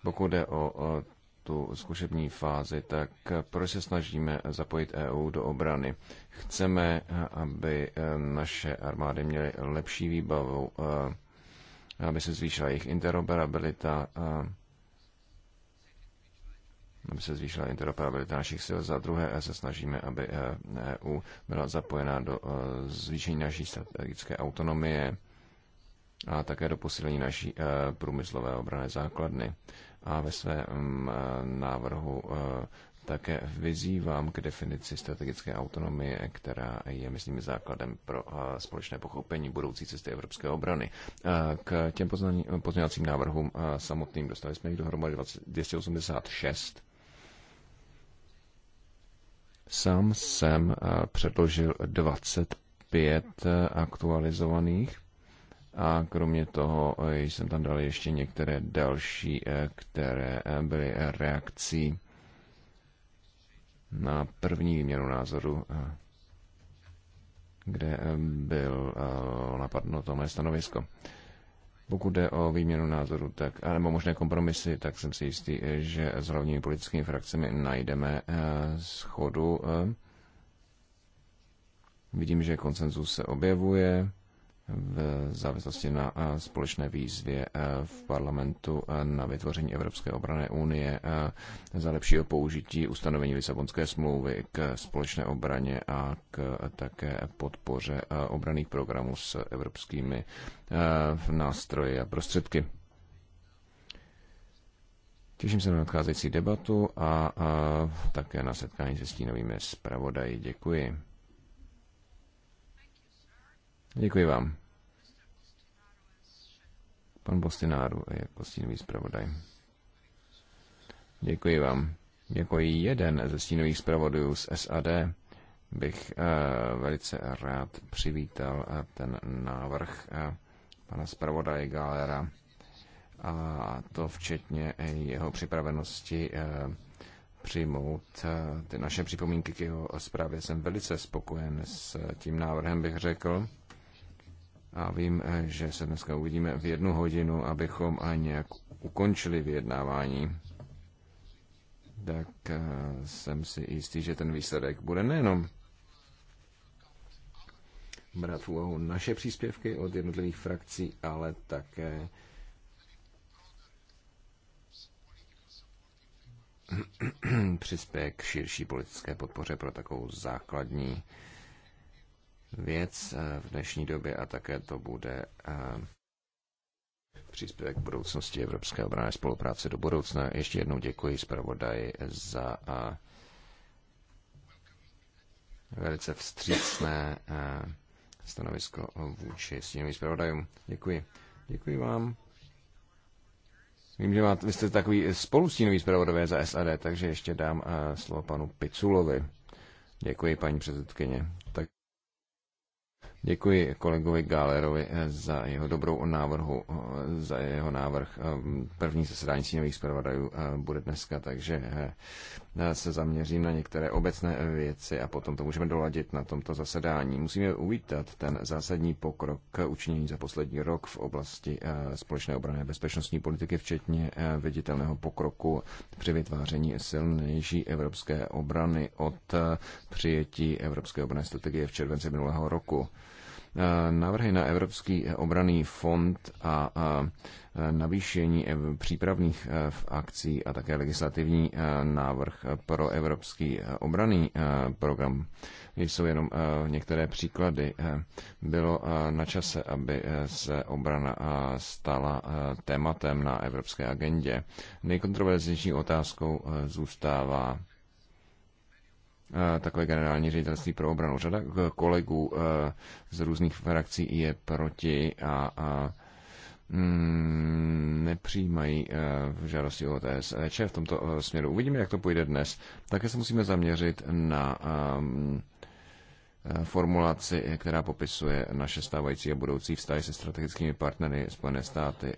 Pokud jde o tu zkušební fázi, tak eh, proč se snažíme zapojit EU do obrany? Chceme, aby naše armády měly lepší výbavu, aby se zvýšila jejich interoperabilita, aby se zvýšila interoperabilita našich sil. Za druhé eh, se snažíme, aby eh, EU byla zapojená do eh, zvýšení naší strategické autonomie a také do posílení naší průmyslové obrané základny. A ve svém návrhu také vyzývám k definici strategické autonomie, která je, myslím, základem pro společné pochopení budoucí cesty evropské obrany. K těm pozměňovacím návrhům samotným dostali jsme jich dohromady 286 Sám jsem eh, předložil 25 eh, aktualizovaných a kromě toho eh, jsem tam dal ještě některé další, které byly reakcí na první výměnu názoru, kde byl to mé stanovisko. Pokud jde o výměnu názoru, tak, nebo možné kompromisy, tak jsem si jistý, že s hlavními politickými frakcemi najdeme eh, schodu. Eh. Vidím, že konsenzus se objevuje v závislosti na eh, společné výzvě eh, v parlamentu eh, na vytvoření Evropské obrané unie za lepšího použití ustanovení Lisabonské smlouvy k společné obraně a k také podpoře obraných programů s evropskými nástroji a prostředky. Těším se na nadcházející debatu a, a také na setkání se stínovými zpravodaji. Děkuji. Děkuji vám. Pan Bostináru je stínový zpravodaj. Děkuji vám. Jako jeden ze stínových zpravodajů z SAD bych eh, velice rád přivítal eh, ten návrh eh, pana zpravodaje Galera a to včetně jeho připravenosti přijmout ty naše připomínky k jeho zprávě. Jsem velice spokojen s tím návrhem, bych řekl a vím, eh, že se dneska uvidíme v jednu hodinu, abychom a nějak ukončili vyjednávání, tak eh, jsem si jistý, že ten výsledek bude nejenom brát v úvahu naše příspěvky od jednotlivých frakcí, ale také přispěje k širší politické podpoře pro takovou základní věc eh, v dnešní době a také to bude eh, příspěvek k budoucnosti Evropské obrané spolupráce do budoucna. Ještě jednou děkuji zpravodaji za eh, velice vstřícné stanovisko vůči sněmovým zpravodajům. Děkuji. Děkuji vám. Vím, že máte, vy jste takový spolustínový zpravodové za SAD, takže ještě dám slovo panu Piculovi. Děkuji, paní předsedkyně. Tak Děkuji kolegovi Gálerovi eh, za jeho dobrou návrhu, eh, za jeho návrh. Eh, první zasedání sněmových zpravodajů bude dneska, takže se zaměřím na některé obecné věci a potom to můžeme doladit na tomto zasedání. Musíme uvítat ten zásadní pokrok učinění za poslední rok v oblasti společné obrany bezpečnostní politiky, včetně viditelného pokroku při vytváření silnější evropské obrany od přijetí Evropské obrané strategie v červenci minulého roku návrhy na Evropský obraný fond a navýšení přípravných e, akcí a také legislativní e, návrh pro Evropský e, obraný program jsou jenom některé příklady. Bylo na čase, aby se obrana stala tématem na evropské agendě. Nejkontroverznější otázkou zůstává takové generální ředitelství pro obranu. Řada eh, kolegů eh, z různých frakcí je proti a, a mm, nepřijímají v eh, žádosti o TSČ e v tomto směru. Uvidíme, jak to půjde dnes. Také se musíme zaměřit na ehm, formulaci, která popisuje naše stávající a budoucí vztahy se strategickými partnery Spojené státy,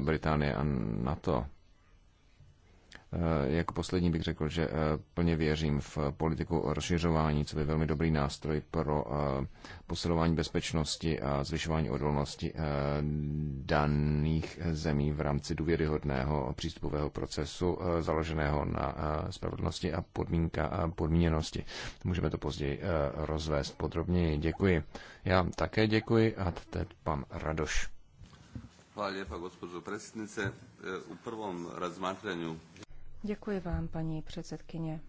Británie a NATO. Eh, jako poslední bych řekl, že eh, plně věřím v politiku rozšiřování, co by velmi dobrý nástroj pro eh, posilování bezpečnosti a zvyšování odolnosti daných zemí v rámci důvěryhodného přístupového procesu založeného na spravedlnosti a podmínka a podmíněnosti. Můžeme to později rozvést podrobněji. Děkuji. Já také děkuji a teď pan Radoš. Hvala lijepa, gospođo predsjednice. U prvom razmatranju... Děkuji vám, paní předsedkyně.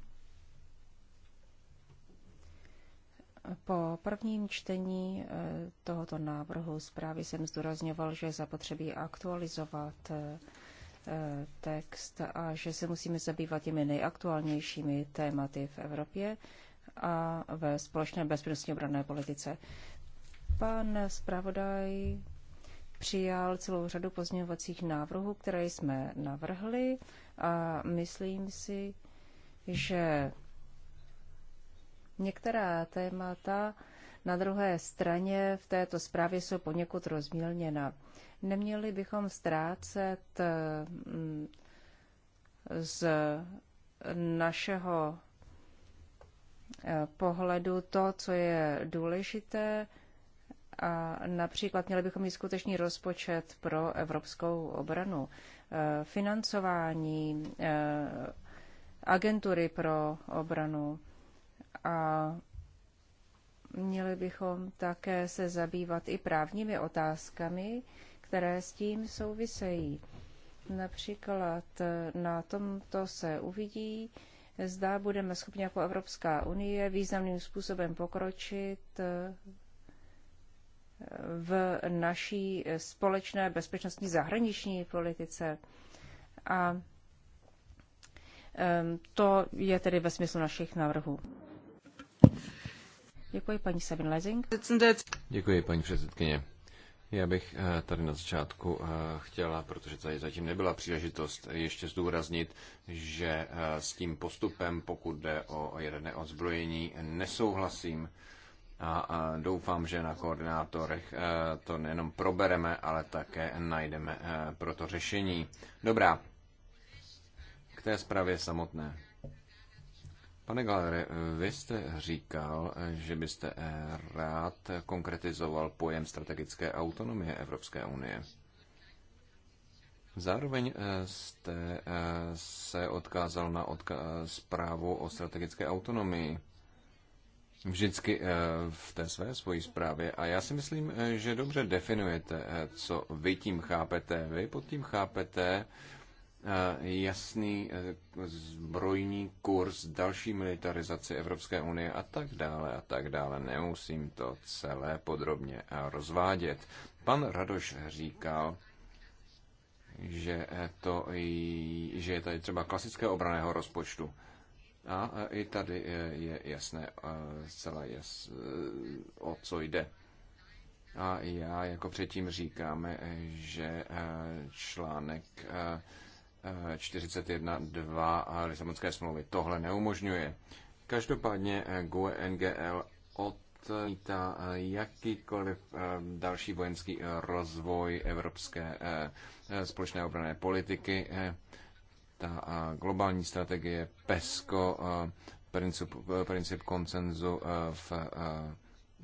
Po prvním čtení eh, tohoto návrhu zprávy jsem zdůrazňoval, že zapotřebí aktualizovat eh, text a že se musíme zabývat těmi nejaktuálnějšími tématy v Evropě a ve společné bezpečnostní obranné politice. Pan zpravodaj přijal celou řadu pozměňovacích návrhů, které jsme navrhli a myslím si, že některá témata na druhé straně v této zprávě jsou poněkud rozmělněna. Neměli bychom ztrácet mm, z našeho eh, pohledu to, co je důležité, a například měli bychom mít skutečný rozpočet pro evropskou obranu. E, financování e, agentury pro obranu a měli bychom také se zabývat i právními otázkami, které s tím souvisejí. Například e, na tomto se uvidí, zda budeme schopni jako Evropská unie významným způsobem pokročit v naší společné bezpečnostní zahraniční politice. A to je tedy ve smyslu našich návrhů. Děkuji, paní Sabin Lezing. Děkuji, paní předsedkyně. Já bych eh, tady na začátku eh, chtěla, protože tady zatím nebyla příležitost, ještě zdůraznit, že eh, s tím postupem, pokud jde o jedné odzbrojení, nesouhlasím a doufám, že na koordinátorech e, to nejenom probereme, ale také najdeme e, pro to řešení. Dobrá, k té zprávě samotné. Pane Galere, vy jste říkal, že byste e, rád konkretizoval pojem strategické autonomie Evropské unie. Zároveň jste se odkázal na odka- zprávu o strategické autonomii vždycky eh, v té své svojí zprávě. A já si myslím, eh, že dobře definujete, eh, co vy tím chápete. Vy pod tím chápete jasný zbrojní kurz, další militarizaci Evropské unie a tak dále a tak dále. Nemusím to celé podrobně rozvádět. Pan Radoš říkal, že, to, že je tady třeba klasického obraného rozpočtu. A i tady je jasné zcela jasné, e, o co jde. A já jako předtím říkáme, e, že e, článek 41.2 Lisabonské smlouvy tohle neumožňuje. Každopádně GUE NGL odmítá jakýkoliv další vojenský rozvoj evropské společné obrané politiky ta globální strategie PESCO, princip, princip koncenzu v,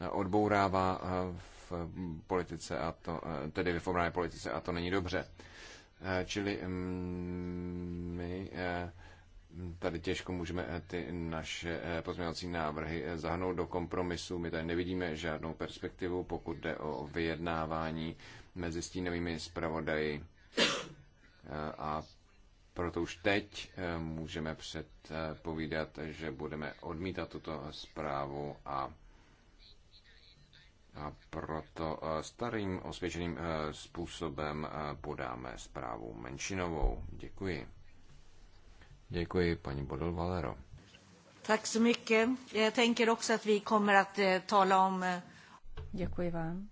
odbourává v politice a to, tedy v obrané politice a to není dobře. Čili my tady těžko můžeme ty naše pozměňovací návrhy zahrnout do kompromisu. My tady nevidíme žádnou perspektivu, pokud jde o vyjednávání mezi stínovými zpravodaji a proto už teď eh, můžeme předpovídat, že budeme odmítat tuto zprávu a a proto eh, starým osvědčeným eh, způsobem podáme zprávu menšinovou. Děkuji. Děkuji, paní Bodol Valero. Tak se mycket. Děkuji, tänker också att vi Děkuji vám.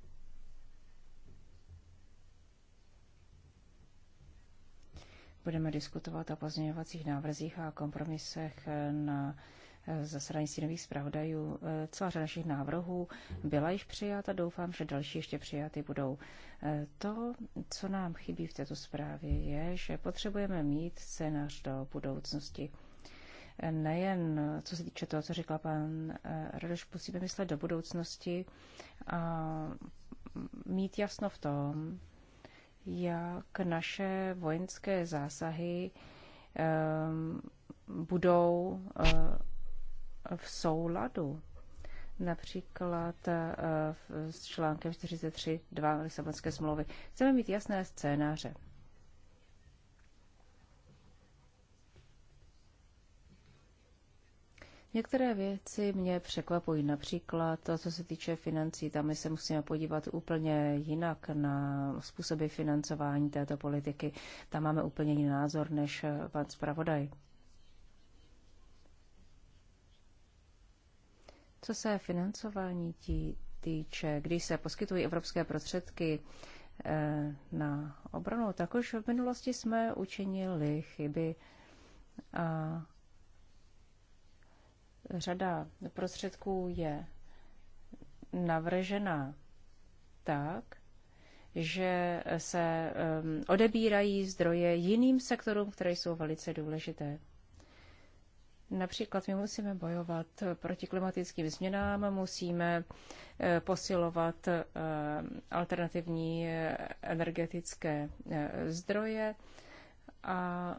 Budeme diskutovat o pozměňovacích návrzích a kompromisech na eh, zasedání stínových zpravodajů. Eh, celá řada našich návrhů byla již přijata, doufám, že další ještě přijaty budou. Eh, to, co nám chybí v této zprávě, je, že potřebujeme mít scénář do budoucnosti. Nejen co se týče toho, co říkal pan Radoš, musíme myslet do budoucnosti a mít jasno v tom, jak naše vojenské zásahy ehm, budou eh, v souladu například eh, s článkem 43.2 Lisabonské smlouvy. Chceme mít jasné scénáře. Některé věci mě překvapují, například to, co se týče financí, tam my se musíme podívat úplně jinak na způsoby financování této politiky. Tam máme úplně jiný názor než pan zpravodaj. Co se financování tí, týče, když se poskytují evropské prostředky eh, na obranu, tak už v minulosti jsme učinili chyby. A Řada prostředků je navržena tak, že se um, odebírají zdroje jiným sektorům, které jsou velice důležité. Například my musíme bojovat proti klimatickým změnám, musíme eh, posilovat eh, alternativní eh, energetické zdroje a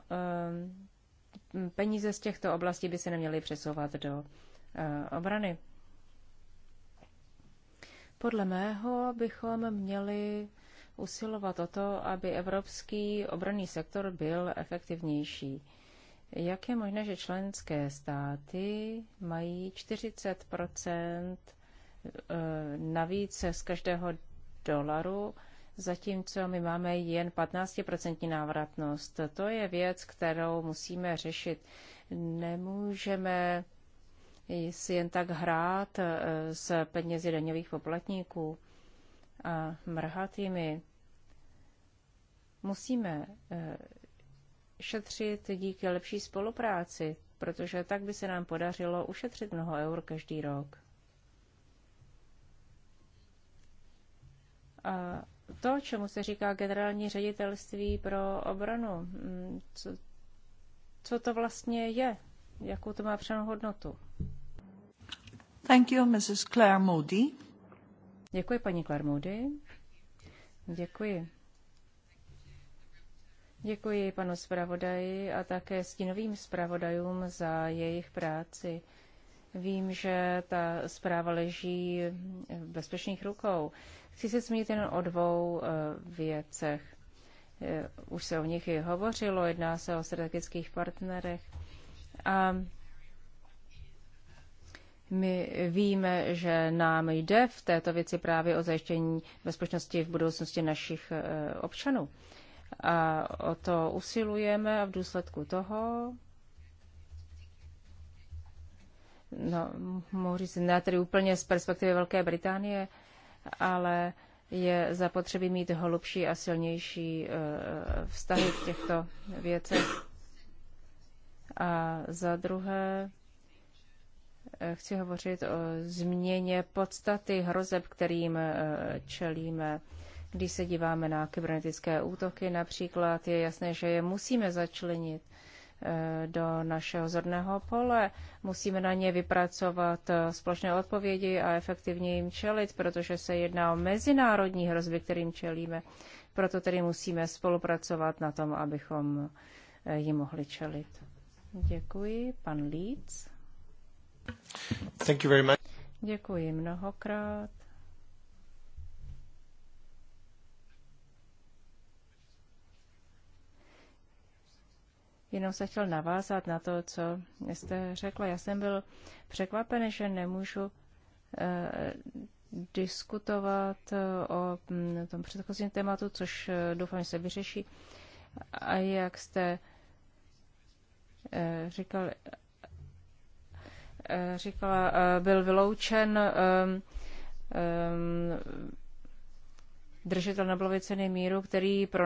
peníze z těchto oblastí by se neměly přesouvat do eh, obrany. Podle mého bychom měli usilovat o to, aby evropský obranný sektor byl efektivnější. Jak je možné, že členské státy mají 40 eh, navíc z každého dolaru zatímco my máme jen 15% návratnost. To je věc, kterou musíme řešit. Nemůžeme si jen tak hrát eh, s penězi daňových poplatníků a mrhat jimi. Musíme eh, šetřit díky lepší spolupráci, protože tak by se nám podařilo ušetřit mnoho eur každý rok. A to, čemu se říká generální ředitelství pro obranu, mm, co, co to vlastně je, jakou to má přenou hodnotu. Thank you, Mrs. Claire Moody. Děkuji, paní Claire Moody. Děkuji. Děkuji panu zpravodaji a také stínovým zpravodajům za jejich práci. Vím, že ta zpráva leží v bezpečných rukou. Chci se zmínit jen o dvou eh, věcech. Eh, už se o nich i hovořilo, jedná se o strategických partnerech. A my víme, že nám jde v této věci právě o zajištění bezpečnosti v budoucnosti našich eh, občanů. A o to usilujeme a v důsledku toho No, mohu říct, ne tedy úplně z perspektivy Velké Británie, ale je zapotřebí mít hlubší a silnější eh, vztahy v těchto věcech. A za druhé, eh, chci hovořit o změně podstaty hrozeb, kterým eh, čelíme. Když se díváme na kybernetické útoky například, je jasné, že je musíme začlenit Eh, do našeho zorného pole. Musíme na ně vypracovat eh, společné odpovědi a efektivně jim čelit, protože se jedná o mezinárodní hrozby, kterým čelíme. Proto tedy musíme spolupracovat na tom, abychom eh, jim mohli čelit. Děkuji. Pan Leeds. Thank you very much. Děkuji mnohokrát. Jenom se chtěl navázat na to, co jste řekla. Já jsem byl překvapen, že nemůžu eh, diskutovat eh, o mm, tom předchozím tématu, což eh, doufám, že se vyřeší. A jak jste říkal, říkala, byl vyloučen ehm, ehm, držitel Nobelovy ceny míru, který pro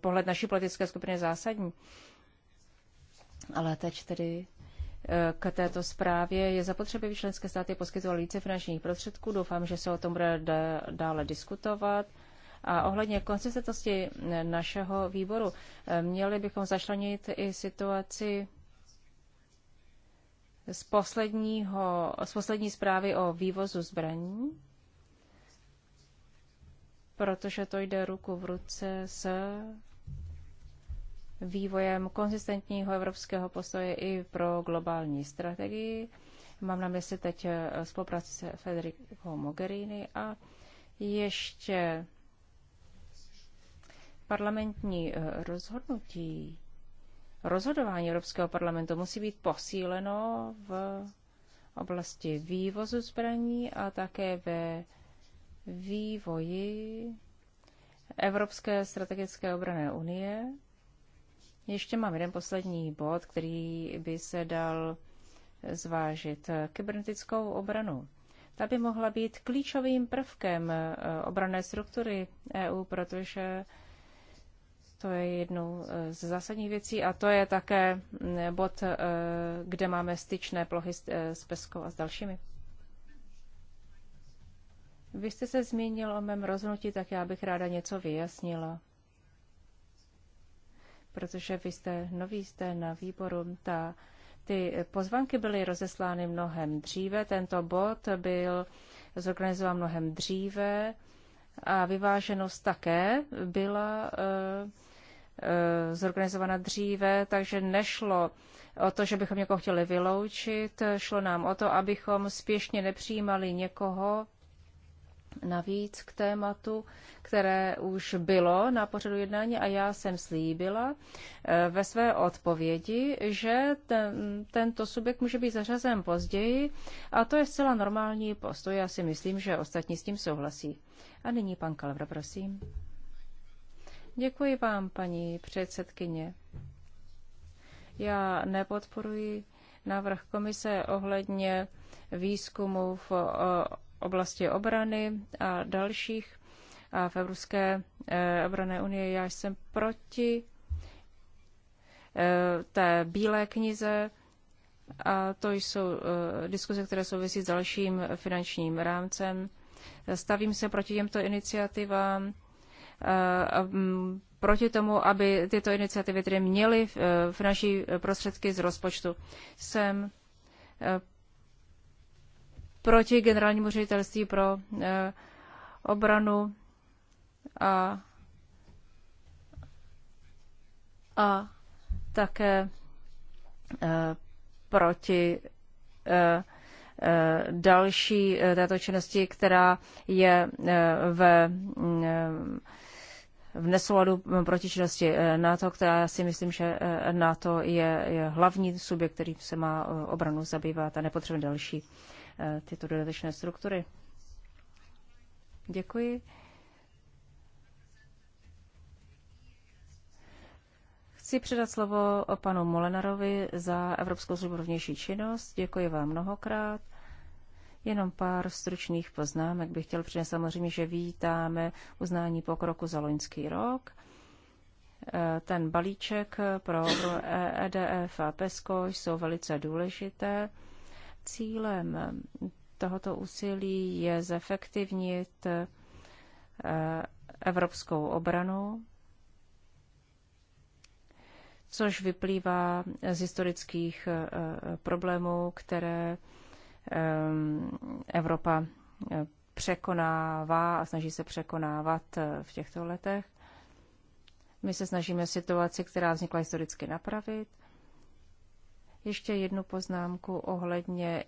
pohled naší politické skupiny je zásadní. Ale teď tedy eh, k této zprávě je zapotřebí, aby členské státy poskytovaly více finančních prostředků. Doufám, že se o tom bude dále diskutovat. A ohledně konsistentnosti eh, našeho výboru, eh, měli bychom zašlenit i situaci z, posledního, z poslední zprávy o vývozu zbraní, protože to jde ruku v ruce s vývojem konzistentního evropského postoje i pro globální strategii. Mám na mysli teď eh, spolupráci s Federico Mogherini a ještě parlamentní eh, rozhodnutí, rozhodování Evropského parlamentu musí být posíleno v oblasti vývozu zbraní a také ve vývoji Evropské strategické obrané unie ještě mám jeden poslední bod, který by se dal zvážit. Kybernetickou obranu. Ta by mohla být klíčovým prvkem eh, obrané struktury EU, protože to je jednou eh, z zásadních věcí a to je také mm, bod, eh, kde máme styčné plochy s Peskou a s dalšími. Vy jste se zmínil o mém rozhodnutí, tak já bych ráda něco vyjasnila protože vy jste nový jste na výboru. Ta, ty pozvanky byly rozeslány mnohem dříve, tento bod byl zorganizován mnohem dříve a vyváženost také byla e, e, zorganizována dříve, takže nešlo o to, že bychom někoho chtěli vyloučit, šlo nám o to, abychom spěšně nepřijímali někoho, navíc k tématu, které už bylo na pořadu jednání a já jsem slíbila eh, ve své odpovědi, že ten, tento subjekt může být zařazen později a to je zcela normální postoj. Já si myslím, že ostatní s tím souhlasí. A nyní pan Kalvra, prosím. Děkuji vám, paní předsedkyně. Já nepodporuji návrh komise ohledně výzkumu v eh, oblasti obrany a dalších a v Evropské eh, obrané unii. Já jsem proti eh, té bílé knize a to jsou eh, diskuze, které souvisí s dalším finančním rámcem. Stavím se proti těmto iniciativám, mm, proti tomu, aby tyto iniciativy tedy měly finanční prostředky z rozpočtu. Jsem proti generálnímu ředitelství pro eh, obranu a, a také eh, proti eh, další této činnosti, která je ve v nesouladu hm, proti činnosti NATO, která já si myslím, že NATO je, je hlavní subjekt, který se má obranu zabývat a nepotřebuje další Eh, tyto dodatečné struktury. Děkuji. Chci předat slovo o panu Molenarovi za Evropskou službu rovnější činnost. Děkuji vám mnohokrát. Jenom pár stručných poznámek bych chtěl přinést. Samozřejmě, že vítáme uznání pokroku za loňský rok. Eh, ten balíček pro EDF a PESCO jsou velice důležité. Cílem tohoto úsilí je zefektivnit eh, evropskou obranu, což vyplývá z historických eh, problémů, které eh, Evropa překonává a snaží se překonávat v těchto letech. My se snažíme situaci, která vznikla historicky, napravit. Ještě jednu poznámku ohledně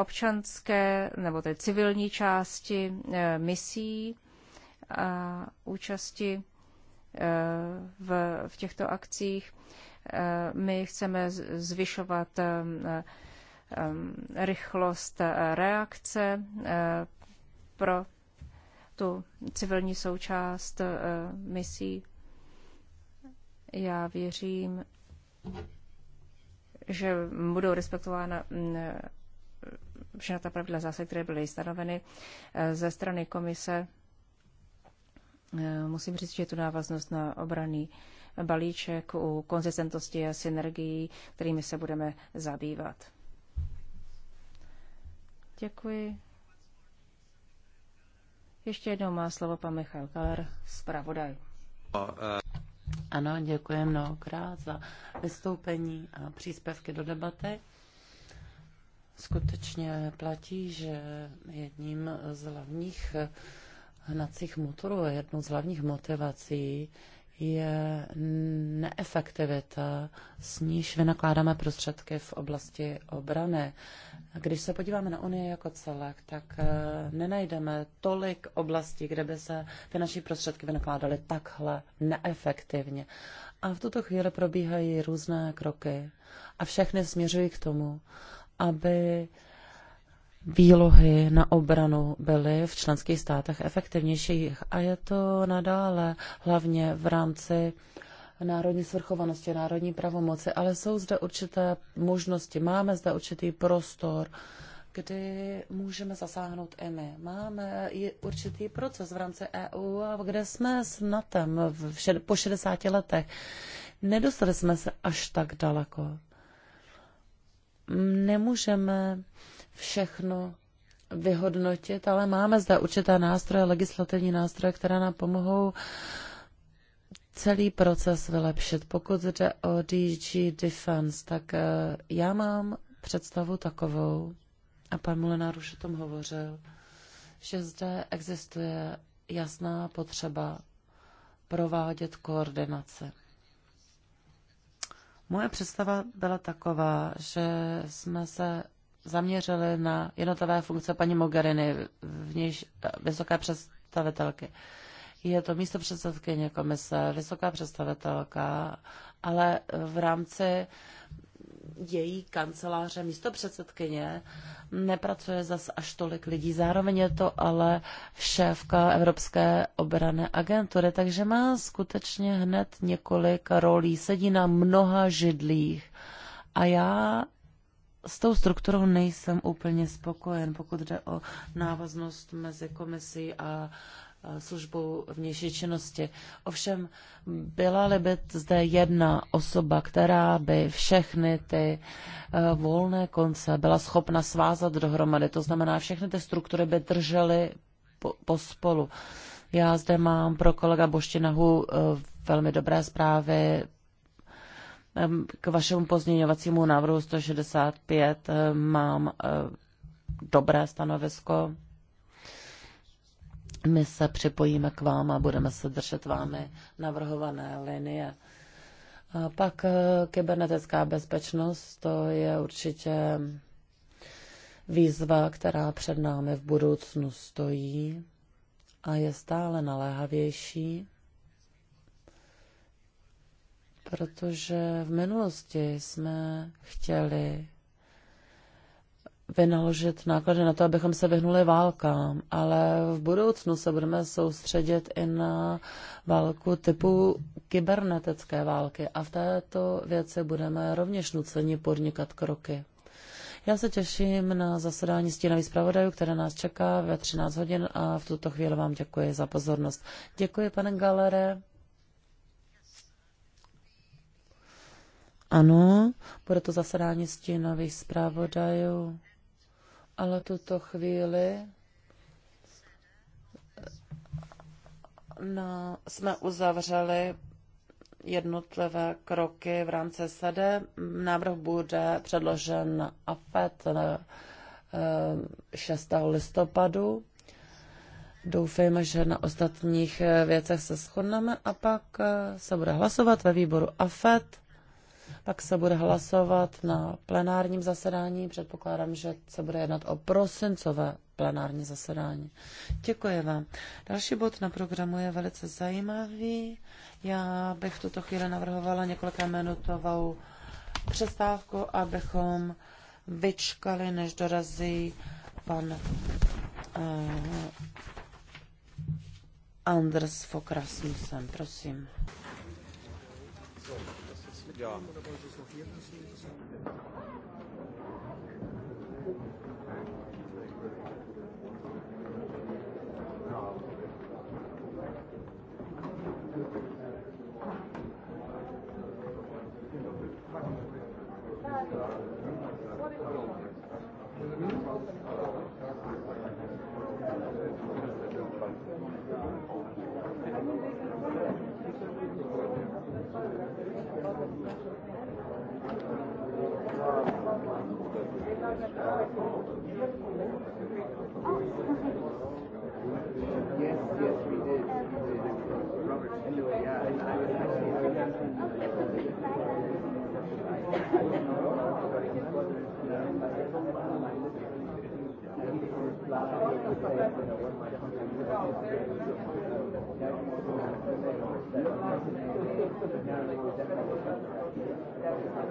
občanské nebo té civilní části eh, misí a účasti eh, v, v těchto akcích. Eh, my chceme zvyšovat rychlost reakce pro tu civilní součást misí. Já věřím, že budou respektována mm, všechna ta pravidla zase, které byly stanoveny eh, ze strany komise. Eh, musím říct, že je tu návaznost na obraný balíček u konzistentnosti a synergií, kterými se budeme zabývat. Děkuji. Ještě jednou má slovo pan Michal Kaler, zpravodaj. Eh, ano, děkuji mnohokrát za vystoupení a příspěvky do debaty. Skutečně platí, že jedním z hlavních hnacích motorů a jednou z hlavních motivací je neefektivita, s níž vynakládáme prostředky v oblasti obrany. Když se podíváme na Unii jako celek, tak eh, nenajdeme tolik oblastí, kde by se finanční prostředky vynakládaly takhle neefektivně. A v tuto chvíli probíhají různé kroky a všechny směřují k tomu, aby výlohy na obranu byly v členských státech efektivnější a je to nadále hlavně v rámci národní svrchovanosti, národní pravomoci, ale jsou zde určité možnosti, máme zde určitý prostor, kdy můžeme zasáhnout i my. Máme i určitý proces v rámci EU, kde jsme s NATEM po 60 letech. Nedostali jsme se až tak daleko. Nemůžeme uh, všechno vyhodnotit, ale máme zde určité nástroje, legislativní nástroje, které nám pomohou celý proces vylepšit. Pokud jde o DG Defense, tak eh, já mám představu takovou, a pan Molinár už o tom hovořil, že zde existuje jasná potřeba provádět koordinace. Moje představa byla taková, že jsme se zaměřili na jednotlivé funkce paní Mogherini, v níž eh, vysoké představitelky. Je to místo předsedkyně komise, vysoká představitelka, ale v rámci její kanceláře místo předsedkyně nepracuje zas až tolik lidí. Zároveň je to ale šéfka Evropské obrané agentury, takže má skutečně hned několik rolí, sedí na mnoha židlích. A já s tou strukturou nejsem úplně spokojen, pokud jde o návaznost mezi komisí a službou vnější činnosti. Ovšem, byla-li by zde jedna osoba, která by všechny ty e, volné konce byla schopna svázat dohromady, to znamená, všechny ty struktury by držely po, po spolu. Já zde mám pro kolega Boštinahu e, velmi dobré zprávy, k vašemu pozměňovacímu návrhu 165 mám eh, dobré stanovisko. My se připojíme k vám a budeme se držet vámi navrhované linie. A pak eh, kybernetická bezpečnost, to je určitě výzva, která před námi v budoucnu stojí a je stále naléhavější protože v minulosti jsme chtěli vynaložit náklady na to, abychom se vyhnuli válkám, ale v budoucnu se budeme soustředit i na válku typu kybernetické války a v této věci budeme rovněž nuceni podnikat kroky. Já se těším na zasedání stínových zpravodajů, které nás čeká ve 13 hodin a v tuto chvíli vám děkuji za pozornost. Děkuji, pane Galere. Ano, bude to zasedání stínových zpravodajů, ale tuto chvíli eh, na, jsme uzavřeli jednotlivé kroky v rámci SEDE. Návrh bude předložen na AFET eh, 6. listopadu. Doufejme, že na ostatních věcech se shodneme a pak eh, se bude hlasovat ve výboru AFET pak se bude hlasovat na plenárním zasedání. Předpokládám, že se bude jednat o prosincové plenární zasedání. Děkuji vám. Další bod na programu je velice zajímavý. Já bych v tuto chvíli navrhovala několika minutovou přestávku, abychom vyčkali, než dorazí pan uh, Anders Fokrasmusen. Prosím. Ja.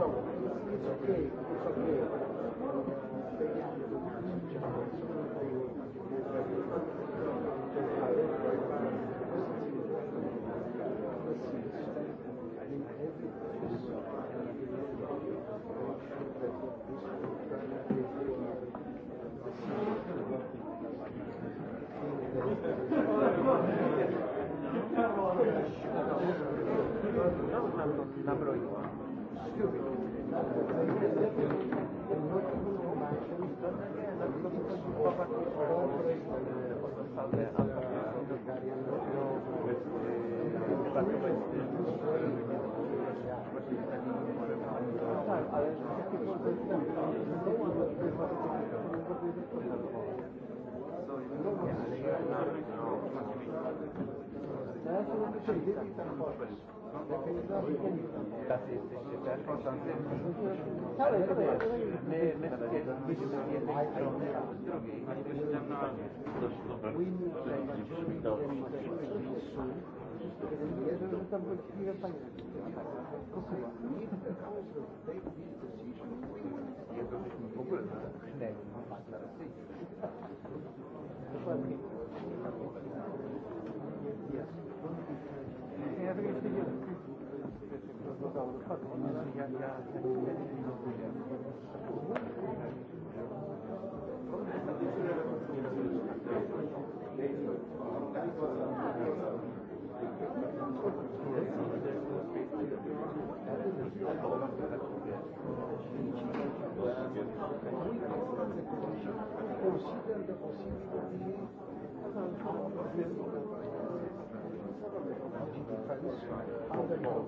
So it's okay. It's okay. tam byl chvíli paní quello di Lei non fa stare sì.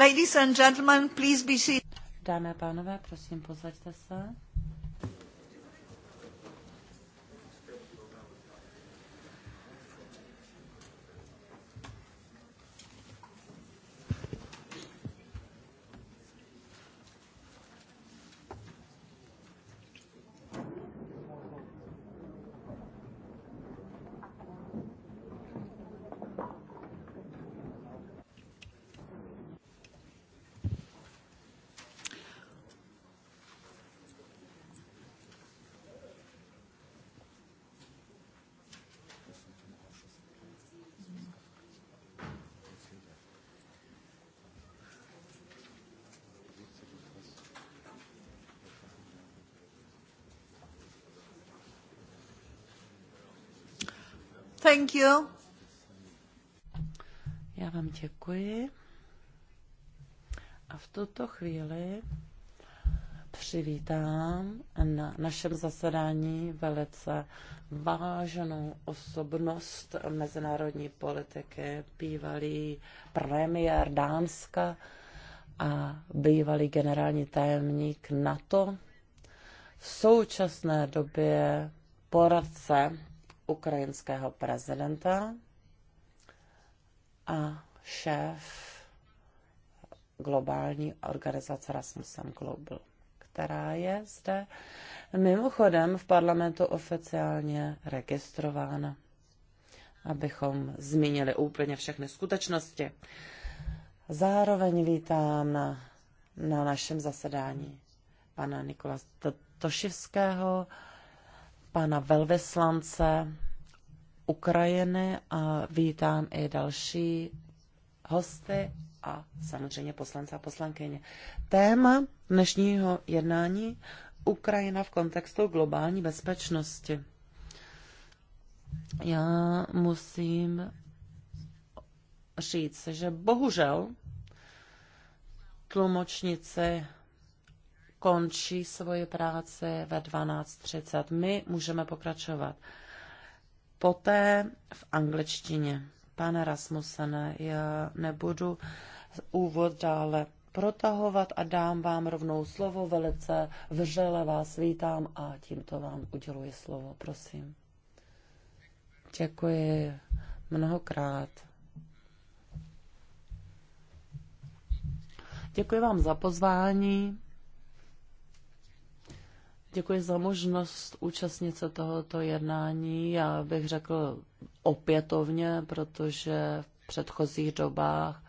Ladies and gentlemen, please be seated. Dámy a pánové, prosím, posaďte se. Thank you. Já vám děkuji. A v tuto chvíli přivítám na našem zasedání velice váženou osobnost mezinárodní politiky, bývalý premiér Dánska a bývalý generální tajemník NATO. V současné době poradce ukrajinského prezidenta a šéf globální organizace Rasmusem Global, která je zde mimochodem v parlamentu oficiálně registrována, abychom zmínili úplně všechny skutečnosti. Zároveň vítám na, na našem zasedání pana Nikola Tošivského, pana velvyslance Ukrajiny a vítám i další hosty a samozřejmě poslance a poslankyně. Téma dnešního jednání Ukrajina v kontextu globální bezpečnosti. Já musím říct, že bohužel tlumočnice končí svoje práci ve 12.30. My můžeme pokračovat. Poté v angličtině. Pane Rasmusene, já nebudu úvod dále protahovat a dám vám rovnou slovo. Velice vřele vás vítám a tímto vám uděluji slovo, prosím. Děkuji mnohokrát. Děkuji vám za pozvání. Děkuji za možnost účastnit se tohoto jednání. Já bych řekl opětovně, protože v předchozích dobách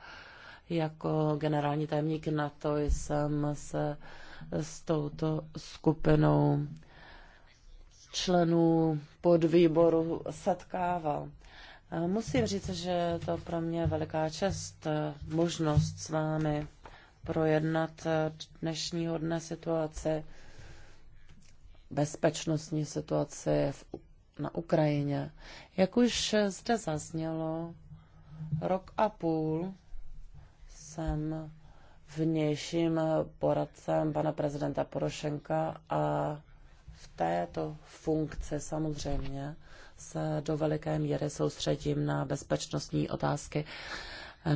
jako generální tajemník NATO jsem se s touto skupinou členů podvýboru setkával. Musím říct, že je to pro mě veliká čest, možnost s vámi projednat dnešního dne situace bezpečnostní situaci v, na Ukrajině. Jak už zde zaznělo, rok a půl jsem vnějším poradcem pana prezidenta Porošenka a v této funkci samozřejmě se do veliké míry soustředím na bezpečnostní otázky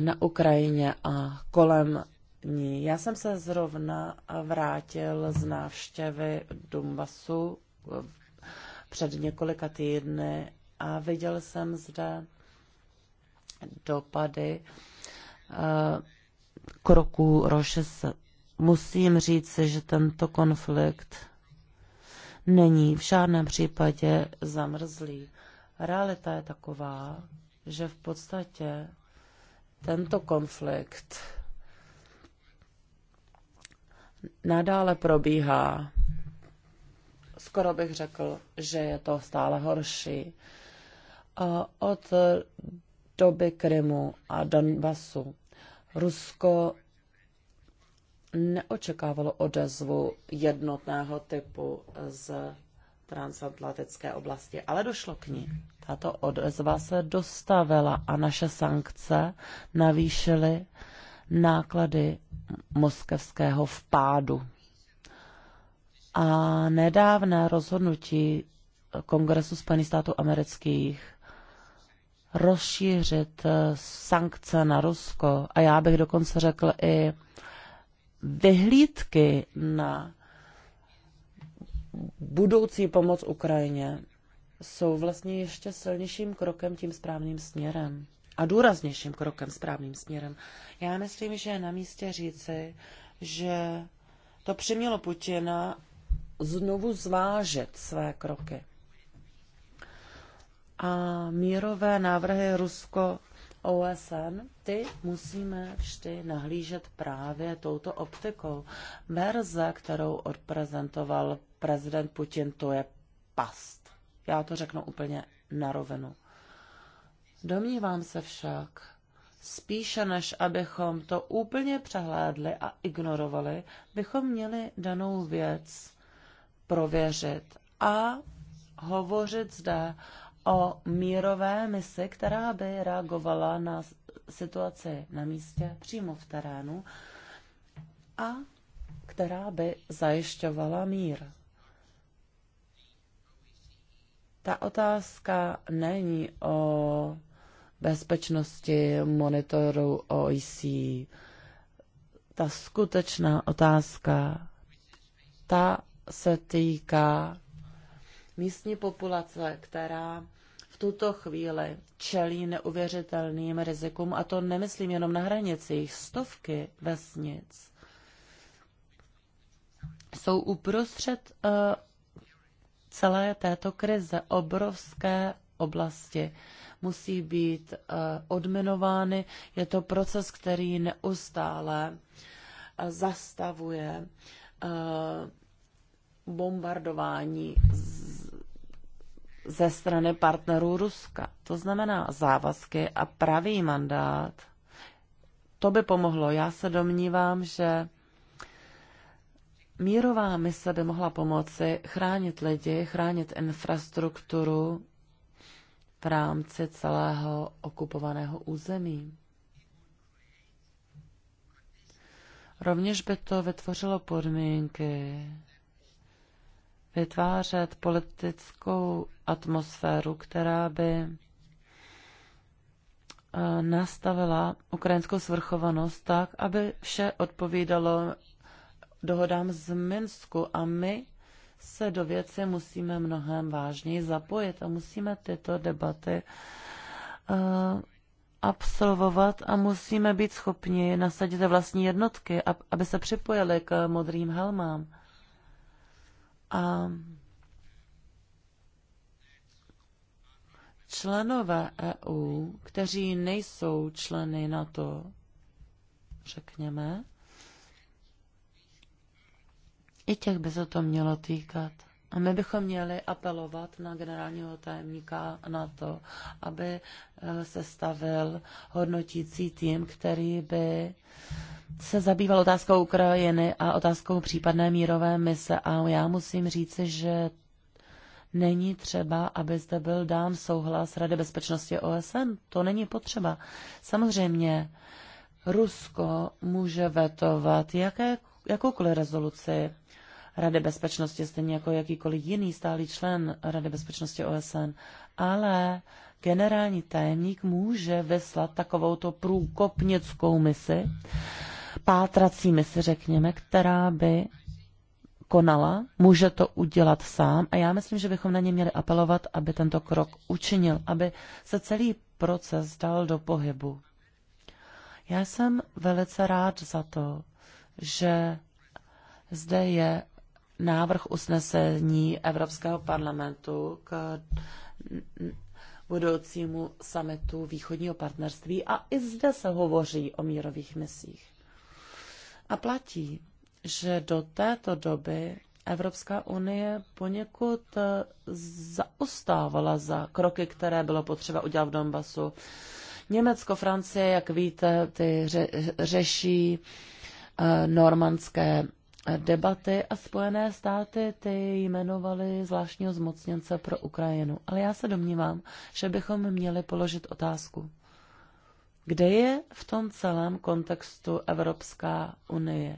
na Ukrajině a kolem ní. Já jsem se zrovna vrátil z návštěvy Donbasu před několika týdny a viděl jsem zde dopady eh, kroků Roše. Musím říct, že tento konflikt není v žádném případě zamrzlý. Realita je taková, že v podstatě tento konflikt nadále probíhá. Skoro bych řekl, že je to stále horší. od doby Krymu a Donbasu Rusko neočekávalo odezvu jednotného typu z transatlantické oblasti, ale došlo k ní. Tato odezva se dostavila a naše sankce navýšily náklady moskevského vpádu. A nedávné rozhodnutí Kongresu Spojených států amerických rozšířit eh, sankce na Rusko a já bych dokonce řekl i vyhlídky na budoucí pomoc Ukrajině jsou vlastně ještě silnějším krokem tím správným směrem a důraznějším krokem správným směrem. Já myslím, že je na místě říci, že to přimělo Putina znovu zvážet své kroky. A mírové návrhy Rusko OSN, ty musíme vždy nahlížet právě touto optikou. Verze, kterou odprezentoval prezident Putin, to je past. Já to řeknu úplně na rovinu. Domnívám se však, spíše než abychom to úplně přehlédli a ignorovali, bychom měli danou věc prověřit a hovořit zde o mírové misi, která by reagovala na situaci na místě přímo v terénu a která by zajišťovala mír. Ta otázka není o bezpečnosti, monitoru OIC. Ta skutečná otázka, ta se týká místní populace, která v tuto chvíli čelí neuvěřitelným rizikům, a to nemyslím jenom na hranicích, stovky vesnic jsou uprostřed uh, celé této krize obrovské oblasti musí být eh, odmenovány. Je to proces, který neustále eh, zastavuje eh, bombardování ze strany partnerů Ruska. To znamená závazky a pravý mandát. To by pomohlo. Já se domnívám, že mírová mise by mohla pomoci chránit lidi, chránit infrastrukturu, v rámci celého okupovaného území. Rovněž by to vytvořilo podmínky vytvářet politickou atmosféru, která by eh, nastavila ukrajinskou svrchovanost tak, aby vše odpovídalo dohodám z Minsku a my se do věci musíme mnohem vážněji zapojit a musíme tyto debaty uh, absolvovat a musíme být schopni nasadit vlastní jednotky, aby se připojili k modrým helmám. A členové EU, kteří nejsou členy NATO, řekněme, i těch by se to mělo týkat. A my bychom měli apelovat na generálního tajemníka na to, aby eh, se stavil hodnotící tým, který by se zabýval otázkou Ukrajiny a otázkou případné mírové mise. A já musím říci, že není třeba, aby zde byl dán souhlas Rady bezpečnosti OSN. To není potřeba. Samozřejmě Rusko může vetovat jaké, jakoukoliv rezoluci Rady bezpečnosti, stejně jako jakýkoliv jiný stálý člen Rady bezpečnosti OSN, ale generální tajemník může vyslat to průkopnickou misi, pátrací misi, řekněme, která by konala, může to udělat sám a já myslím, že bychom na ně měli apelovat, aby tento krok učinil, aby se celý proces dal do pohybu. Já jsem velice rád za to, že zde je návrh usnesení Evropského parlamentu k budoucímu samitu východního partnerství a i zde se hovoří o mírových misích. A platí, že do této doby Evropská unie poněkud eh, zaostávala za kroky, které bylo potřeba udělat v Donbasu. Německo, Francie, jak víte, ty řeší eh, normandské debaty a Spojené státy ty jmenovaly zvláštního zmocněnce pro Ukrajinu. Ale já se domnívám, že bychom měli položit otázku. Kde je v tom celém kontextu Evropská unie,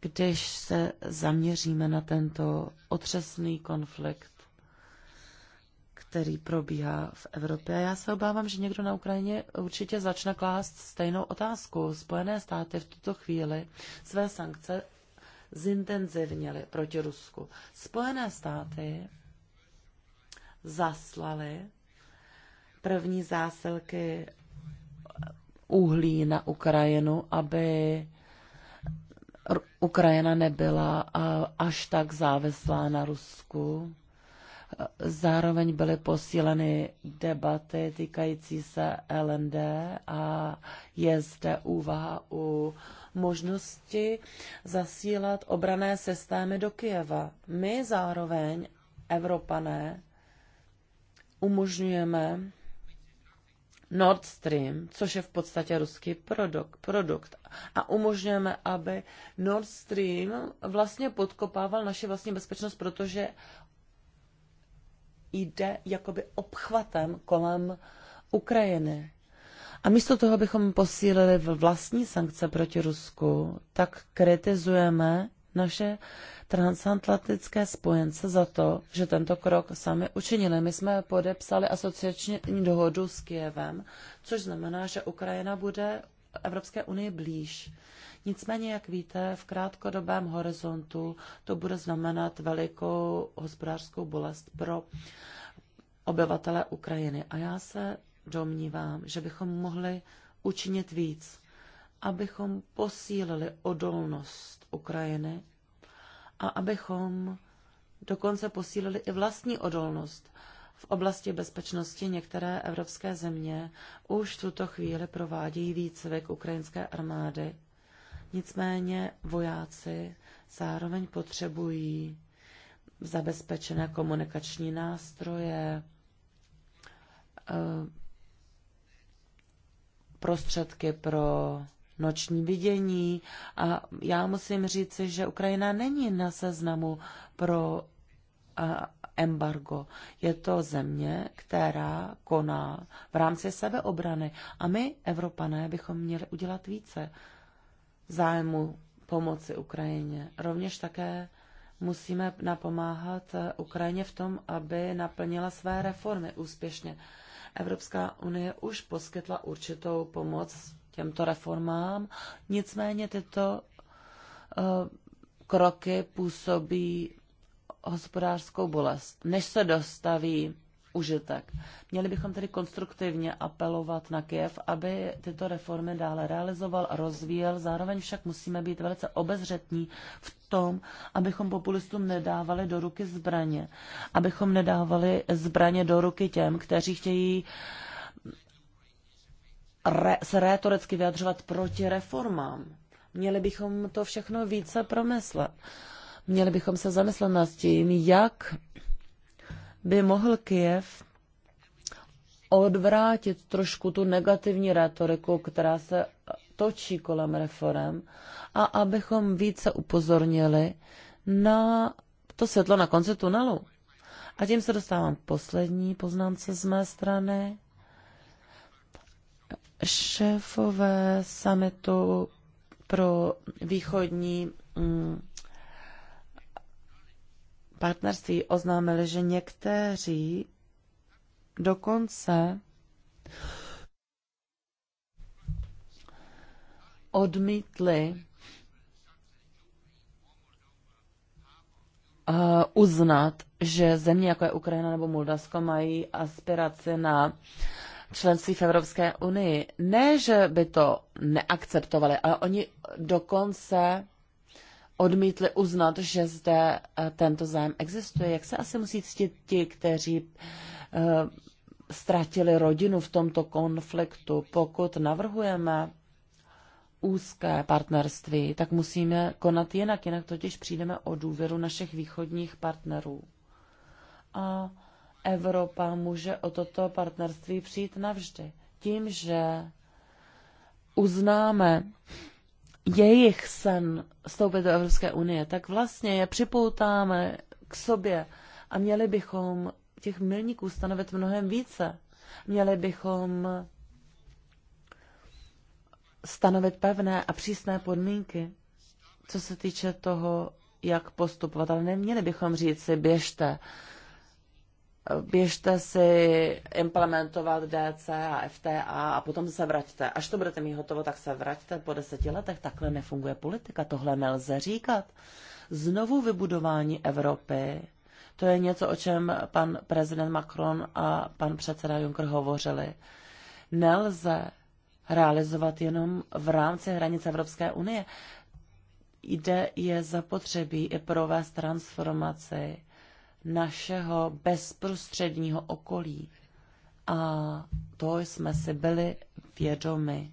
když se zaměříme na tento otřesný konflikt, který probíhá v Evropě? Já se obávám, že někdo na Ukrajině určitě začne klást stejnou otázku. Spojené státy v tuto chvíli své sankce zintenzivnili proti Rusku. Spojené státy zaslaly první zásilky uhlí na Ukrajinu, aby Ukrajina nebyla až tak závislá na Rusku. Zároveň byly posíleny debaty týkající se LND a je zde úvaha u možnosti zasílat obrané systémy do Kijeva. My zároveň, Evropané, umožňujeme Nord Stream, což je v podstatě ruský produkt, produkt. A umožňujeme, aby Nord Stream vlastně podkopával naši vlastní bezpečnost, protože jde jakoby obchvatem kolem Ukrajiny. A místo toho, abychom posílili vlastní sankce proti Rusku, tak kritizujeme naše transatlantické spojence za to, že tento krok sami učinili. My jsme podepsali asociační dohodu s Kijevem, což znamená, že Ukrajina bude Evropské unii blíž. Nicméně, jak víte, v krátkodobém horizontu to bude znamenat velikou hospodářskou bolest pro obyvatele Ukrajiny. A já se domnívám, že bychom mohli učinit víc, abychom posílili odolnost Ukrajiny a abychom dokonce posílili i vlastní odolnost. V oblasti bezpečnosti některé evropské země už v tuto chvíli provádějí výcvik ukrajinské armády. Nicméně vojáci zároveň potřebují zabezpečené komunikační nástroje, prostředky pro noční vidění a já musím říct, že Ukrajina není na seznamu pro embargo. Je to země, která koná v rámci sebeobrany a my, Evropané, bychom měli udělat více zájmu pomoci Ukrajině. Rovněž také musíme napomáhat Ukrajině v tom, aby naplnila své reformy úspěšně. Evropská unie už poskytla určitou pomoc těmto reformám, nicméně tyto eh, kroky působí hospodářskou bolest. Než se dostaví užitek. Měli bychom tedy konstruktivně apelovat na Kiev, aby tyto reformy dále realizoval a rozvíjel. Zároveň však musíme být velice obezřetní v tom, abychom populistům nedávali do ruky zbraně. Abychom nedávali zbraně do ruky těm, kteří chtějí re, se rétoricky vyjadřovat proti reformám. Měli bychom to všechno více promyslet. Měli bychom se zamyslet nad tím, jak by mohl Kyjev odvrátit trošku tu negativní retoriku, která se točí kolem reform a abychom více upozornili na to světlo na konci tunelu. A tím se dostávám k poslední poznámce z mé strany. Šéfové samitu pro východní mm, partnerství oznámili, že někteří dokonce odmítli eh, uznat, že země jako je Ukrajina nebo Moldavsko mají aspirace na členství v Evropské unii. Ne, že by to neakceptovali, ale oni dokonce odmítli uznat, že zde eh, tento zájem existuje. Jak se asi musí cítit ti, kteří eh, ztratili rodinu v tomto konfliktu? Pokud navrhujeme úzké partnerství, tak musíme konat jinak, jinak totiž přijdeme o důvěru našich východních partnerů. A Evropa může o toto partnerství přijít navždy. Tím, že uznáme jejich sen vstoupit do Evropské unie, tak vlastně je připoutáme k sobě a měli bychom těch milníků stanovit mnohem více. Měli bychom stanovit pevné a přísné podmínky, co se týče toho, jak postupovat. Ale neměli bychom říct si, běžte, běžte si implementovat DC a FTA a potom se vraťte. Až to budete mít hotovo, tak se vraťte po deseti letech. Takhle nefunguje politika, tohle nelze říkat. Znovu vybudování Evropy, to je něco, o čem pan prezident Macron a pan předseda Juncker hovořili. Nelze realizovat jenom v rámci hranic Evropské unie. Jde je zapotřebí i provést transformaci našeho bezprostředního okolí. A to jsme si byli vědomi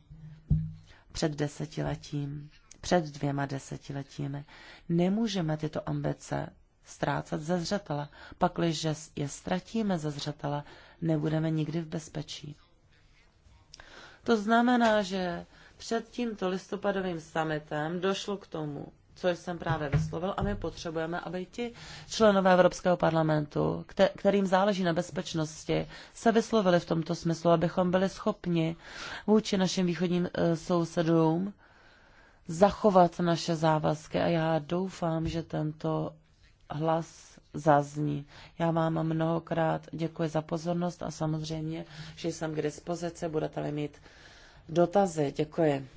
před desetiletím, před dvěma desetiletími. Nemůžeme tyto ambice ztrácet ze zřetele. Pakliže je ztratíme ze zřetele, nebudeme nikdy v bezpečí. To znamená, že před tímto listopadovým summitem došlo k tomu, co jsem právě vyslovil, a my potřebujeme, aby ti členové Evropského parlamentu, kterým záleží na bezpečnosti, se vyslovili v tomto smyslu, abychom byli schopni vůči našim východním eh, sousedům zachovat naše závazky. A já doufám, že tento hlas zazní. Já vám mnohokrát děkuji za pozornost a samozřejmě, že jsem k dispozici, budete-li mít dotazy. Děkuji.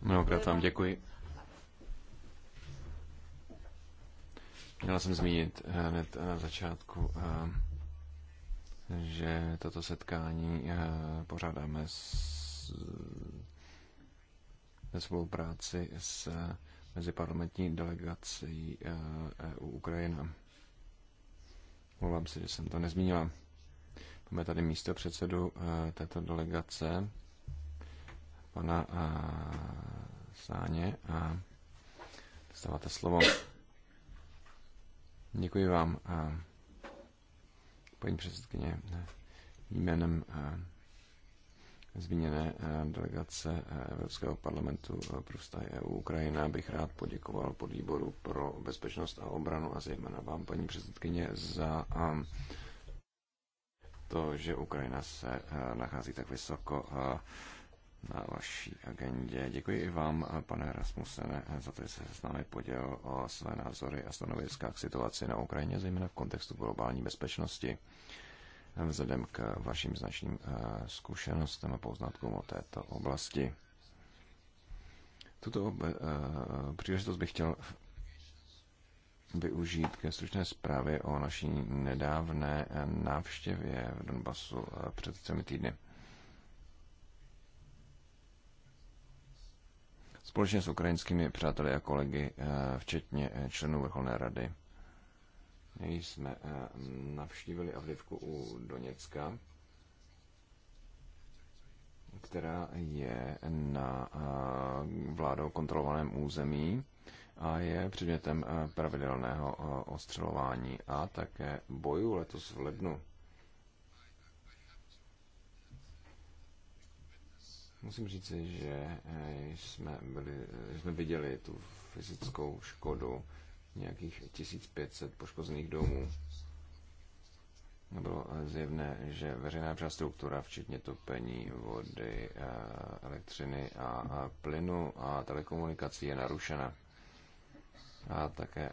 Mnohokrát vám děkuji. Měla jsem zmínit eh, hned na začátku, eh, že toto setkání eh, pořádáme s, ve spolupráci s meziparlamentní delegací EU e Ukrajina. Volám si, že jsem to nezmínila. Máme tady místo předsedu této delegace, pana a, eh, Sáně a dostáváte slovo. Děkuji vám, a, eh, paní předsedkyně, jménem a, eh, zmíněné delegace Evropského parlamentu pro vztahy EU Ukrajina bych rád poděkoval podvýboru pro bezpečnost a obranu a zejména vám, paní předsedkyně, za to, že Ukrajina se nachází tak vysoko na vaší agendě. Děkuji i vám, pane Rasmusene, za to, že se s námi podělil o své názory a stanoviska k situaci na Ukrajině, zejména v kontextu globální bezpečnosti. Vzhledem k vašim značným eh, zkušenostem a poznatkům o této oblasti. Tuto eh, příležitost bych chtěl využít ke stručné zprávě o naší nedávné eh, návštěvě v Donbasu před třemi týdny. společně s ukrajinskými přáteli a kolegy, eh, včetně eh, členů Vrcholné rady. Jsme eh, navštívili Avdivku u Doněcka, která je na vládou kontrolovaném území a je předmětem pravidelného ostřelování a také bojů letos v lednu. Musím říci, že eh, jsme, byli, eh, jsme viděli tu fyzickou škodu nějakých 1500 poškozených domů. Bylo eh, zjevné, že veřejná infrastruktura, včetně topení, vody, elektřiny a plynu a telekomunikací je narušena. A také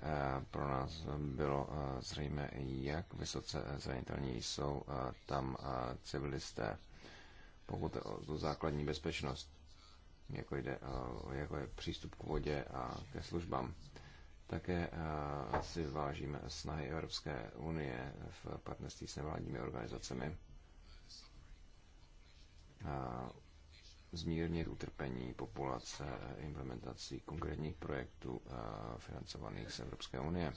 pro nás bylo zřejmé, jak vysoce zranitelní jsou tam civilisté pokud o tu základní bezpečnost, jako, jde, jako je přístup k vodě a ke službám. Také eh, si vážíme snahy Evropské unie v partnerství s nevládními organizacemi eh, zmírnit utrpení populace eh, implementací konkrétních projektů financovaných z Evropské unie.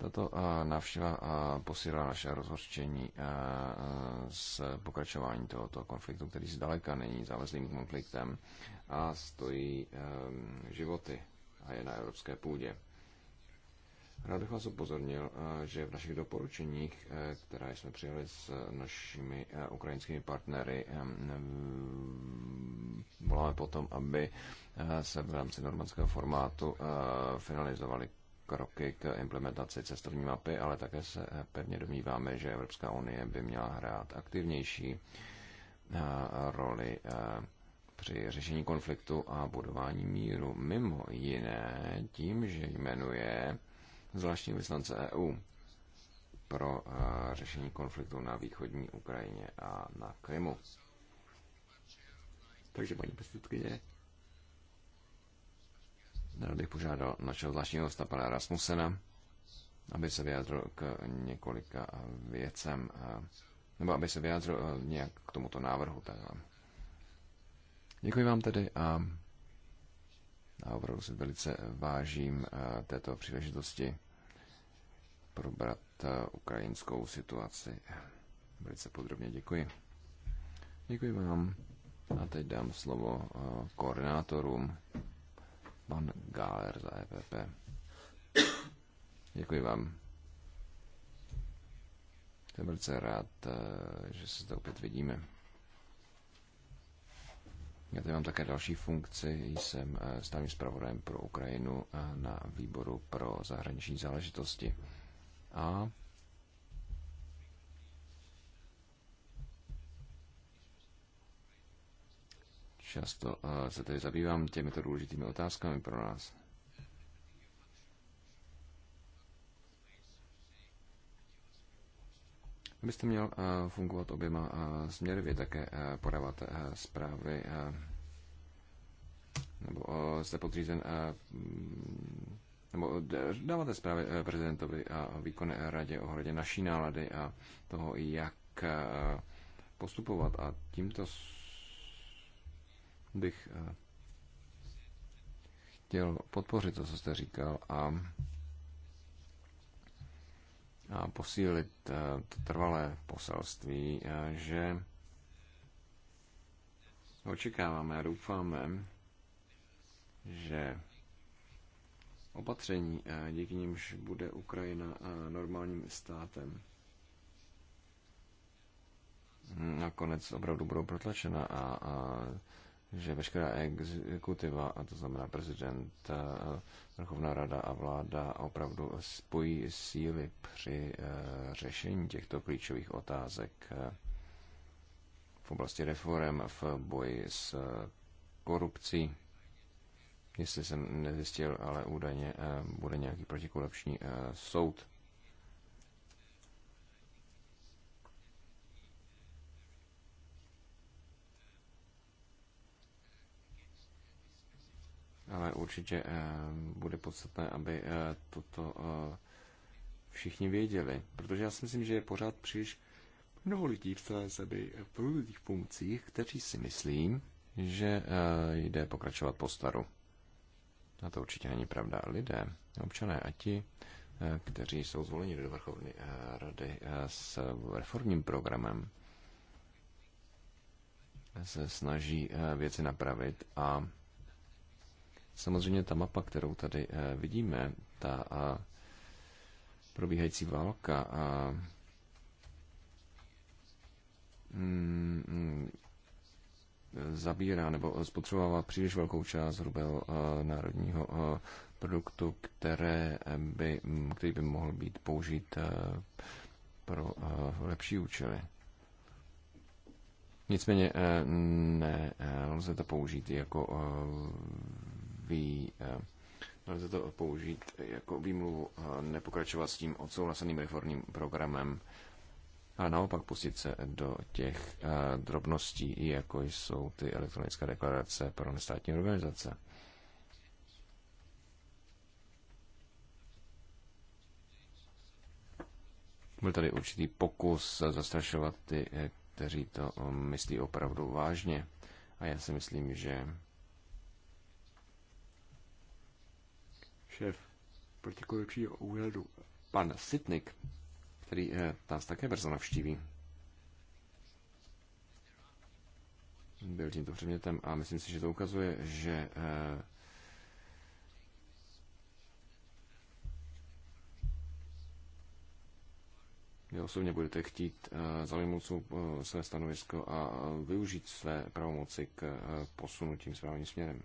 Tato návštěva posílá naše rozhořčení z pokračování tohoto konfliktu, který zdaleka není závazným konfliktem a stojí životy a je na evropské půdě. Rád bych vás upozornil, že v našich doporučeních, e, která jsme přijali s našimi e, ukrajinskými partnery, voláme potom, aby e, se v rámci normandského formátu finalizovaly kroky k implementaci cestovní mapy, ale také se pevně domníváme, že Evropská unie by měla hrát aktivnější eh, roli eh, při řešení konfliktu a budování míru, mimo jiné tím, že jmenuje zvláštní vyslance EU pro eh, řešení konfliktu na východní Ukrajině a na Krymu. Takže paní předsedkyně, Rád bych požádal našeho zvláštního hosta pana Rasmusena, aby se vyjádřil k několika věcem, eh, nebo aby se vyjádřil eh, nějak k tomuto návrhu. Takhle. Děkuji vám tedy a, na opravdu si velice vážím eh, této příležitosti probrat ukrajinskou situaci. Velice podrobně děkuji. Děkuji vám. A teď dám slovo koordinátorům pan Gáler za EPP. Děkuji vám. Jsem velice rád, eh, že se zde opět vidíme. Já tady mám také další funkci, jsem eh, stálým zpravodajem pro Ukrajinu eh, na výboru pro zahraniční záležitosti. A Často eh, se tedy zabývám těmito důležitými otázkami pro nás. Abyste měl eh, fungovat oběma eh, směry, vy také podávat zprávy nebo jste podřízen mm, nebo dáváte zprávy prezidentovi a výkonné radě ohledně naší nálady a toho, jak postupovat a tímto bych eh, chtěl podpořit to, co jste říkal a, a posílit eh, to trvalé poselství, eh, že očekáváme a doufáme, že opatření, díky nimž bude Ukrajina normálním státem, hm, nakonec opravdu budou protlačena a, a že veškerá exekutiva, a to znamená prezident, eh, Vrchovná rada a vláda, opravdu spojí síly při eh, řešení těchto klíčových otázek eh, v oblasti reform, v boji s korupcí. Jestli jsem nezjistil, ale údajně bude nějaký protikorupční soud. ale určitě eh, bude podstatné, aby eh, toto eh, všichni věděli, protože já si myslím, že je pořád příliš mnoho lidí v celé zemi v různých funkcích, kteří si myslí, že jde pokračovat po staru. A to určitě není pravda. Lidé, občané a ti, kteří jsou zvoleni do vrchovní rady s reformním programem, se snaží věci napravit a Samozřejmě ta mapa, kterou tady eh, vidíme, ta eh, probíhající válka a eh, mm, mm, zabírá nebo spotřebovává příliš velkou část hrubého národního produktu, které by, mm, který by mohl být použít pro lepší účely. Nicméně ne, lze to použít jako vyvíjí. Eh, nelze to použít jako výmluvu nepokračovat s tím odsouhlaseným reformním programem, a naopak pustit se do těch eh, drobností, jako jsou ty elektronické deklarace pro nestátní organizace. Byl tady určitý pokus zastrašovat ty, eh, kteří to myslí opravdu vážně. A já si myslím, že šéf protikorupčního úřadu, pan Sitnik, který eh, nás také brzo navštíví, byl tímto předmětem a myslím si, že to ukazuje, že Vy eh, osobně budete chtít eh, zaujmout své stanovisko a využít své pravomoci k posunutím správným směrem.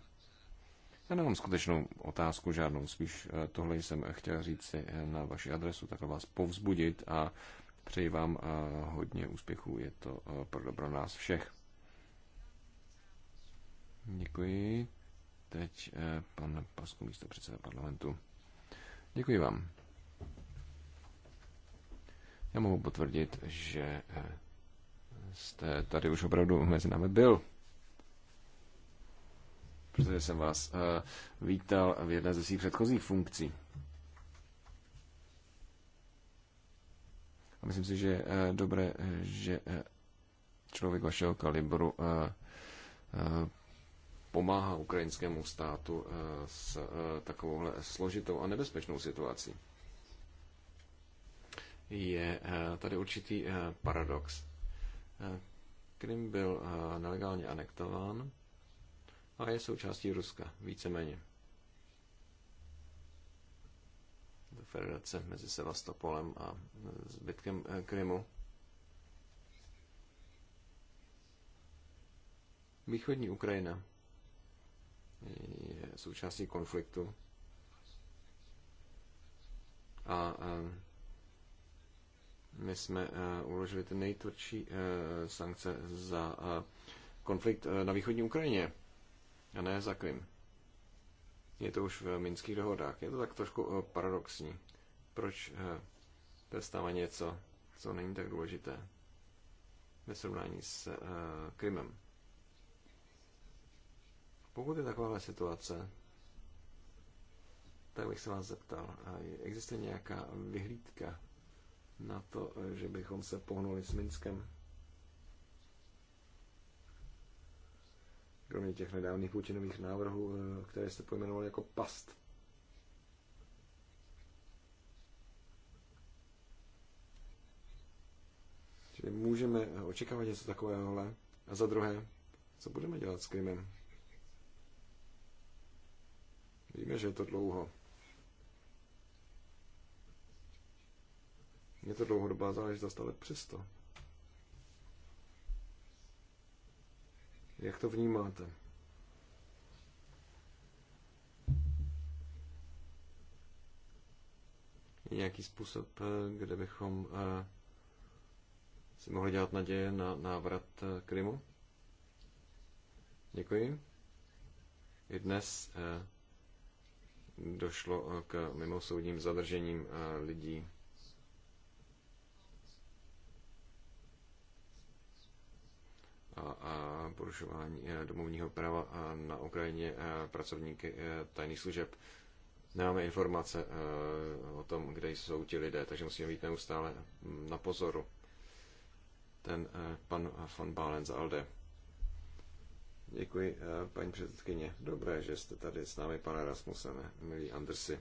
Já nemám skutečnou otázku žádnou, spíš eh, tohle jsem chtěl říct si eh, na vaši adresu, tak vás povzbudit a přeji vám eh, hodně úspěchů, je to pro dobro nás všech. Děkuji. Teď pan Pasku, místo předseda parlamentu. Děkuji vám. Já mohu potvrdit, že jste tady už opravdu mezi námi byl protože jsem vás eh, vítal v jedné ze svých předchozích funkcí. A myslím si, že je eh, dobré, že eh, člověk vašeho kalibru pomáhá ukrajinskému státu s takovouhle složitou a nebezpečnou situací. Je tady určitý paradox. Krym byl nelegálně anektován a je součástí Ruska, víceméně. Do federace mezi Sevastopolem a zbytkem eh, Krymu. Východní Ukrajina je součástí konfliktu a, eh, my jsme eh, uložili ty nejtvrdší sankce za konflikt na východní Ukrajině a ne za Krym. Je to už v minských dohodách. Je to tak trošku eh, paradoxní. Proč eh, stává něco, co není tak důležité ve srovnání s eh, Krymem? Pokud je taková situace, tak bych se vás zeptal, existuje nějaká vyhlídka na to, že bychom se pohnuli s Minskem? kromě těch nedávných Putinových návrhů, eh, které jste pojmenoval jako past. Čili můžeme eh, očekávat něco takového A za druhé, co budeme dělat s Krymem? Víme, že je to dlouho. Je to dlouhodobá záležitost, ale přesto. Jak to vnímáte? nějaký způsob, eh, kde bychom eh, si mohli dělat naděje na návrat eh, Krymu? Děkuji. I dnes došlo k mimosoudním zadržením lidí a porušování eh, domovního práva eh, na Ukrajině eh, pracovníky tajných služeb. Nemáme informace o tom, kde jsou ti lidé, takže musíme být neustále mm, na pozoru. Ten pan von Balen z Alde. Děkuji, paní předsedkyně. Dobré, že jste tady s námi, pane Rasmusene, milí Andersy.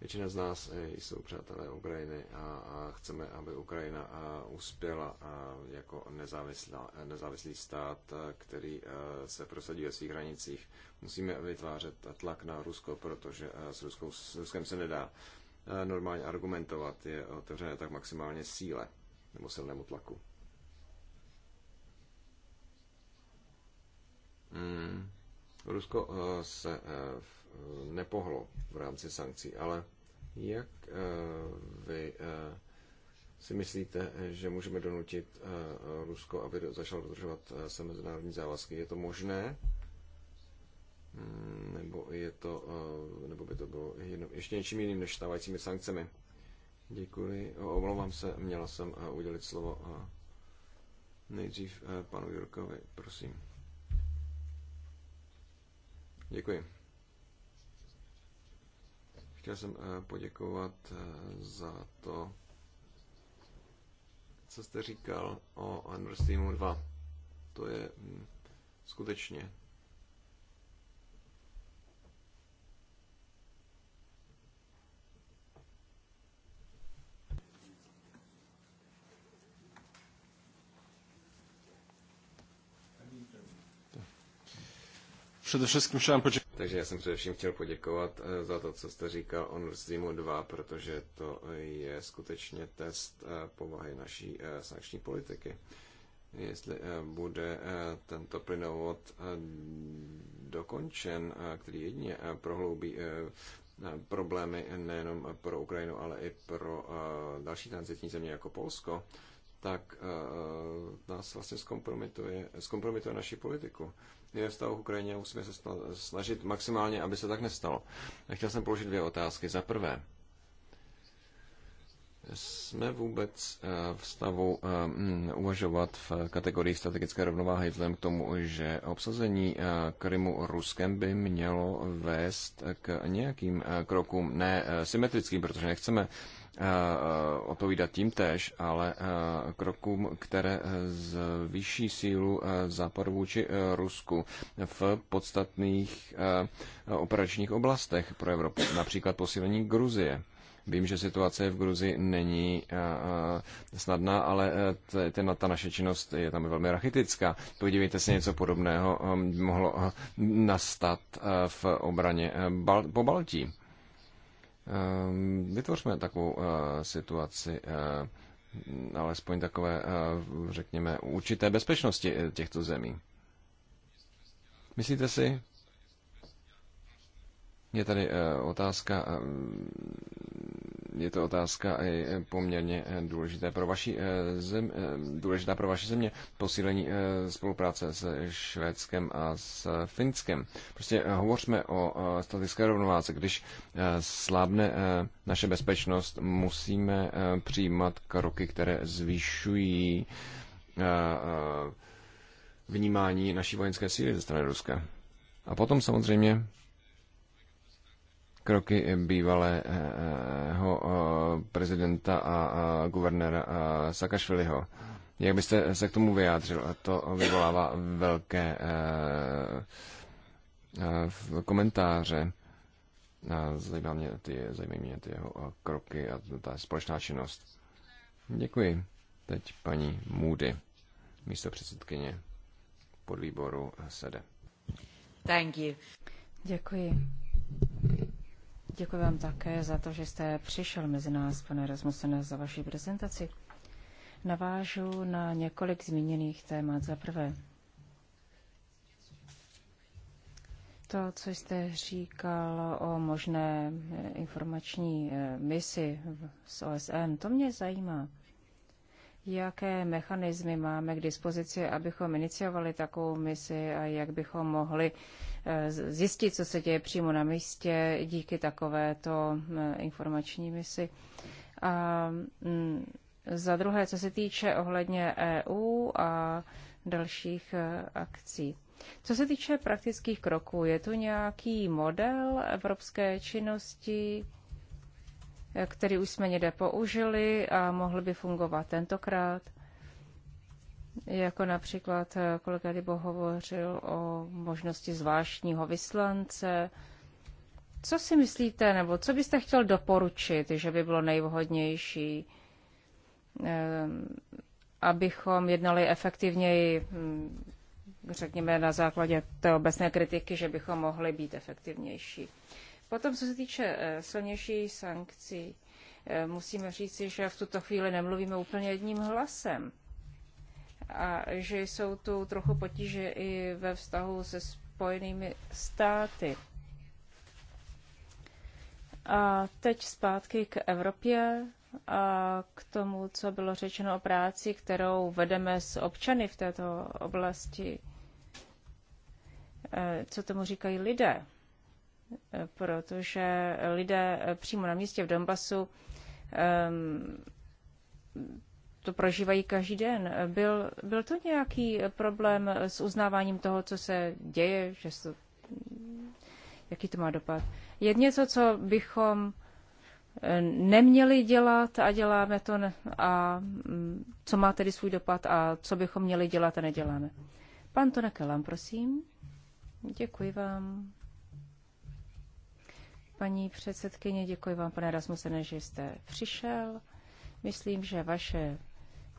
Většina z nás eh, jsou přátelé Ukrajiny a chceme, aby Ukrajina eh, uspěla eh, jako nezávislá, nezávislý stát, který se prosadí ve svých hranicích. Musíme vytvářet tlak na Rusko, protože s, Ruskou, s Ruskem se nedá normálně argumentovat. Je otevřené tak maximálně síle nebo silnému tlaku. Mm. Rusko se v Eh, nepohlo v rámci sankcí, ale jak eh, vy eh, si myslíte, že můžeme donutit Rusko, aby začalo dodržovat se mezinárodní závazky? Je to možné? Hmm, nebo, je to, nebo by to bylo jedno, ještě něčím jiným než stávajícími sankcemi? Děkuji. Omlouvám se, měla jsem udělit slovo nejdřív panu Jurkovi, prosím. Děkuji. Chtěl jsem eh, poděkovat eh, za to, co jste říkal o Unreal 2. To je mm, skutečně Takže já jsem především chtěl poděkovat eh, za to, co jste říkal o Nord Streamu 2, protože to je skutečně test eh, povahy naší eh, sankční politiky. Jestli bude tento plynovod dokončen, který jedině prohloubí problémy nejenom pro Ukrajinu, ale i pro další transitní země jako Polsko, tak nás vlastně zkompromituje, zkompromituje naši politiku je vztahu k Ukrajině, musíme se snažit maximálně, aby se tak nestalo. Chtěl jsem položit dvě otázky. Za prvé, jsme vůbec eh, v stavu eh, mm, uvažovat v kategorii strategické rovnováhy vzhledem k tomu, že obsazení eh, Krymu Ruskem by mělo vést k nějakým krokům, ne symetrickým, protože nechceme Eh, eh, odpovídat tím tež, ale eh, krokům, které zvýší sílu západu vůči Rusku v podstatných operačních oblastech pro Evropu, například posílení Gruzie. Vím, že situace v Gruzi není snadná, ale ten, ta naše činnost je tam velmi rachitická. Podívejte se, něco podobného mohlo nastat v obraně po Baltii. Ehm, vytvořme takovou eh, situaci, eh, alespoň takové, eh, řekněme, určité bezpečnosti těchto zemí. Myslíte si? Je tady otázka, ehm, je to otázka i poměrně eh, důležité pro vaši eh, zem, eh, důležitá pro vaši země, posílení spolupráce s Švédskem a s Finskem. Prostě hovořme o statické rovnováze. Když slábne naše bezpečnost, musíme přijímat kroky, které zvyšují vnímání naší vojenské síly ze strany Ruska. A potom samozřejmě kroky bývalého eh, prezidenta a guvernéra eh, Sakašviliho. Jak byste se k tomu vyjádřil? A to vyvolává velké eh, komentáře. Zajímá mě ty, zajímají mě ty jeho kroky a ta společná činnost. Děkuji. Teď paní Moody, místo předsedkyně podvýboru SEDE. Thank you. Děkuji. Děkuji vám také za to, že jste přišel mezi nás, pane Rasmussen, za vaši prezentaci. Navážu na několik zmíněných témat. Za prvé, to, co jste říkal o možné eh, informační eh, misi s OSN, to mě zajímá. Jaké mechanismy máme k dispozici, abychom iniciovali takovou misi a jak bychom mohli zjistit, co se děje přímo na místě díky takovéto eh, informační misi. A mm, za druhé, co se týče ohledně EU a dalších eh, akcí. Co se týče praktických kroků, je tu nějaký model evropské činnosti, eh, který už jsme někde použili a mohl by fungovat tentokrát? Jako například eh, kolega Libo hovořil o možnosti zvláštního vyslance. Co si myslíte, nebo co byste chtěl doporučit, že by bylo nejvhodnější, eh, abychom jednali efektivněji, hm, řekněme na základě té obecné kritiky, že bychom mohli být efektivnější. Potom, co se týče eh, silnější sankcí, musíme říci, že v tuto chvíli nemluvíme úplně jedním hlasem a že jsou tu trochu potíže i ve vztahu se Spojenými státy. A teď zpátky k Evropě a k tomu, co bylo řečeno o práci, kterou vedeme s občany v této oblasti. E, co tomu říkají lidé? E, protože lidé přímo na místě v Donbasu to prožívají každý den. Byl, byl to nějaký problém s uznáváním toho, co se děje, že se, jaký to má dopad? Je něco, co bychom eh, neměli dělat a děláme to a mm, co má tedy svůj dopad a co bychom měli dělat a neděláme. Pan Tonekelam, prosím. Děkuji vám. Paní předsedkyně, děkuji vám, pane Rasmusene, že jste přišel. Myslím, že vaše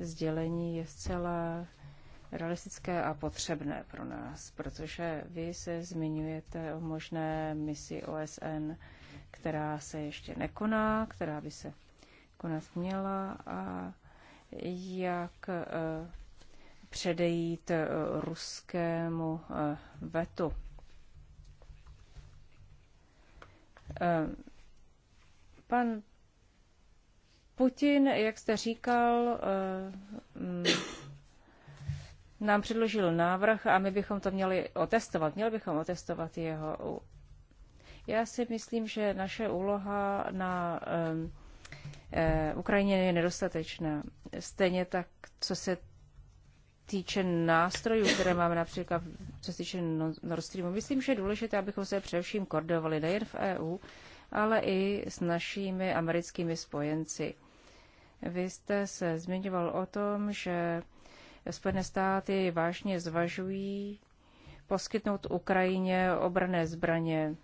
sdělení je zcela realistické a potřebné pro nás, protože vy se zmiňujete o možné misi OSN, která se ještě nekoná, která by se konat měla a jak eh, předejít eh, ruskému eh, vetu. Pan Putin, jak jste říkal, eh, mm, nám předložil návrh a my bychom to měli otestovat. Měli bychom otestovat jeho. Já si myslím, že naše úloha na eh, eh, Ukrajině je nedostatečná. Stejně tak, co se týče nástrojů, které máme například, co se týče Nord Streamu, myslím, že je důležité, abychom se především koordinovali nejen v EU, ale i s našimi americkými spojenci. Vy jste se zmiňoval o tom, že Spojené státy vážně zvažují poskytnout Ukrajině obrané zbraně.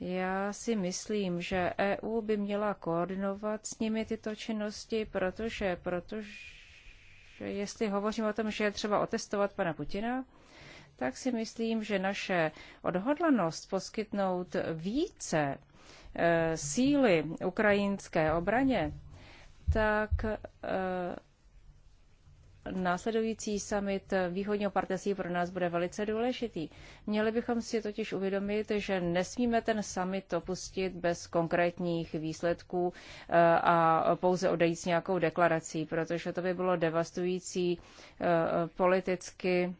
Já si myslím, že EU by měla koordinovat s nimi tyto činnosti, protože, protože jestli hovořím o tom, že je třeba otestovat pana Putina, tak si myslím, že naše odhodlanost poskytnout více e, síly ukrajinské obraně tak eh, následující summit východního partnerství pro nás bude velice důležitý. Měli bychom si totiž uvědomit, že nesmíme ten summit opustit bez konkrétních výsledků eh, a pouze odejít s nějakou deklarací, protože to by bylo devastující eh, politicky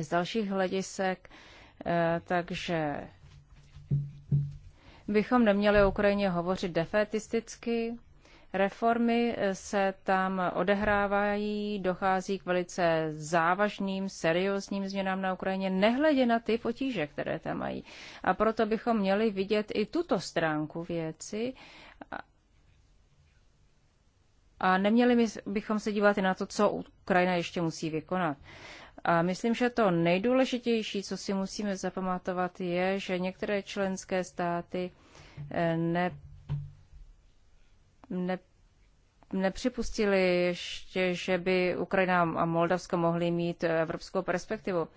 z dalších hledisek. Takže bychom neměli o Ukrajině hovořit defetisticky, Reformy eh, se tam odehrávají, dochází k velice závažným, seriózním změnám na Ukrajině, nehledě na ty potíže, které tam mají. A proto bychom měli vidět i tuto stránku věci a neměli bychom se dívat i na to, co Ukrajina ještě musí vykonat. A myslím, že to nejdůležitější, co si musíme zapamatovat, je, že některé členské státy eh, ne ne, nepřipustili ještě, že by Ukrajina a Moldavsko mohly mít evropskou perspektivu.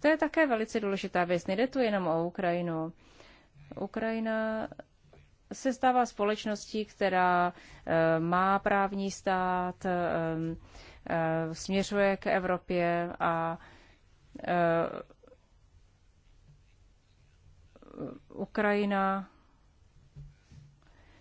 To je také velice důležitá věc. Nejde tu jenom o Ukrajinu. Ukrajina se stává společností, která eh, má právní stát, eh, eh, směřuje k Evropě a Ukrajina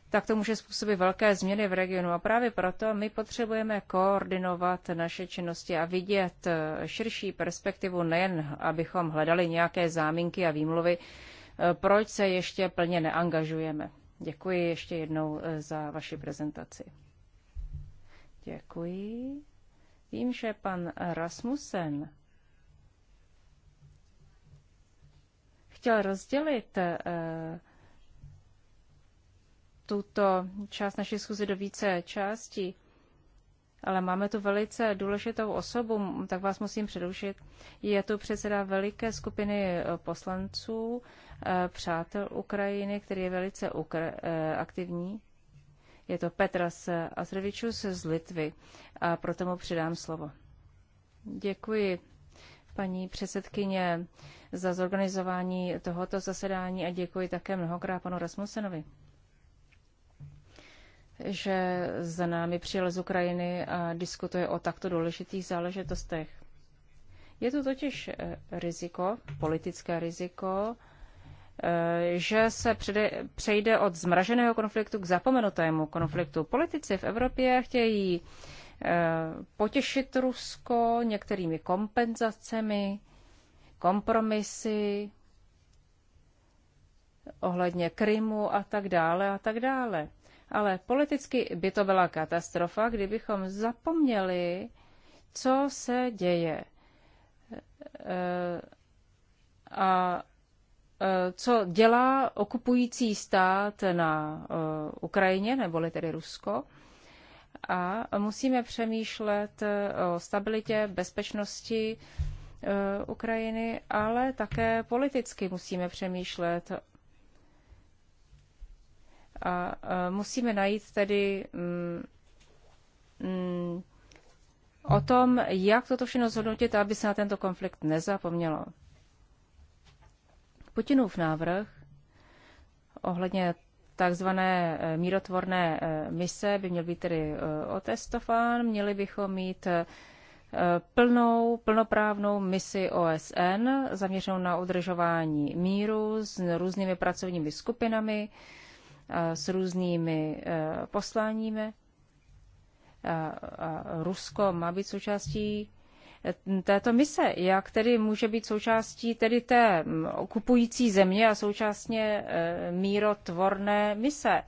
tak to může způsobit velké změny v regionu. A právě proto my potřebujeme koordinovat naše činnosti a vidět eh, širší perspektivu, nejen abychom hledali nějaké záminky a výmluvy, eh, proč se ještě plně neangažujeme. Děkuji ještě jednou eh, za vaši prezentaci. Děkuji. Vím, že pan Rasmussen chtěl rozdělit tuto část naší schůze do více části, ale máme tu velice důležitou osobu, tak vás musím předušit. Je tu předseda veliké skupiny eh, poslanců, eh, přátel Ukrajiny, který je velice ukra- eh, aktivní. Je to Petras Azrevičus z Litvy a proto mu předám slovo. Děkuji, paní předsedkyně, za zorganizování tohoto zasedání a děkuji také mnohokrát panu Rasmusenovi že za námi přijel z Ukrajiny a diskutuje o takto důležitých záležitostech. Je tu totiž eh, riziko, politické riziko, eh, že se přede, přejde od zmraženého konfliktu k zapomenutému konfliktu. Politici v Evropě chtějí eh, potěšit Rusko některými kompenzacemi, kompromisy ohledně Krymu a tak dále a tak dále. Ale politicky by to byla katastrofa, kdybychom zapomněli, co se děje. Eh, a eh, co dělá okupující stát na eh, Ukrajině, neboli tedy Rusko. A musíme přemýšlet o stabilitě, bezpečnosti Ukrajiny, ale také politicky musíme přemýšlet a musíme najít tedy mm, mm, o tom, jak toto všechno zhodnotit, aby se na tento konflikt nezapomnělo. Putinův návrh ohledně takzvané eh, mírotvorné eh, mise by měl být tedy eh, otestován. Měli bychom mít plnou, plnoprávnou misi OSN zaměřenou na udržování míru s různými pracovními skupinami, Eh, s různými eh, posláními. Eh, Rusko má být součástí této mise, jak tedy může být součástí tedy té mm, okupující země a současně mírotvorné mise.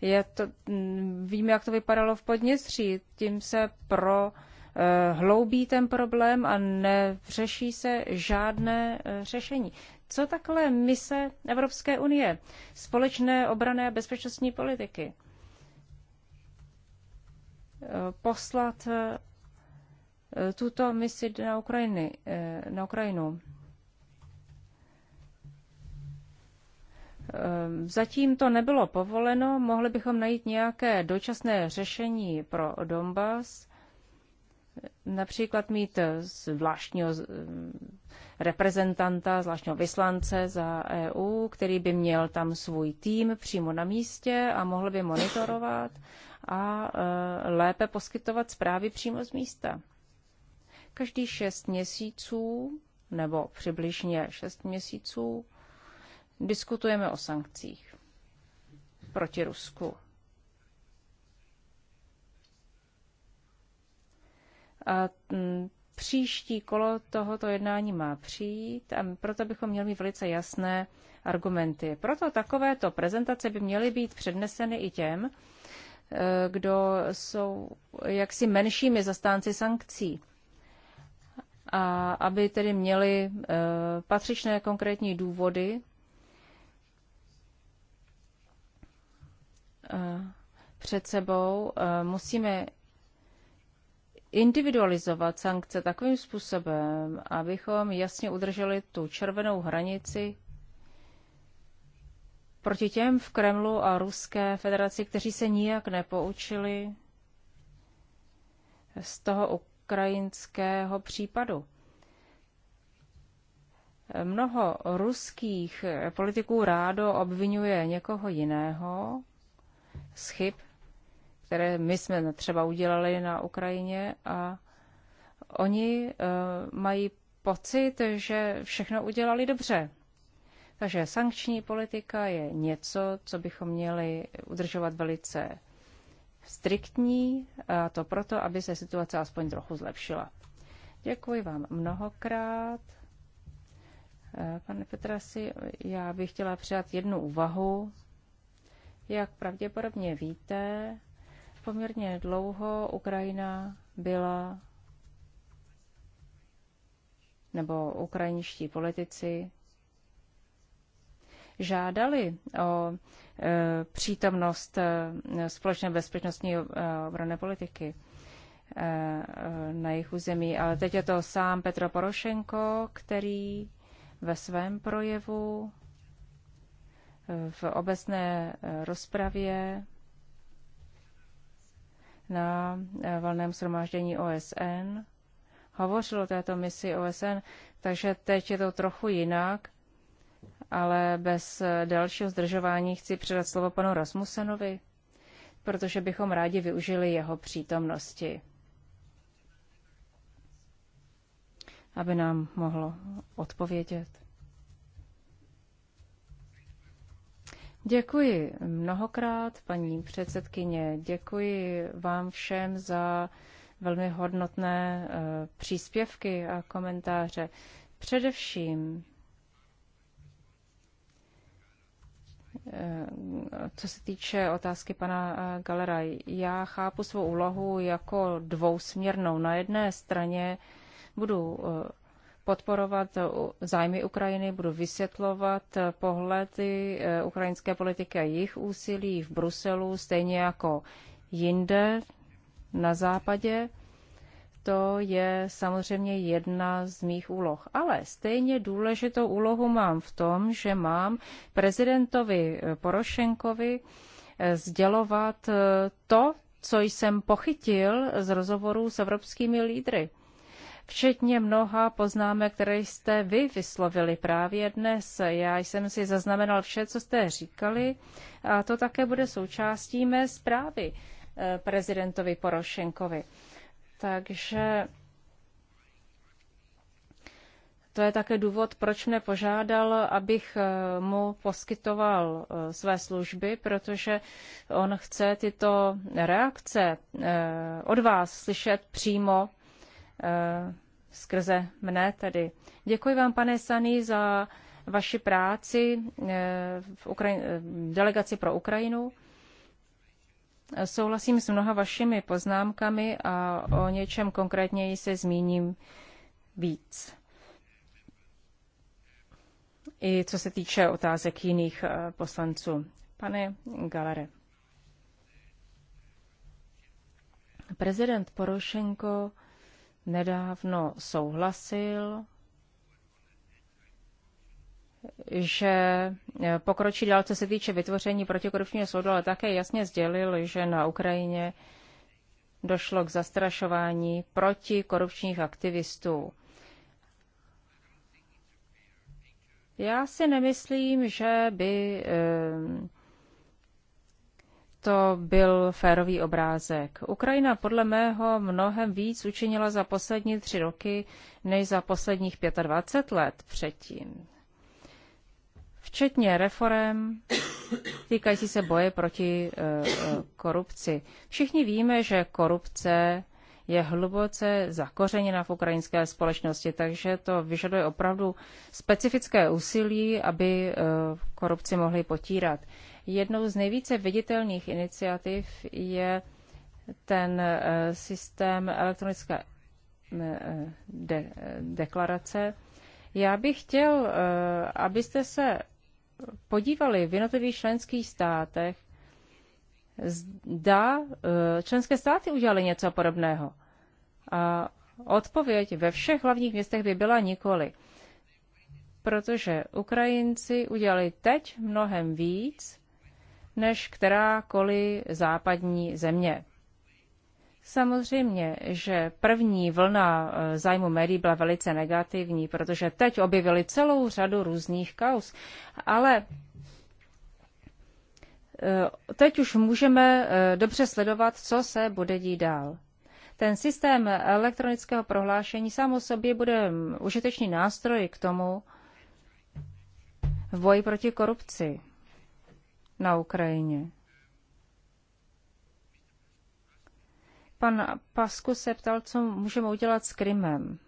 Je to, mm, víme, jak to vypadalo v Podněstří, tím se pro Eh, hloubí ten problém a neřeší se žádné eh, řešení. Co takhle mise Evropské unie, společné obrané a bezpečnostní politiky? Eh, poslat tuto misi na, Ukrajiny, na Ukrajinu. Zatím to nebylo povoleno, mohli bychom najít nějaké dočasné řešení pro Donbass, například mít eh, zvláštního mm, reprezentanta, zvláštního vyslance za EU, který by měl tam svůj tým přímo na místě a mohl by monitorovat a eh, lépe poskytovat zprávy přímo z místa. Každý šest měsíců nebo přibližně šest měsíců diskutujeme o sankcích proti Rusku. A mm, příští kolo tohoto jednání má přijít a proto bychom měli mít velice jasné argumenty. Proto takovéto prezentace by měly být předneseny i těm, e, kdo jsou jaksi menšími zastánci sankcí. A aby tedy měli e, patřičné konkrétní důvody, e, před sebou musíme individualizovat sankce takovým způsobem, abychom jasně udrželi tu červenou hranici proti těm v Kremlu a Ruské federaci, kteří se nijak nepoučili z toho ukrajinského případu. Mnoho ruských politiků rádo obvinuje někoho jiného z chyb které my jsme třeba udělali na Ukrajině a oni eh, mají pocit, že všechno udělali dobře. Takže sankční politika je něco, co bychom měli udržovat velice striktní, a to proto, aby se situace aspoň trochu zlepšila. Děkuji vám mnohokrát. Eh, pane Petrasi, já bych chtěla přijat jednu úvahu. Jak pravděpodobně víte, poměrně dlouho Ukrajina byla nebo ukrajinští politici žádali o e, přítomnost e, společné bezpečnostní e, obrané politiky e, e, na jejich území. Ale teď je to sám Petro Porošenko, který ve svém projevu v obecné e, rozpravě na eh, valném shromáždění OSN. Hovořil o této misi OSN, takže teď je to trochu jinak, ale bez eh, dalšího zdržování chci předat slovo panu Rasmusenovi, protože bychom rádi využili jeho přítomnosti, aby nám mohlo odpovědět. Děkuji mnohokrát, paní předsedkyně. Děkuji vám všem za velmi hodnotné eh, příspěvky a komentáře. Především, eh, co se týče otázky pana eh, Galera, já chápu svou úlohu jako dvousměrnou. Na jedné straně budu podporovat zájmy Ukrajiny, budu vysvětlovat eh, pohledy eh, ukrajinské politiky a jejich úsilí v Bruselu, stejně jako jinde na západě. To je samozřejmě jedna z mých úloh. Ale stejně důležitou úlohu mám v tom, že mám prezidentovi eh, Porošenkovi sdělovat to, co jsem pochytil z rozhovorů s evropskými lídry včetně mnoha poznámek, které jste vy vyslovili právě dnes. Já jsem si zaznamenal vše, co jste říkali a to také bude součástí mé zprávy eh, prezidentovi Porošenkovi. Takže to je také důvod, proč mě požádal, abych eh, mu poskytoval eh, své služby, protože on chce tyto reakce od vás slyšet přímo Eh, skrze mne tedy. Děkuji vám, pane Sany, za vaši práci eh, v Ukraji- eh, delegaci pro Ukrajinu. Souhlasím s mnoha vašimi poznámkami a o něčem konkrétněji se zmíním víc. I co se týče otázek jiných poslanců. Pane Galere. Prezident Porošenko nedávno souhlasil, že pokročí dál, co se týče vytvoření protikorupčního soudu, ale také jasně sdělil, že na Ukrajině došlo k zastrašování protikorupčních aktivistů. Já si nemyslím, že by eh, to byl férový obrázek. Ukrajina podle mého mnohem víc učinila za poslední tři roky, než za posledních 25 let předtím. Včetně reform týkající se boje proti eh, eh, korupci. Všichni víme, že korupce je hluboce zakořeněna v ukrajinské společnosti, takže to vyžaduje opravdu specifické úsilí, aby eh, korupci mohli potírat. Jednou z nejvíce viditelných iniciativ je ten eh, systém elektronické eh, de- deklarace. Já bych chtěl, eh, abyste se podívali v jednotlivých členských státech, zda členské státy udělaly něco podobného. A odpověď ve všech hlavních městech by byla nikoli. Protože Ukrajinci udělali teď mnohem víc, než kterákoliv západní země. Samozřejmě, že první vlna eh, zájmu médií byla velice negativní, protože teď objevili celou řadu různých kaus. Ale eh, teď už můžeme eh, dobře sledovat, co se bude dít dál. Ten systém elektronického prohlášení sám o sobě bude mm, užitečný nástroj k tomu v boji proti korupci na Ukrajině. Pan Pasku se ptal, co můžeme udělat s Krymem.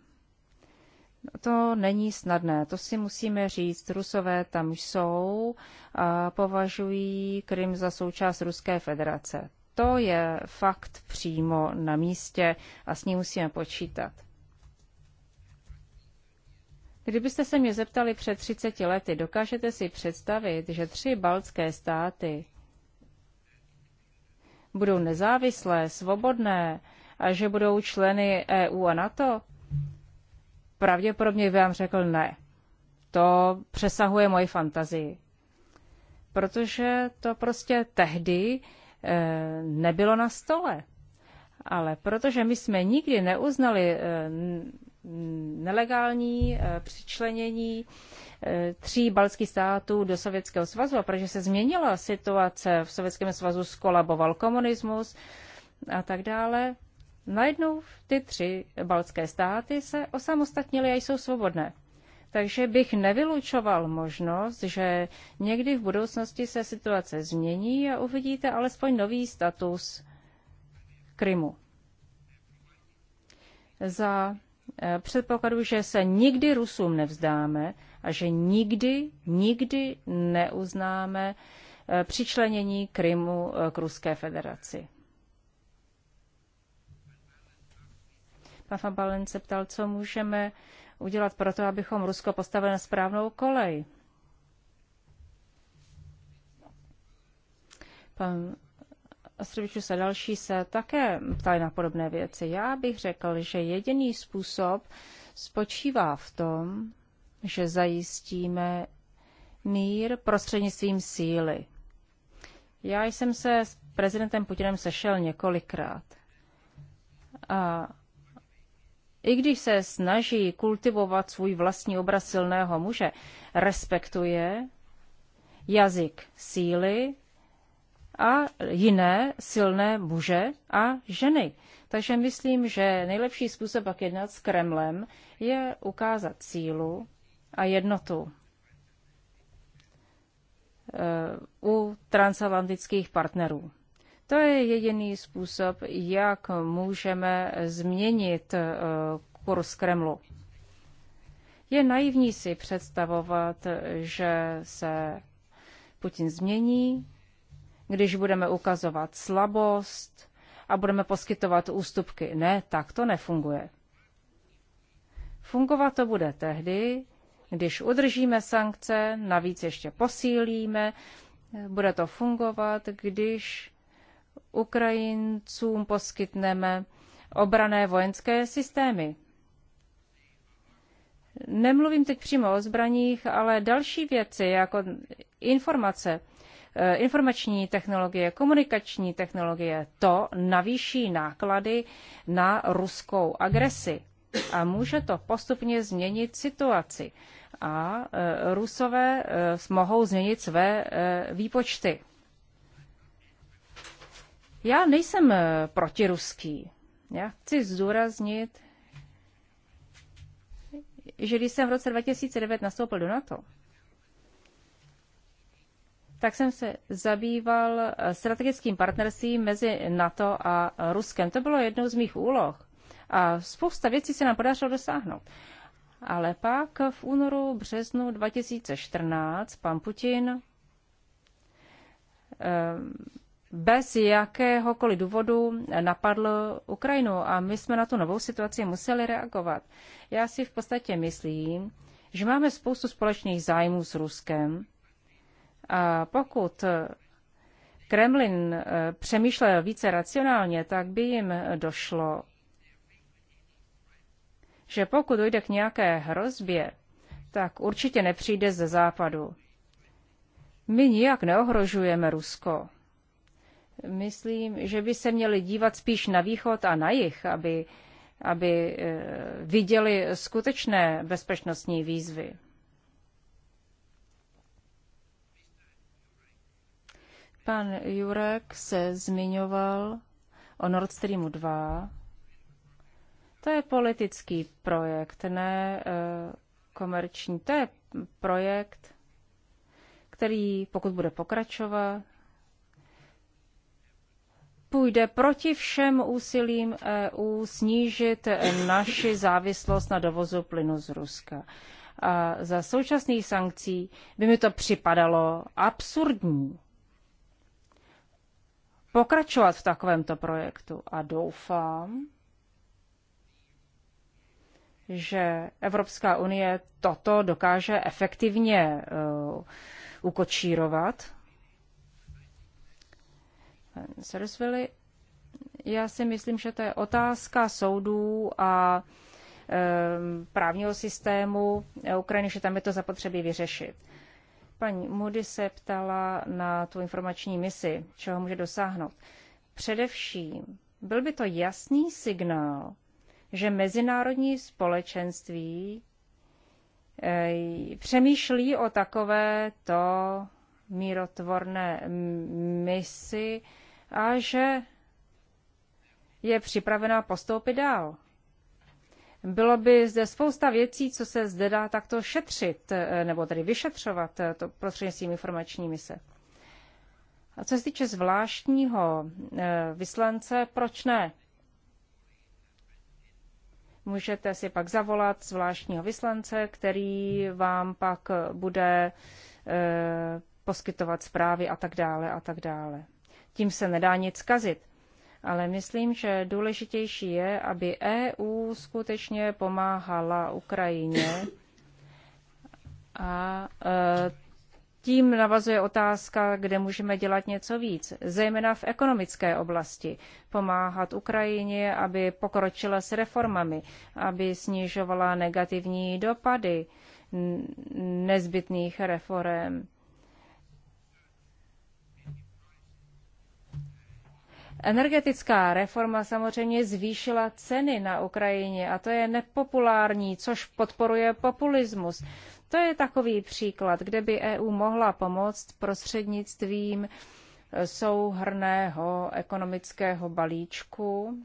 To není snadné, to si musíme říct. Rusové tam jsou a považují Krym za součást Ruské federace. To je fakt přímo na místě a s ním musíme počítat. Kdybyste se mě zeptali před 30 lety, dokážete si představit, že tři baltské státy budou nezávislé, svobodné a že budou členy EU a NATO? Pravděpodobně vám řekl ne. To přesahuje moji fantazii. Protože to prostě tehdy e, nebylo na stole. Ale protože my jsme nikdy neuznali e, nelegální eh, přičlenění eh, tří balských států do Sovětského svazu a protože se změnila situace v Sovětském svazu, skolaboval komunismus a tak dále, najednou ty tři balské státy se osamostatnily a jsou svobodné. Takže bych nevylučoval možnost, že někdy v budoucnosti se situace změní a uvidíte alespoň nový status Krymu. Za Eh, předpokladu, že se nikdy Rusům nevzdáme a že nikdy, nikdy neuznáme eh, přičlenění Krymu eh, k Ruské federaci. Pan Fabalen se ptal, co můžeme udělat pro to, abychom Rusko postavili na správnou kolej. Pan Ostrovičus a další se také ptali na podobné věci. Já bych řekl, že jediný způsob spočívá v tom, že zajistíme mír prostřednictvím síly. Já jsem se s prezidentem Putinem sešel několikrát. A i když se snaží kultivovat svůj vlastní obraz silného muže, respektuje jazyk síly, a jiné silné muže a ženy. Takže myslím, že nejlepší způsob, jak jednat s Kremlem, je ukázat sílu a jednotu eh, u transatlantických partnerů. To je jediný způsob, jak můžeme změnit eh, kurz Kremlu. Je naivní si představovat, že se Putin změní, když budeme ukazovat slabost a budeme poskytovat ústupky. Ne, tak to nefunguje. Fungovat to bude tehdy, když udržíme sankce, navíc ještě posílíme, bude to fungovat, když Ukrajincům poskytneme obrané vojenské systémy. Nemluvím teď přímo o zbraních, ale další věci, jako informace, Eh, informační technologie, komunikační technologie, to navýší náklady na ruskou agresi a může to postupně změnit situaci. A eh, rusové eh, mohou změnit své výpočty. Já nejsem protiruský. Já chci zdůraznit, že když jsem v roce 2009 nastoupil do NATO, tak jsem se zabýval eh, strategickým partnerstvím mezi NATO a Ruskem. To bylo jednou z mých úloh. A spousta věcí se nám podařilo dosáhnout. Ale pak v únoru, březnu 2014 pan Putin eh, bez jakéhokoliv důvodu napadl Ukrajinu a my jsme na tu novou situaci museli reagovat. Já si v podstatě myslím, že máme spoustu společných zájmů s Ruskem, a pokud Kremlin eh, přemýšlel více racionálně, tak by jim došlo, že pokud dojde k nějaké hrozbě, tak určitě nepřijde ze západu. My nijak neohrožujeme Rusko. Myslím, že by se měli dívat spíš na východ a na jih, aby, aby eh, viděli skutečné bezpečnostní výzvy. Pan Jurek se zmiňoval o Nord Streamu 2. To je politický projekt, ne e, komerční. To je projekt, který, pokud bude pokračovat, půjde proti všem úsilím EU snížit naši závislost na dovozu plynu z Ruska. A za současných sankcí by mi to připadalo absurdní pokračovat v takovémto projektu a doufám, že Evropská unie toto dokáže efektivně uh, ukočírovat. Sersvili, já si myslím, že to je otázka soudů a um, právního systému Ukrajiny, že tam je to zapotřebí vyřešit. Paní Moody se ptala na tu informační misi, čeho může dosáhnout. Především byl by to jasný signál, že mezinárodní společenství eh, přemýšlí o takové to mírotvorné misi a že je připravena postoupit dál. Bylo by zde spousta věcí, co se zde dá takto šetřit, eh, nebo tedy vyšetřovat eh, to prostřednictvím informační mise. A co se týče zvláštního eh, vyslance, proč ne? Můžete si pak zavolat zvláštního vyslance, který vám pak bude poskytovat zprávy a tak dále a tak dále. Tím se nedá nic kazit ale myslím, že důležitější je, aby EU skutečně pomáhala Ukrajině. A e, tím navazuje otázka, kde můžeme dělat něco víc, zejména v ekonomické oblasti. Pomáhat Ukrajině, aby pokročila s reformami, aby snižovala negativní dopady nezbytných reform Energetická reforma samozřejmě zvýšila ceny na Ukrajině a to je nepopulární, což podporuje populismus. To je takový příklad, kde by EU mohla pomoct prostřednictvím souhrného ekonomického balíčku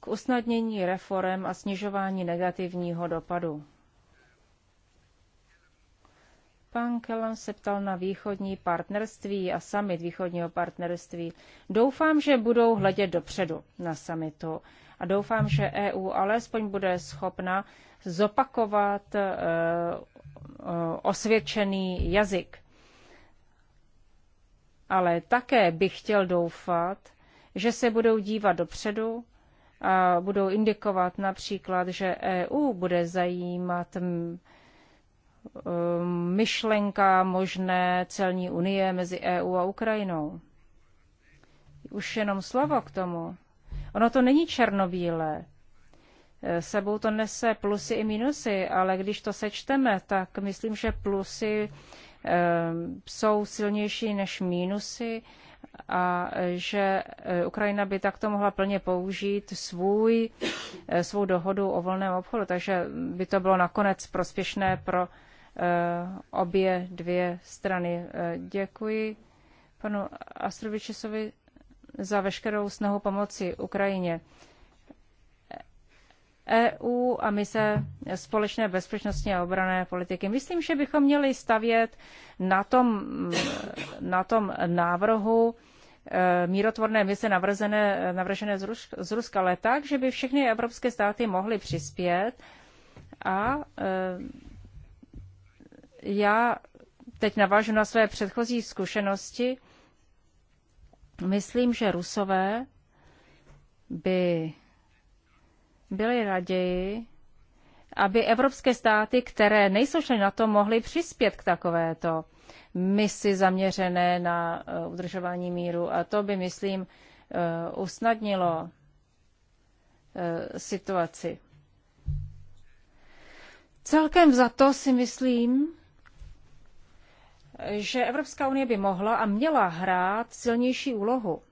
k usnadnění reform a snižování negativního dopadu. Pan Kellan se ptal na východní partnerství a summit východního partnerství. Doufám, že budou hledět dopředu na summitu a doufám, že EU alespoň bude schopna zopakovat eh, eh, osvědčený jazyk. Ale také bych chtěl doufat, že se budou dívat dopředu a budou indikovat například, že EU bude zajímat mm, Um, myšlenka možné celní unie mezi EU a Ukrajinou. Už jenom slovo k tomu. Ono to není černobílé. E, sebou to nese plusy i minusy, ale když to sečteme, tak myslím, že plusy e, jsou silnější než mínusy a že e, Ukrajina by takto mohla plně použít svůj, svou dohodu o volném obchodu, takže by to bylo nakonec prospěšné pro Eh, obě dvě strany. Eh, děkuji panu Astrovičesovi za veškerou snahu pomoci Ukrajině. EU e a se společné bezpečnostní a obrané politiky. Myslím, že bychom měli stavět na tom, na tom návrhu eh, mírotvorné mise navržené, navržené z, Ruska, z Ruska, ale tak, že by všechny evropské státy mohly přispět a já teď navážu na své předchozí zkušenosti. Myslím, že Rusové by byli raději, aby evropské státy, které nejsou členy na to, mohly přispět k takovéto misi zaměřené na eh, udržování míru. A to by, myslím, eh, usnadnilo eh, situaci. Celkem za to si myslím, že Evropská unie by mohla a měla hrát silnější úlohu.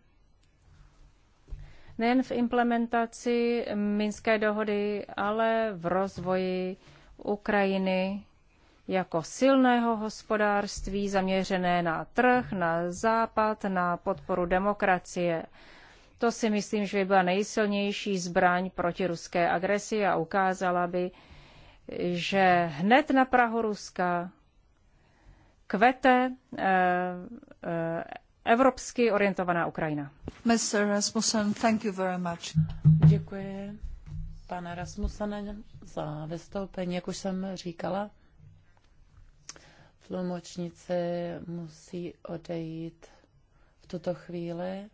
Nejen v implementaci Minské dohody, ale v rozvoji Ukrajiny jako silného hospodářství zaměřené na trh, na západ, na podporu demokracie. To si myslím, že by byla nejsilnější zbraň proti ruské agresi a ukázala by, že hned na Prahu Ruska kvete eh, eh, evropsky orientovaná Ukrajina. Mr. Rasmussen, thank you very much. Děkuji, pane Rasmussen, za vystoupení. Jak už jsem říkala, tlumočnice musí odejít v tuto chvíli,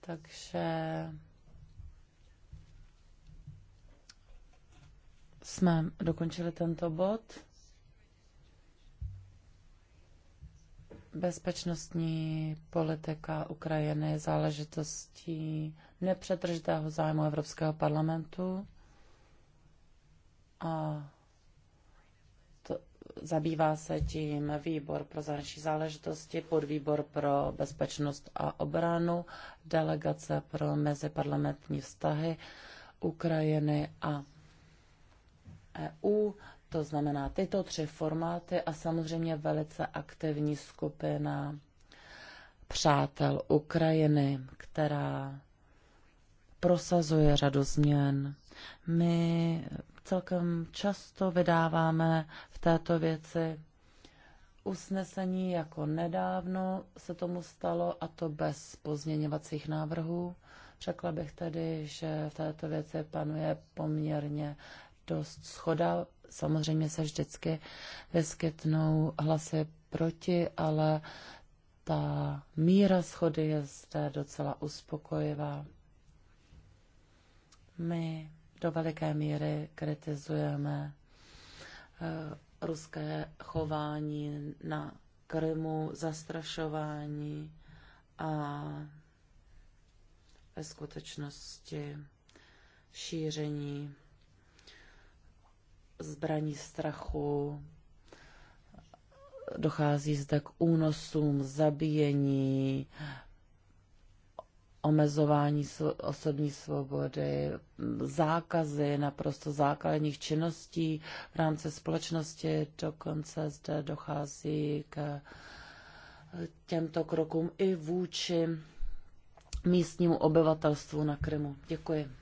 takže jsme dokončili tento bod. Bezpečnostní politika Ukrajiny je záležitostí nepřetržitého zájmu Evropského parlamentu a to, zabývá se tím výbor pro zahraniční záležitosti, podvýbor pro bezpečnost a obranu, delegace pro meziparlamentní vztahy Ukrajiny a EU. To znamená tyto tři formáty a samozřejmě velice aktivní skupina přátel Ukrajiny, která prosazuje řadu změn. My celkem často vydáváme v této věci usnesení, jako nedávno se tomu stalo, a to bez pozměňovacích návrhů. Řekla bych tedy, že v této věci panuje poměrně dost schoda samozřejmě se vždycky vyskytnou hlasy proti, ale ta míra schody je zde docela uspokojivá. My do veliké míry kritizujeme eh, ruské chování na Krymu, zastrašování a ve skutečnosti šíření zbraní strachu, dochází zde k únosům, zabíjení, omezování osobní svobody, zákazy naprosto základních činností v rámci společnosti, dokonce zde dochází k těmto krokům i vůči místnímu obyvatelstvu na Krymu. Děkuji.